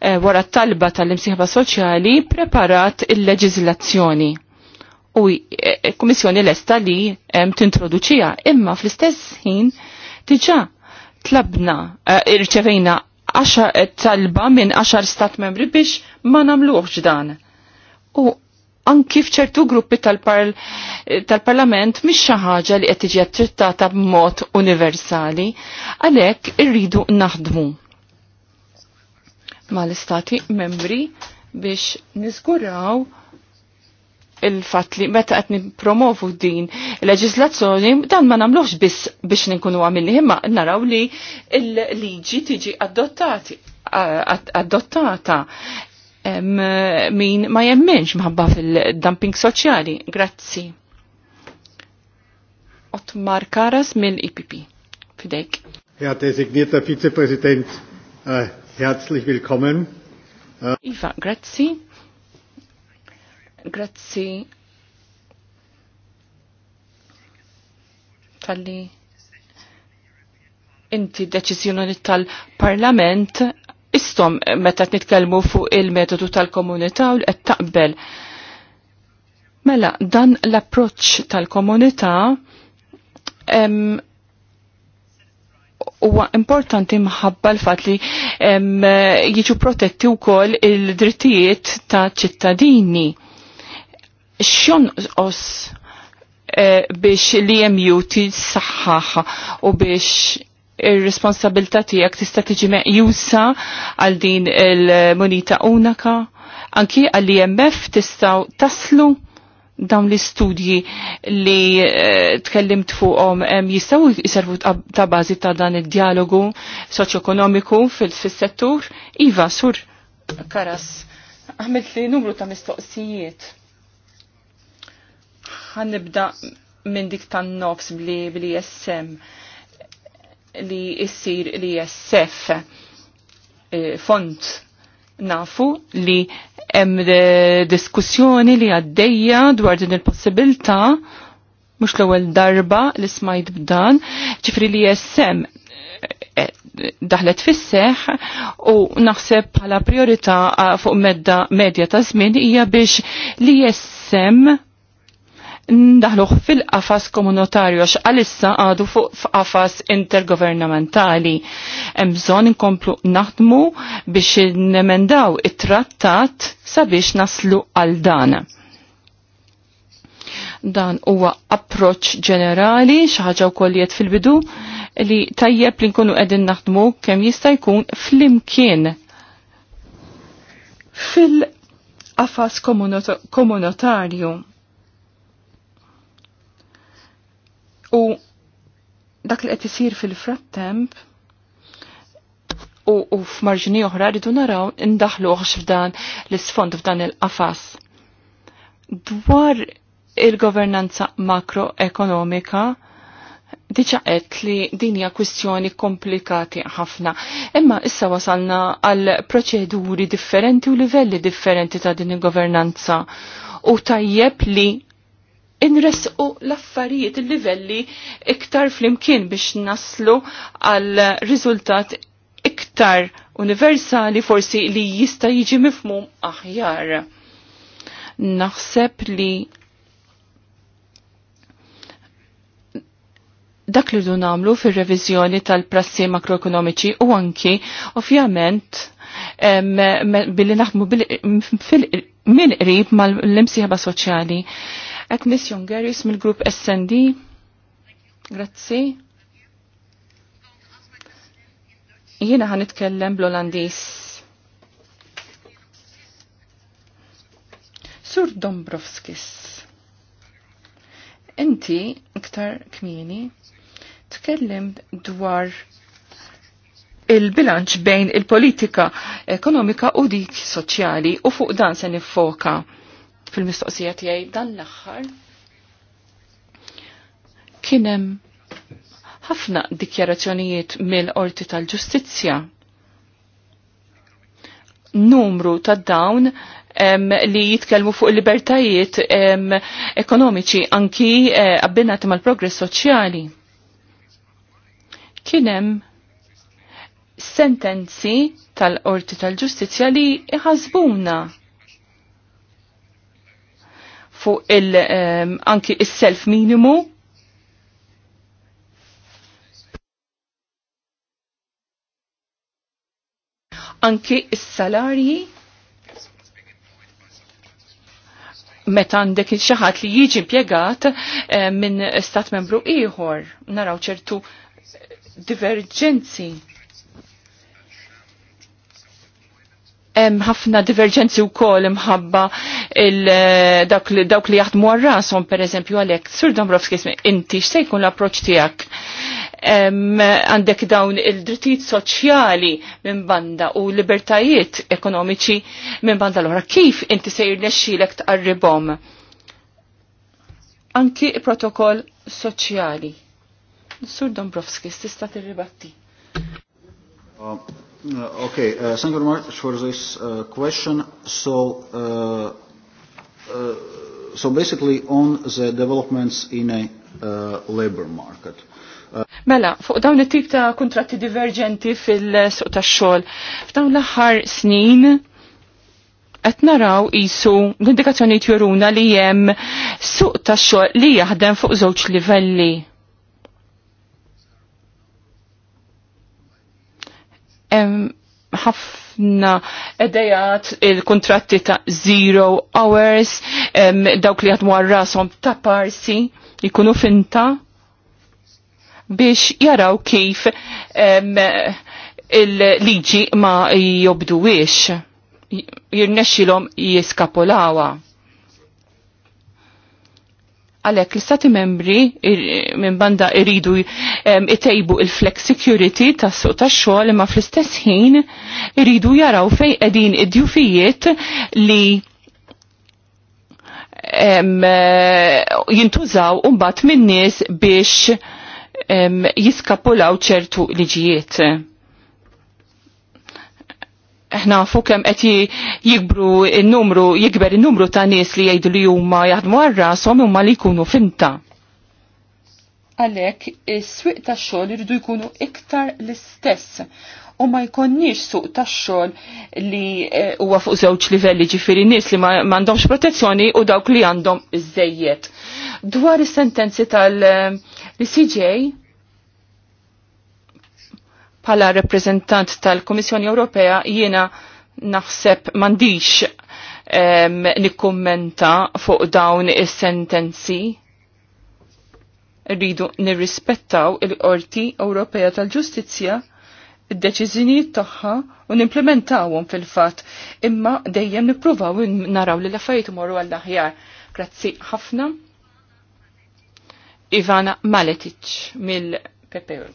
eh, wara t-talba tal-imsieħba soċjali preparat il-leġiżlazzjoni u e, e, kummissjoni lesta li tintroduċija. Imma fl-istess ħin diġa tlabna e, irċevejna talba minn 10 stat membri biex ma namluħx dan. U anki fċertu gruppi tal-parlament mis xi ħaġa li qed tiġi attrittata b'mod universali, għalhekk irridu naħdmu mal-istati membri biex niżguraw il-fat li meta qed nippromovu din il-leġislazzjoni dan ma nagħmluhx biss biex ninkunu għamilni imma naraw li l-liġi tiġi adottati adottata min ma jemmenx mħabba fil-dumping soċjali. Grazzi. Otmar Karas mill-IPP. Fidejk. Ja, designierter Vizepräsident, äh, herzlich willkommen. Äh, iva, grazzi. Grazzi tal-li inti deċizjoni tal-parlament istom meta nitkellmu fuq il-metodu tal-komunità u qed taqbel. Mela, dan l-approċċ tal-komunità huwa importanti mħabba l-fat li jiġu protetti wkoll il-drittijiet ta' ċittadini xjonqos os eh, biex l-EMU tissaħħaħ u biex ir-responsabilta tiegħek tista' tiġi meqjusa għal din il-munita unaka, anki għall-IMF e tistgħu taslu dawn l-istudji li eh, tkellimt fuqhom jistgħu jservu ta' bażi ta' dan id-dialogu ekonomiku fil-settur. Iva, sur Karas, għamilt li numru ta' mistoqsijiet nibda minn dik tan-nofs bli bli jessem li jessir li jessef e, font nafu li hemm e, diskussjoni li għaddejja dwar din il-possibilità mhux l-ewwel darba li smajt b'dan, ċifri li jessem e, daħlet fisseħ u naħseb bħala priorità fuq medda medja ta' żmien hija biex li jessem ndaħluħ fil-qafas komunitarju għax għalissa għadu fuq f'qafas intergovernamentali. Mżon inkomplu naħdmu biex nemendaw it-trattat sabiex naslu għal dan. Dan huwa approċ ġenerali, xaħġa u kolliet fil-bidu, li tajjeb li nkunu għedin naħdmu kemm jista' jkun fl-imkien fil-qafas komunitarju. U dak li qed isir fil-frattemp u, u f'marġini oħra rridu naraw indaħlu f'dan l-isfond f'dan il-qafas. Dwar il-governanza makroekonomika diċa qed li din hija kwistjoni komplikati ħafna. Imma issa wasalna għal proċeduri differenti u livelli differenti ta' din il-governanza. U tajjeb li inresqu l-affarijiet il-livelli iktar flimkien biex naslu għal riżultat iktar universali forsi li jista' jiġi mifhum aħjar. Naħseb li dak li dun għamlu fil-revizjoni tal-prassi makroekonomiċi u anki, ovvjament, billi naħmu fil minqrib qrib mal-imsieħba soċjali Miss Jungeris mill-grupp SND. Grazzi. Jiena ħan nitkellem bl-Olandis. Sur Dombrovskis. Inti, iktar kmini, tkellem dwar il-bilanċ bejn il-politika ekonomika u dik soċjali u fuq dan se nifoka fil-mistoqsija tiegħi dan l-aħħar kien hemm ħafna dikjarazzjonijiet mill-Qorti tal-Ġustizzja. Numru ta' dawn li jitkellmu fuq libertajiet ekonomiċi anki eh, abbinati mal-progress soċjali. Kien hemm sentenzi tal-Qorti tal-Ġustizzja li iħasbuna fuq il um, anki il-self minimu. Anki il-salarji. meta għandek xaħat li jiġi impjegat ehm, minn stat membru ieħor, naraw ċertu diverġenzi. hemm ħafna diverġenzi wkoll imħabba eh, dawk li jaħdmu għar-rashom pereżempju għalhekk. Sur Dombrovski inti x'se jkun l-approċċ tiegħek? għandek dawn il-drittijiet soċjali minn banda u libertajiet ekonomiċi minn banda l-ora. Kif inti sejr jirnexxilek tqarribhom? Anki protokoll soċjali. Sur Dombrovski, tista' tirribatti. Uh, Uh, okay, uh, thank you very much for this uh, question. So, uh, uh, so basically on the developments in a uh, labor market. Uh, mela, fuq dawn it-tip ta' kontratti divergenti fil-suq tax-xogħol, f'dawn l-aħħar snin qed naraw isu l-indikazzjoni juruna li hemm suq tax-xogħol li jaħdem fuq żewġ livelli ħafna edejat il-kontratti ta' zero hours, dawk li għadmu għarrasom ta' parsi, jikunu finta biex jaraw kif il-liġi ma jobduwix, jirnexilom jiskapolawa għalek l-istati membri minn banda iridu itejbu il-flex security tas suq tax xogħol imma fl-istess ħin iridu jaraw fej qegħdin id-djufijiet li jintużaw umbat minn nies biex jiskapulaw ċertu liġijiet Eħna fukem qed jikbru n-numru, jikber n-numru ta' nies li jgħidu li huma jaħdmu għar-rashom huma li jkunu finta. Għalhekk is-swieq tax-xogħol iridu jkunu iktar l-istess u ma jkonniex suq tax-xogħol li eh, huwa fuq żewġ livelli ġifieri nies li m'għandhomx protezzjoni u dawk li għandhom iżejjed. Dwar is-sentenzi tal-CJ eh, Pala reprezentant tal-Komissjoni Ewropea jiena naħseb mandiċ um, nikkummenta fuq dawn is-sentenzi. Rridu nirrispettaw il-Qorti Ewropea tal-Ġustizzja id-deċiżjonijiet tagħha u nimplementawhom fil-fatt, imma dejjem nippruvaw naraw li l-affarijiet imorru għall aħjar Grazzi ħafna. Ivana Maletic mill-PPU.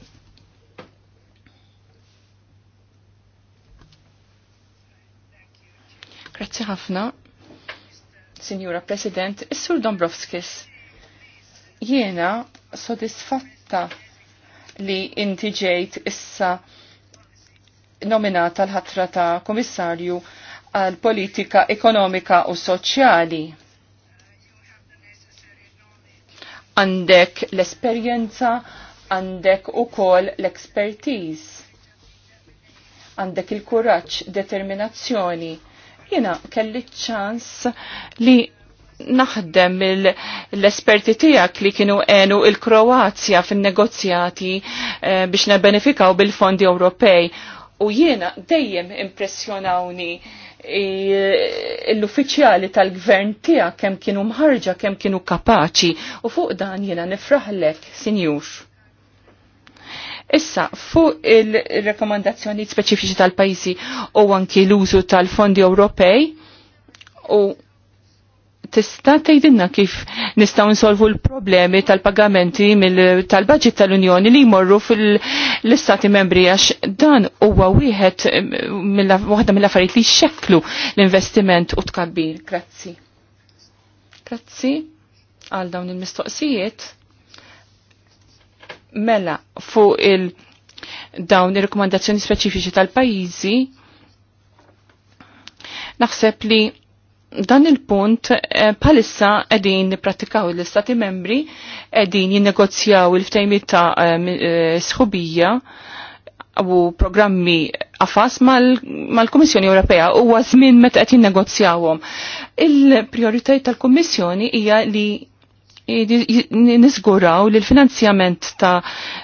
Grazzi ħafna, Signora President, Is-Sur Dombrovskis. Jiena sodisfatta li inti ġejt issa nominata l-ħatra ta' komissarju għal politika ekonomika u soċjali. Għandek l-esperjenza, għandek u kol l-ekspertiz, għandek il-kuraċ, determinazzjoni, Jena kelli ċans li naħdem l-esperti tijak li kienu enu il-Kroazja fin-negozjati eh, biex nebenefikaw bil-fondi Ewropej. U jiena dejjem impressjonawni l-uffiċjali tal-gvern tijak kem kienu mħarġa, kem kienu kapaċi. U fuq dan jiena nifraħlek, sinjur. Issa, fuq il-rekomandazzjoni speċifiċi tal pajsi u anki l-użu tal-fondi Ewropej u tista' tgħidilna kif nistgħu nsolvu l-problemi tal-pagamenti tal-budget tal-Unjoni li jmorru fil-istati membri għax dan huwa wieħed waħda mill-affarijiet li xeklu l-investiment u tkabbir. Grazzi. Grazzi għal dawn il-mistoqsijiet mela fuq il- dawn ir-rekomandazzjoni speċifiċi tal-pajjiżi, naħseb li dan il-punt palissa eh, edin niprattikaw l-istati membri, edin jinnegozjaw il-ftejmi ta' eh, eh, sħubija u programmi għafas mal-Komissjoni mal Ewropea u għazmin meta qed jinnegozjawhom. Il-prioritajt tal-Komissjoni hija li nisguraw li l-finanzjament ta'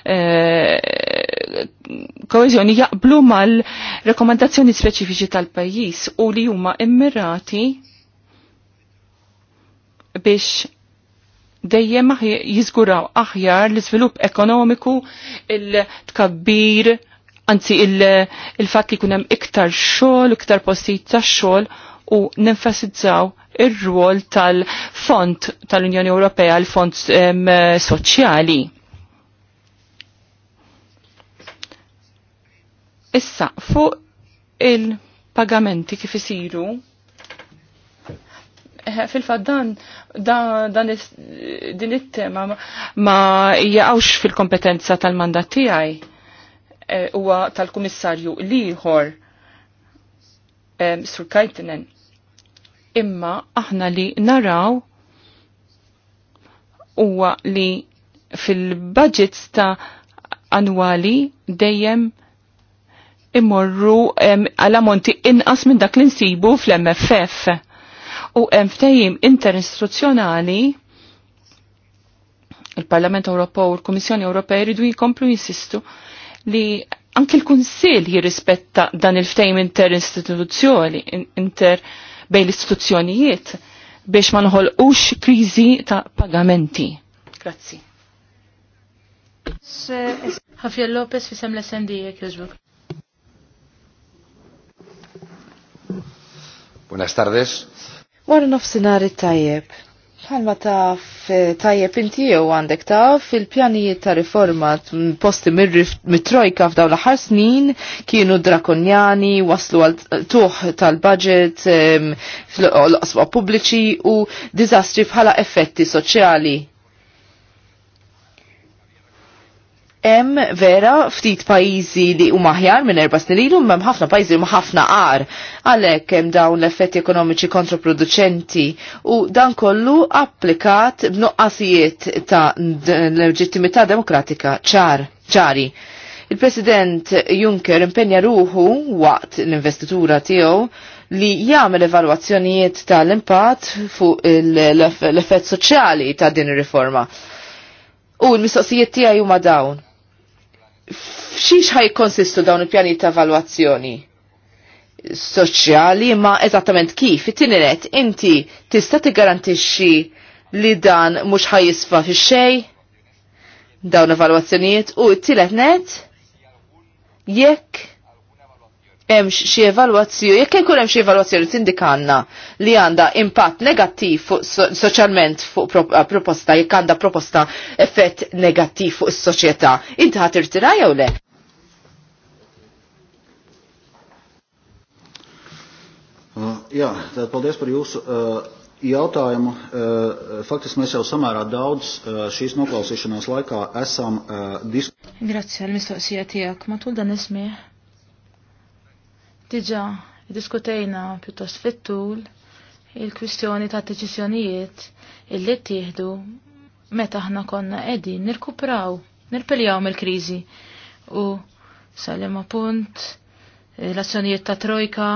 eh, koezjoni jaqblu mal-rekomandazzjoni speċifiċi tal-pajis u li huma immirati biex dejjem jizguraw aħjar l-iżvilupp ekonomiku, il-tkabbir, anzi il-fatt li kunem iktar xogħol, iktar postijiet ta' xogħol u nenfasizzaw ir-rwol tal-Fond tal-Unjoni Ewropea, l-Fond Soċjali. Issa, fuq il-pagamenti kif isiru, eh, fil-fat dan, dan, din it-tema ma jgħawx fil-kompetenza tal-mandat tiegħi eh, huwa tal-kummissarju liħor um, Sur Kajtinen imma aħna li naraw huwa li fil-budgets ta' annwali dejjem imorru għala ammonti inqas minn dak li insibu fl-MFF. U hemm ftehim interistituzzjonali il-Parlament Ewropew u l-Kummissjoni Ewropea jridu jkomplu jinsistu li anke l-Kunsill jirrispetta dan il-ftehim interistituzzjoni inter, -istituzzjoni, inter bejn l-istituzzjonijiet biex ma nħolqux kriżi ta' pagamenti. Grazzi. Javier Lopez fi sem l-SND jek Buenas tardes. Wara nofsinhar it-tajjeb. Bħalma taf eh, tajjeb inti jew għandek taf il-pjanijiet ta' riforma posti mitrojka trojka f'dawn l-aħħar snin kienu drakonjani waslu għal eh, tuħ tal-budget eh, l oqsba pubbliċi u diżastri bħala effetti soċjali. Hemm vera ftit pajjiżi li huma aħjar minn erba' snin ilu, hemm ħafna pajjiżi huma ħafna qar. Għalhekk hemm dawn l-effetti ekonomiċi kontraproducenti u dan kollu applikat b'nuqqasijiet ta' leġittimità demokratika ċar ċari. Il-President Juncker impenja ruħu waqt l-investitura tiegħu li jagħmel evalwazzjonijiet tal-impatt fuq l-effett soċjali ta' din ir-riforma. U l-mistoqsijiet tiegħi huma dawn xiex ħaj konsistu dawn il-pjani ta' valuazzjoni? soċjali ma eżattament kif it-tiniret inti tista' tigarantixxi li dan mhux ħajjisfa fi xej dawn evalwazzjonijiet u t-tielet net jekk hemm xi evalwazzjoni, jekk ikun hemm xi evalwazzjoni tindikanna li għandha impatt negattiv fuq soċjalment fuq proposta jekk għandha proposta effett negattiv fuq is-soċjetà, inti ħadd irtira jew le? Uh, jā, tad paldies par jūsu uh, jautājumu. Uh, faktiski mēs jau samērā daudz uh, šīs noklausīšanās laikā esam uh, diskutējuši. Grazie, Mr. Sietiek, Matul dan ismieħ Diġa, diskutejna pjuttost fit-tul il-kwistjoni ta' deċiżjonijiet illi ttieħdu meta aħna konna qegħdin nirkupraw, nirpiljaw mill-kriżi u salim punt l-azzjonijiet ta' trojka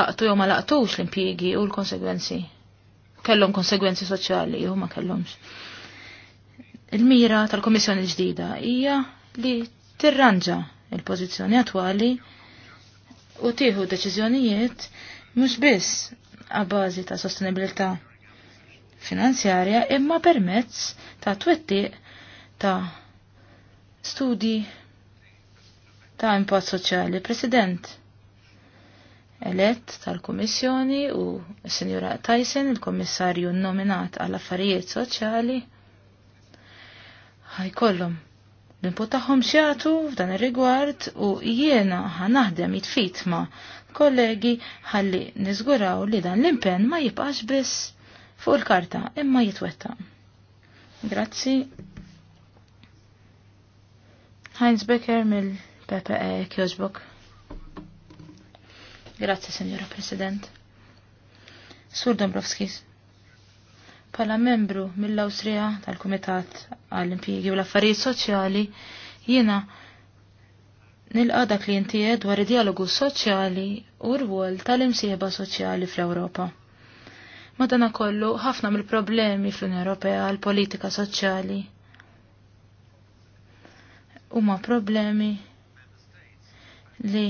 laqtu jew ma laqtux l-impjiegi u l-konsegwenzi. Kellhom konsegwenzi soċjali jew ma kellhomx. Il-mira tal-Komissjoni ġdida hija li tirranġa il-pożizzjoni attwali u tieħu deċiżjonijiet mhux biss għall-bażi ta' sostenibilità finanzjarja imma permezz ta' twettiq ta' studi ta' impatt soċjali. President elett tal-Kummissjoni u s-Sinjura Tyson, il-Kommissarju nominat għall affarijiet soċjali, ħajkollhom l-input tagħhom xjatu f'dan ir-rigward u jiena ħanaħdem jitfit ma' kollegi ħalli niżguraw li dan l-impenn ma jibqax biss fuq il-karta imma jitwetta. Grazzi. Heinz Becker mill-PPE Kjoġbok. Grazzi, Signora President. Sur Dombrovskis. Pala membru mill-Awstrija tal-Kumitat għall-Impjegi u l-Affarijiet Soċjali jiena nilqa dak li jintijed dwar id-dialogu soċjali u rwol tal-imsieba soċjali fl-Ewropa. Madana kollu ħafna mill-problemi fl-Unjoni Ewropea għal-politika soċjali huma problemi li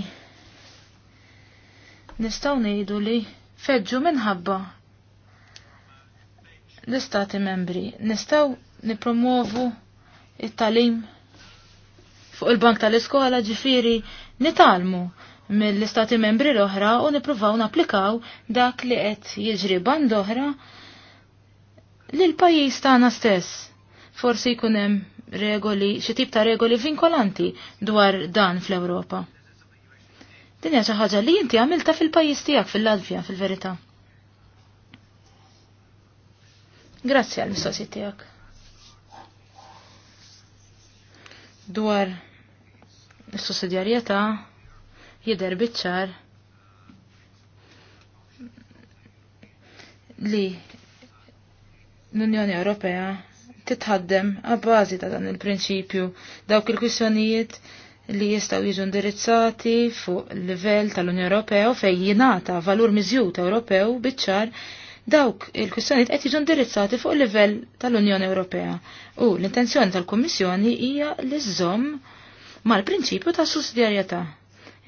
nistaw ngħidu li feġġu minħabba l-istati membri nistaw nipromovu it-talim fuq il-bank tal-iskola ġifiri nitalmu mill-istati membri l-oħra u nipruvaw naplikaw dak li qed jiġri band oħra l pajjiż tagħna stess. Forsi jkun hemm regoli, xi tip ta' regoli vinkolanti dwar dan fl-Ewropa. Din hija xi ħaġa li inti għamilta fil-pajjiż tiegħek fil-Latvja fil-verità. Grazzi għal mistoqsi tiegħek. Dwar is-sussidjarjetà jidher biċ-ċar li l-Unjoni Ewropea titħaddem għabbażi ta' dan il-prinċipju dawk il-kwissjonijiet li jistaw jiġu indirizzati fuq livell tal-Unjoni Ewropea u fej jingħata valur miżjud Ewropew biċ-ċar Dawk il-kwistjonijiet qed jiġu indirizzati fuq livell tal-Unjoni Ewropea u l-intenzjoni tal-Kummissjoni hija li żomm mal-prinċipju ta' sussidjarjetà.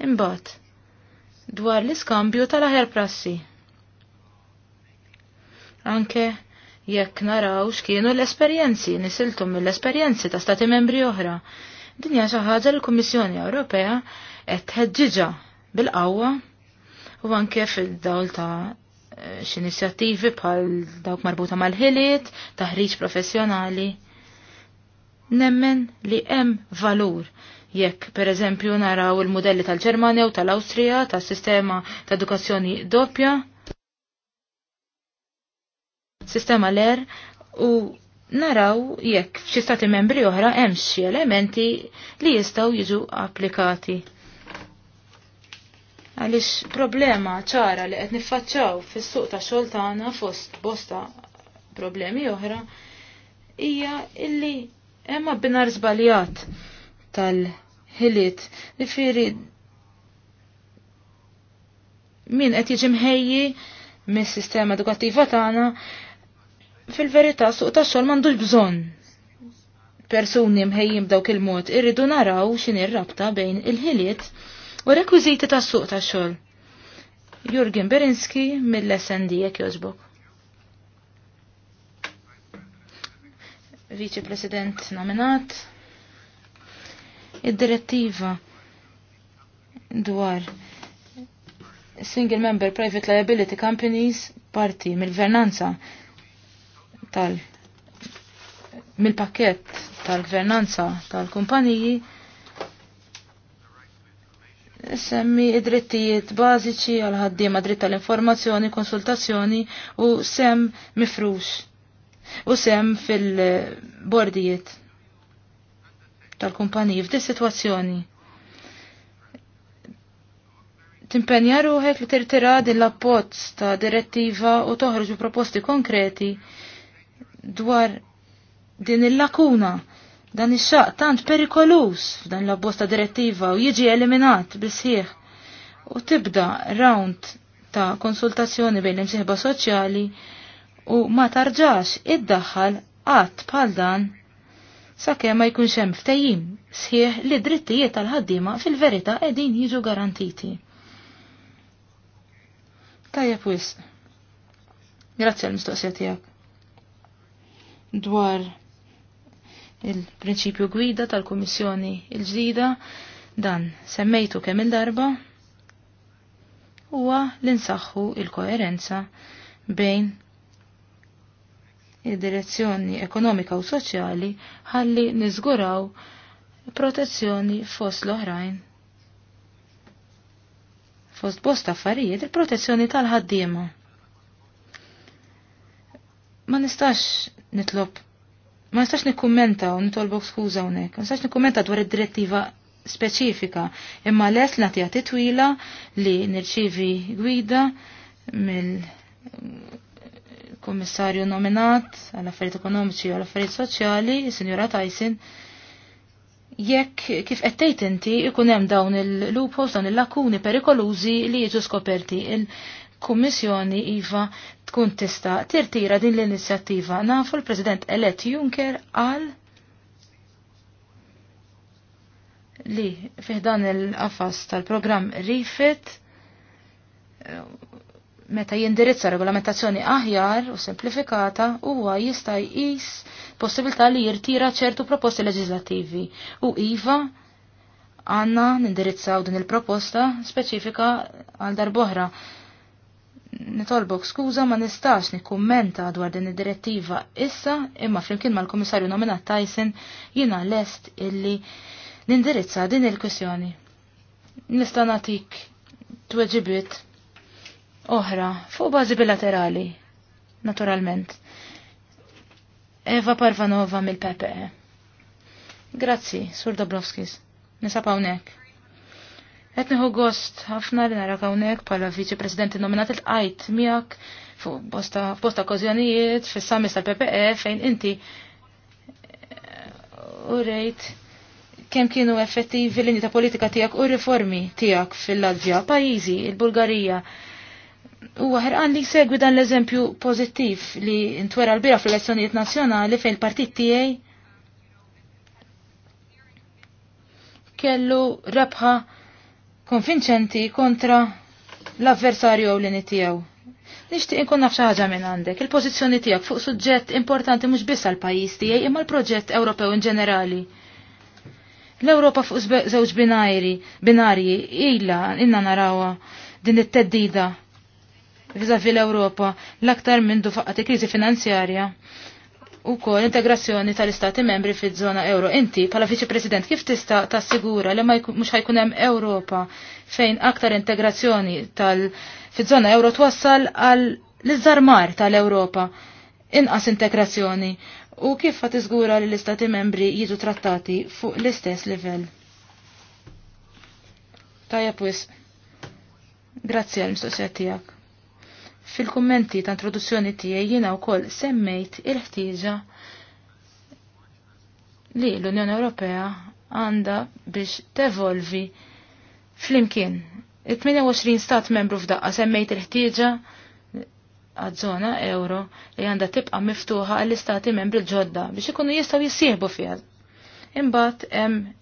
Imbagħad dwar l-iskambju tal-aħjar prassi. Anke jekk naraw x'kienu l-esperjenzi nisiltu mill-esperjenzi ta' stati membri oħra. Dinja xi ħaġa l-Kummissjoni Ewropea qed tħeġġiġa bil-qawwa u anke fil-dawl ta' x'inizjattivi bħal dawk marbuta mal-ħiliet, taħriġ professjonali. Nemmen li hemm valur jekk per eżempju naraw il-modelli tal-Ġermanja u tal-Awstrija tas-sistema ta' edukazzjoni doppja. Sistema l-er u naraw jekk f'xi stati membri oħra hemm xi elementi li jistgħu jiġu applikati. Għaliex problema ċara li qed niffaċċaw fis-suq ta' xogħol tagħna fost bosta problemi oħra hija illi hemm binar żbaljat tal-ħiliet. Ifieri min qed jiġi mħejji mis-sistema edukattiva tagħna fil-verità suq tax-xogħol m'għandux bżonn persuni mħejjim dawk il-mod irridu naraw x'in ir-rabta bejn il-ħiliet u rekwiżiti ta' suq ta' xogħol. Jurgen Berinski mill-SND jek jogħġbok. Vice President nominat. Id-direttiva dwar Single Member Private Liability Companies parti mill-gvernanza tal mill-pakket tal-gvernanza tal-kumpaniji tal gvernanza tal kumpaniji semmi id-drittijiet bażiċi għal ħaddiema dritt tal-informazzjoni, konsultazzjoni u sem mifrux. U sem fil-bordijiet tal-kumpaniji f'di situazzjoni. Timpenja ruħek li tirtira din l-appozz ta' direttiva u toħroġu proposti konkreti dwar din il-lakuna Dan ix-xaq tant perikolus f'dan l-abbosta direttiva u jiġi eliminat bisħieħ. U tibda round ta' konsultazzjoni bejn l-imsieħba soċjali u ma tarġax id-daħħal qatt bħal dan sakemm ma jkunx hemm ftehim sħiħ li drittijiet tal-ħaddiema fil-verità qegħdin jiġu garantiti. Tajjeb wisq. Grazzi għal mistoqsija tiegħek. Dwar il-prinċipju gwida tal-Kummissjoni il-ġdida dan semmejtu kemm il-darba huwa l-insaħħu il-koerenza bejn id-direzzjoni ekonomika u soċjali ħalli niżguraw protezzjoni fost l-oħrajn. Fost bost affarijiet il-protezzjoni tal-ħaddiema. Ma nistax nitlob ma nistax nikkummenta u nitolbu skuża hawnhekk, ma nistax nikkummenta dwar id-direttiva speċifika, imma les nagħtiha titwila li nirċivi gwida mill kummissarju nominat għall affarijiet ekonomiċi u għall affarijiet soċjali, is-Sinjora Tyson, jekk kif qed tgħid inti ikun hemm dawn il lupos dawn il-lakuni perikolużi li jiġu skoperti. Il-Kummissjoni iva tkun tista' tirtira din l-inizjattiva. Nafu l-President Elet Juncker għal li fiħdan il-qafas tal-programm RIFIT eh, meta jindirizza regolamentazzjoni aħjar u semplifikata huwa jista' jqis possibilità li jirtira ċertu proposti leġislativi u iva għanna nindirizzaw din il-proposta speċifika għal darboħra nitolbok skuża ma nistax nikkummenta dwar din id-direttiva issa imma flimkien mal-Kummissarju nominat Tyson jiena lest illi nindirizza din il kwissjoni Nista' nagħtik tweġibiet oħra fuq bażi bilaterali, naturalment. Eva Parvanova mill-PPE. Grazzi, Sur Dobrovskis. Nisab hawnhekk. Qed nieħu gost ħafna li narak hawnhekk bħala viċi presidenti nominat il-qajt miegħek fuq bosta, bosta okkożjonijiet fis-samis tal-PPE fejn inti eh, u rejt kem kienu effettivi l-linja ta' politika tijak u riformi tijak fil-Latvija, pajizi, il-Bulgarija. U għan li segwi dan l-eżempju pozittiv li intwera l-bira fil-elezzjonijiet nazjonali fejn partit tijaj kellu rebħa konvinċenti kontra l-avversarju u l-ini tijaw. inkun naf ħaġa minn għandek, il-pożizzjoni tiegħek fuq suġġett importanti mhux biss għal pajjiż tiegħi imma l-proġett Ewropew in ġenerali. L-Ewropa fuq żewġ binari, binarji, ilha inna narawha din it-teddida vizavi l-Ewropa l-aktar minn dufaqqat kriżi finanzjarja u kol integrazzjoni tal-istati membri fi zona euro. Inti, pala viċi president, kif tista tassigura li ma mux ħajkun hemm Ewropa fejn aktar integrazzjoni tal fi zona euro twassal għal l-izzarmar tal-Ewropa inqas integrazzjoni u kif fa' tisgura li l-istati membri jiġu trattati fuq l-istess livell. Tajja pwis, grazzi għal-mistoqsija tijak. Fil-kummenti ta' introduzzjoni tiegħi jiena wkoll semmejt il-ħtieġa li l-Unjoni Ewropea għandha biex tevolvi flimkien. Il-28 stat membru f'daqqa semmejt il-ħtieġa għadżona euro li għandha tibqa' miftuħa għall-istati membri l ġodda biex ikunu jistgħu jissieħbu fiha. Imbagħad hemm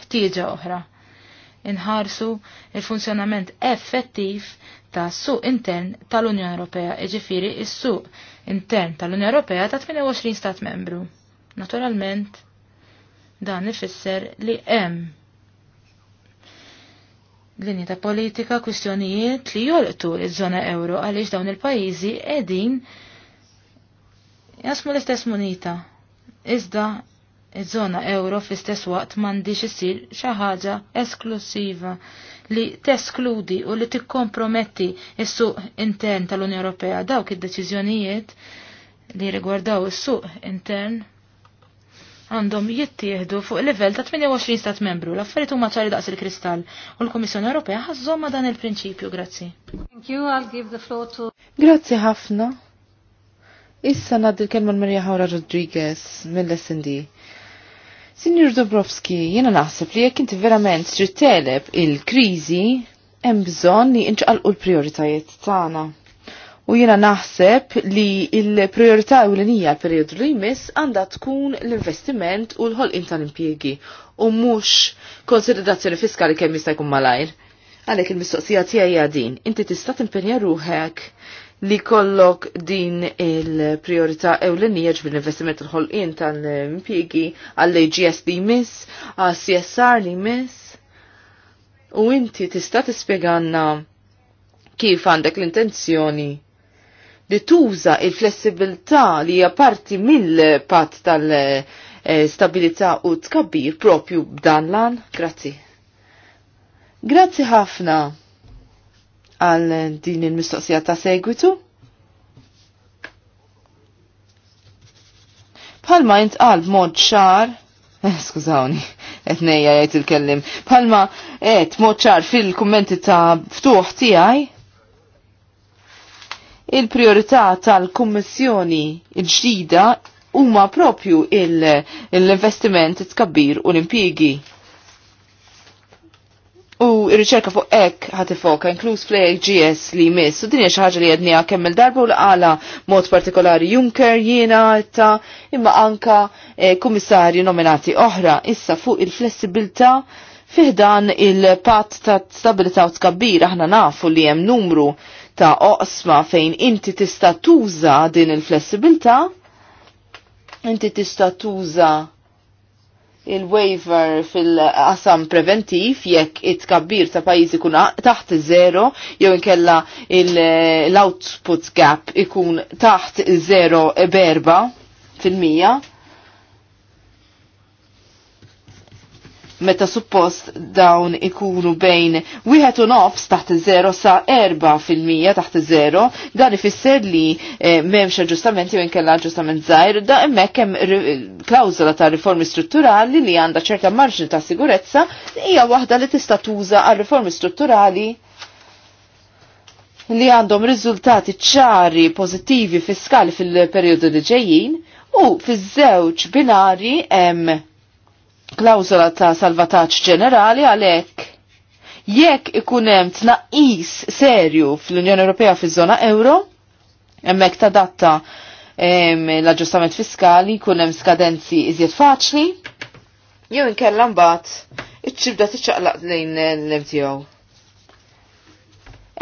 ħtieġa oħra inħarsu il-funzjonament effettiv ta' suq intern tal-Unjoni Ewropea, iġifiri is-suq intern tal-Unjoni Ewropea ta' 28 stat membru. Naturalment, dan ifisser li hemm linji ta' politika, kwistjonijiet li jolqtu iż-żona euro għaliex dawn il-pajjiżi qegħdin jasmu l-istess munita. Iżda Iż-żona euro fl-istess waqt m'għandix isir xi ħaġa esklusiva li teskludi u li tikkomprometti s-suq intern tal-Unja Ewropea dawk id-deċiżjonijiet li rigwardaw is-suq intern għandhom jittieħdu fuq livell ta' 28 stat membru. L-affarijiet huma ċari daqs il-kristall u l-Kummissjoni Ewropea ħażhom ma' dan il-prinċipju, grazzi. Thank you, I'll give the floor to Grazzi ħafna. Issa nad il-kelma l-Marja Ħawra Rodriguez mill-SND. Sinjur Dobrovski, jiena naħseb li jekk inti verament trid il-kriżi, hemm bżonn li inċqalqu l-prijoritajiet tagħna. U jiena naħseb li l-priorità u l-perjodu li jmiss għandha tkun l-investiment u l-ħolqien tal-impjiegi u mhux konsiderazzjoni fiskali kemm jista' jkun malajr. Għalhekk il-mistoqsija tiegħi hija din, inti tista' timpenja ruħek li kollok din il-priorità ewlenija ġbil investiment l-ħolqien tal-impjegi għall-AGS li miss, għal CSR li miss, u inti tista' tispjeganna kif għandek l-intenzjoni li tuża il-flessibilità li hija parti mill-patt tal-stabilità u tkabbir propju b'dan lan? Grazzi. Grazzi ħafna għal din il-mistoqsija ta' segwitu? Palma għal mod ċar, skużawni, etnejja jgħid il-kellim, palma et mod ċar fil-kummenti ta' ftuħ tiegħi il-priorità tal-Kummissjoni ġdida huma propju l-investiment tkabbir u l-impjiegi U r-riċerka fuq ek ħatifoka, inkluz fl gs li jmiss, u dinja xaħġa li għednija kemm il-darba u l-għala mod partikolari Juncker jiena ta' imma anka eh, komissarju nominati oħra issa fuq il-flessibilta fiħdan il-pat ta' stabilita u tkabbir aħna nafu li hemm numru ta' oqsma fejn inti tista' tuża din il-flessibilta, inti tista' tuża il-waiver fil-qasam preventiv jekk it-kabbir ta' pajjiż ikun taħt zero jew inkella l-output gap ikun taħt zero berba fil-mija meta suppost dawn ikunu bejn wieħed u nofs taħt iż-0 sa 4 fil-mija taħt iż-0, dan ifisser li eh, m'hemmx aġġustamenti jew inkella aġġustament żgħir, da hemmhekk hemm klawżola ta' riformi strutturali li għandha ċerta marġni ta' sigurezza hija waħda li tista' tuża għal riformi strutturali li għandhom riżultati ċari pożittivi fiskali fil-perjodu li ġejjin u fiż-żewġ binari hemm klawzola ta' salvataġġ ġenerali għalhekk jekk ikun hemm tnaqqis serju fl-Unjoni Ewropea fiż-żona euro, hemmhekk tadatta l-aġġustament fiskali jkun hemm skadenzi iżjed faċli, jew inkella mbagħad iċ-ċibda tiċċaqlaq lejn l-MTO.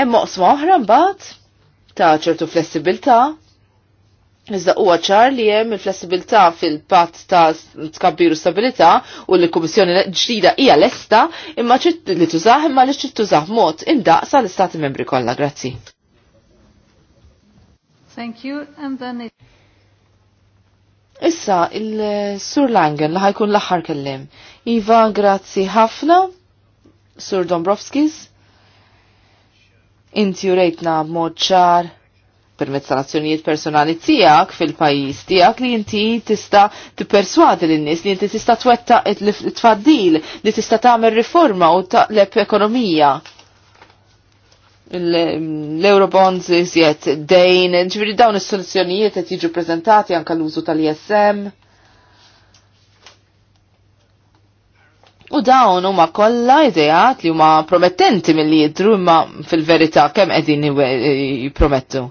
Hemm oqsma oħra mbagħad ta' ċertu flessibilità Iżda huwa ċar li hemm il-flessibilità fil-patt ta' tkabbiru stabilità u l-Kummissjoni ġdida hija lesta imma li tużaħ imma li tużaħ mod indaqsa l-Istati membri kollha. Grazzi. Thank you and then it... Issa il-Sur Langen li ħajkun l-aħħar kellim. Iva, grazzi ħafna, Sur Dombrovskis. Inti rejtna b'mod ċar permezz tal-azzjonijiet personali tiegħek fil-pajjiż tiegħek li inti tista' tipperswadi lin-nies li inti tista' twetta tfaddil li tista' tagħmel riforma u taqleb ekonomija l-Eurobonds jisiet dejn, ġviri dawn is-soluzzjonijiet qed jiġu ppreżentati anke l-użu tal-ISM. U dawn huma kollha idejat li huma promettenti milli jidru imma fil-verità kemm qegħdin jippromettu.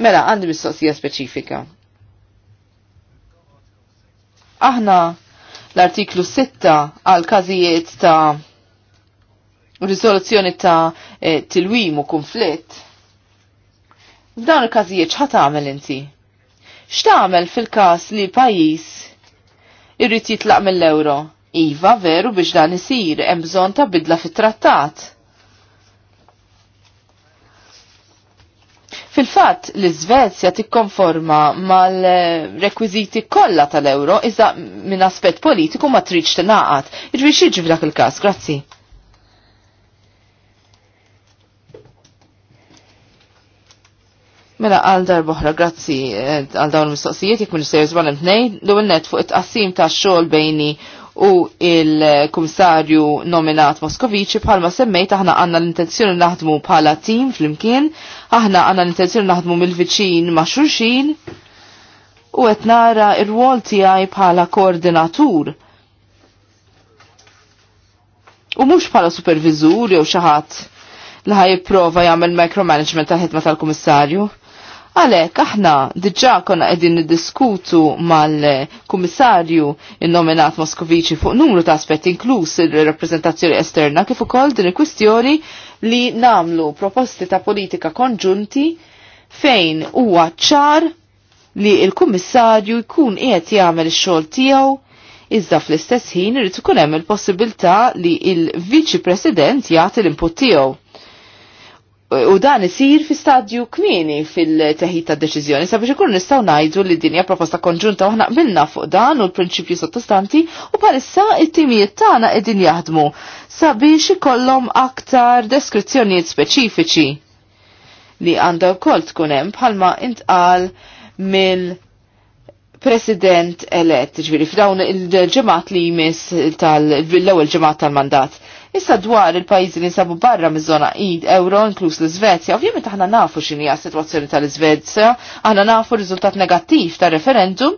Mela, għandi mistoqsija speċifika. Aħna l-artiklu 6 għal każijiet ta' risoluzzjoni ta' eh, tilwim u konflitt. F'dan il-każijiet x'ħat għamel inti? X'tagħmel fil-każ li pajjiż irrid jitlaq mill-ewro? Iva veru biex dan isir hemm bżonn ta' bidla fit-trattat. Fil-fatt, l-Svezja tikkonforma mal-rekwiziti kollha tal-euro iżda minn aspett politiku ma tridx tingħaqad. Irrid jiġi f'dak il-każ, grazzi. Mela għal darboħra grazzi eh, għal dawn il-mistoqsijiet jek Minister Zbanem Tnej, l net fuq it-qassim ta' xogħol bejni u il komissarju nominat Moskovici bħalma semmejt aħna għanna l-intenzjoni naħdmu bħala tim flimkien Aħna għanna l naħdmu mill-viċin ma' xurxin u qed nara r-rwol tiegħi bħala koordinatur. U mhux bħala supervizur jew xi ħadd li ħaj jipprova jagħmel micromanagement ta' ħidma tal-Kummissarju. Għalek, aħna diġa konna edin diskutu mal-Kummissarju il-nominat Moskovici fuq numru ta' aspetti inkluż il reprezentazzjoni esterna kif ukoll din il-kwistjoni li namlu proposti ta' politika konġunti fejn huwa ċar li il-Kummissarju jkun qiegħed jagħmel ix-xogħol tiegħu iżda fl-istess ħin irid ikun hemm il-possibilità li il-Viċi President jagħti l-input tiegħu. U dan isir fi stadju kmini fil-teħid ta' deċiżjoni sabiex ikun nistgħu ngħidu li din hija proposta konġunta aħna qbilna fuq dan u l-prinċipju sottostanti u palissa it-timijiet tagħna qegħdin jaħdmu sabiex ikollhom aktar deskrizzjonijiet speċifiċi li għandha wkoll tkun hemm bħalma intqal mill President elett, ġviri, f'dawn il-ġemat li jmiss tal-ewwel ġemat tal-mandat. Issa dwar il-pajjiżi li nsabu barra miż-żona id euro inklus l svezja ovvjament aħna nafu x'inhi s-sitwazzjoni tal-Iżvezja, aħna nafu r-riżultat negattiv tar-referendum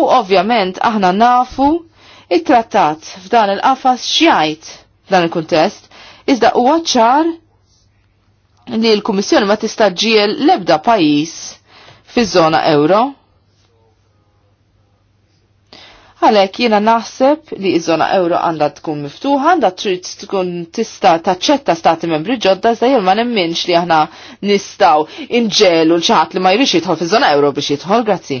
u ovvjament aħna nafu il trattat f'dan il-qafas x'jgħid f'dan il-kuntest, iżda huwa ċar li l-Kummissjoni ma tistaġġiel l-ebda pajjiż fiż-żona euro Għalek jena naħseb li iż-żona euro għandha tkun miftuħa, għandha trid tkun tista' taċċetta stati membri ġodda iżda ma nemminx li aħna nistgħu inġelu l ċaħat li ma jrix jidħol fi żona euro biex jidħol, grazzi.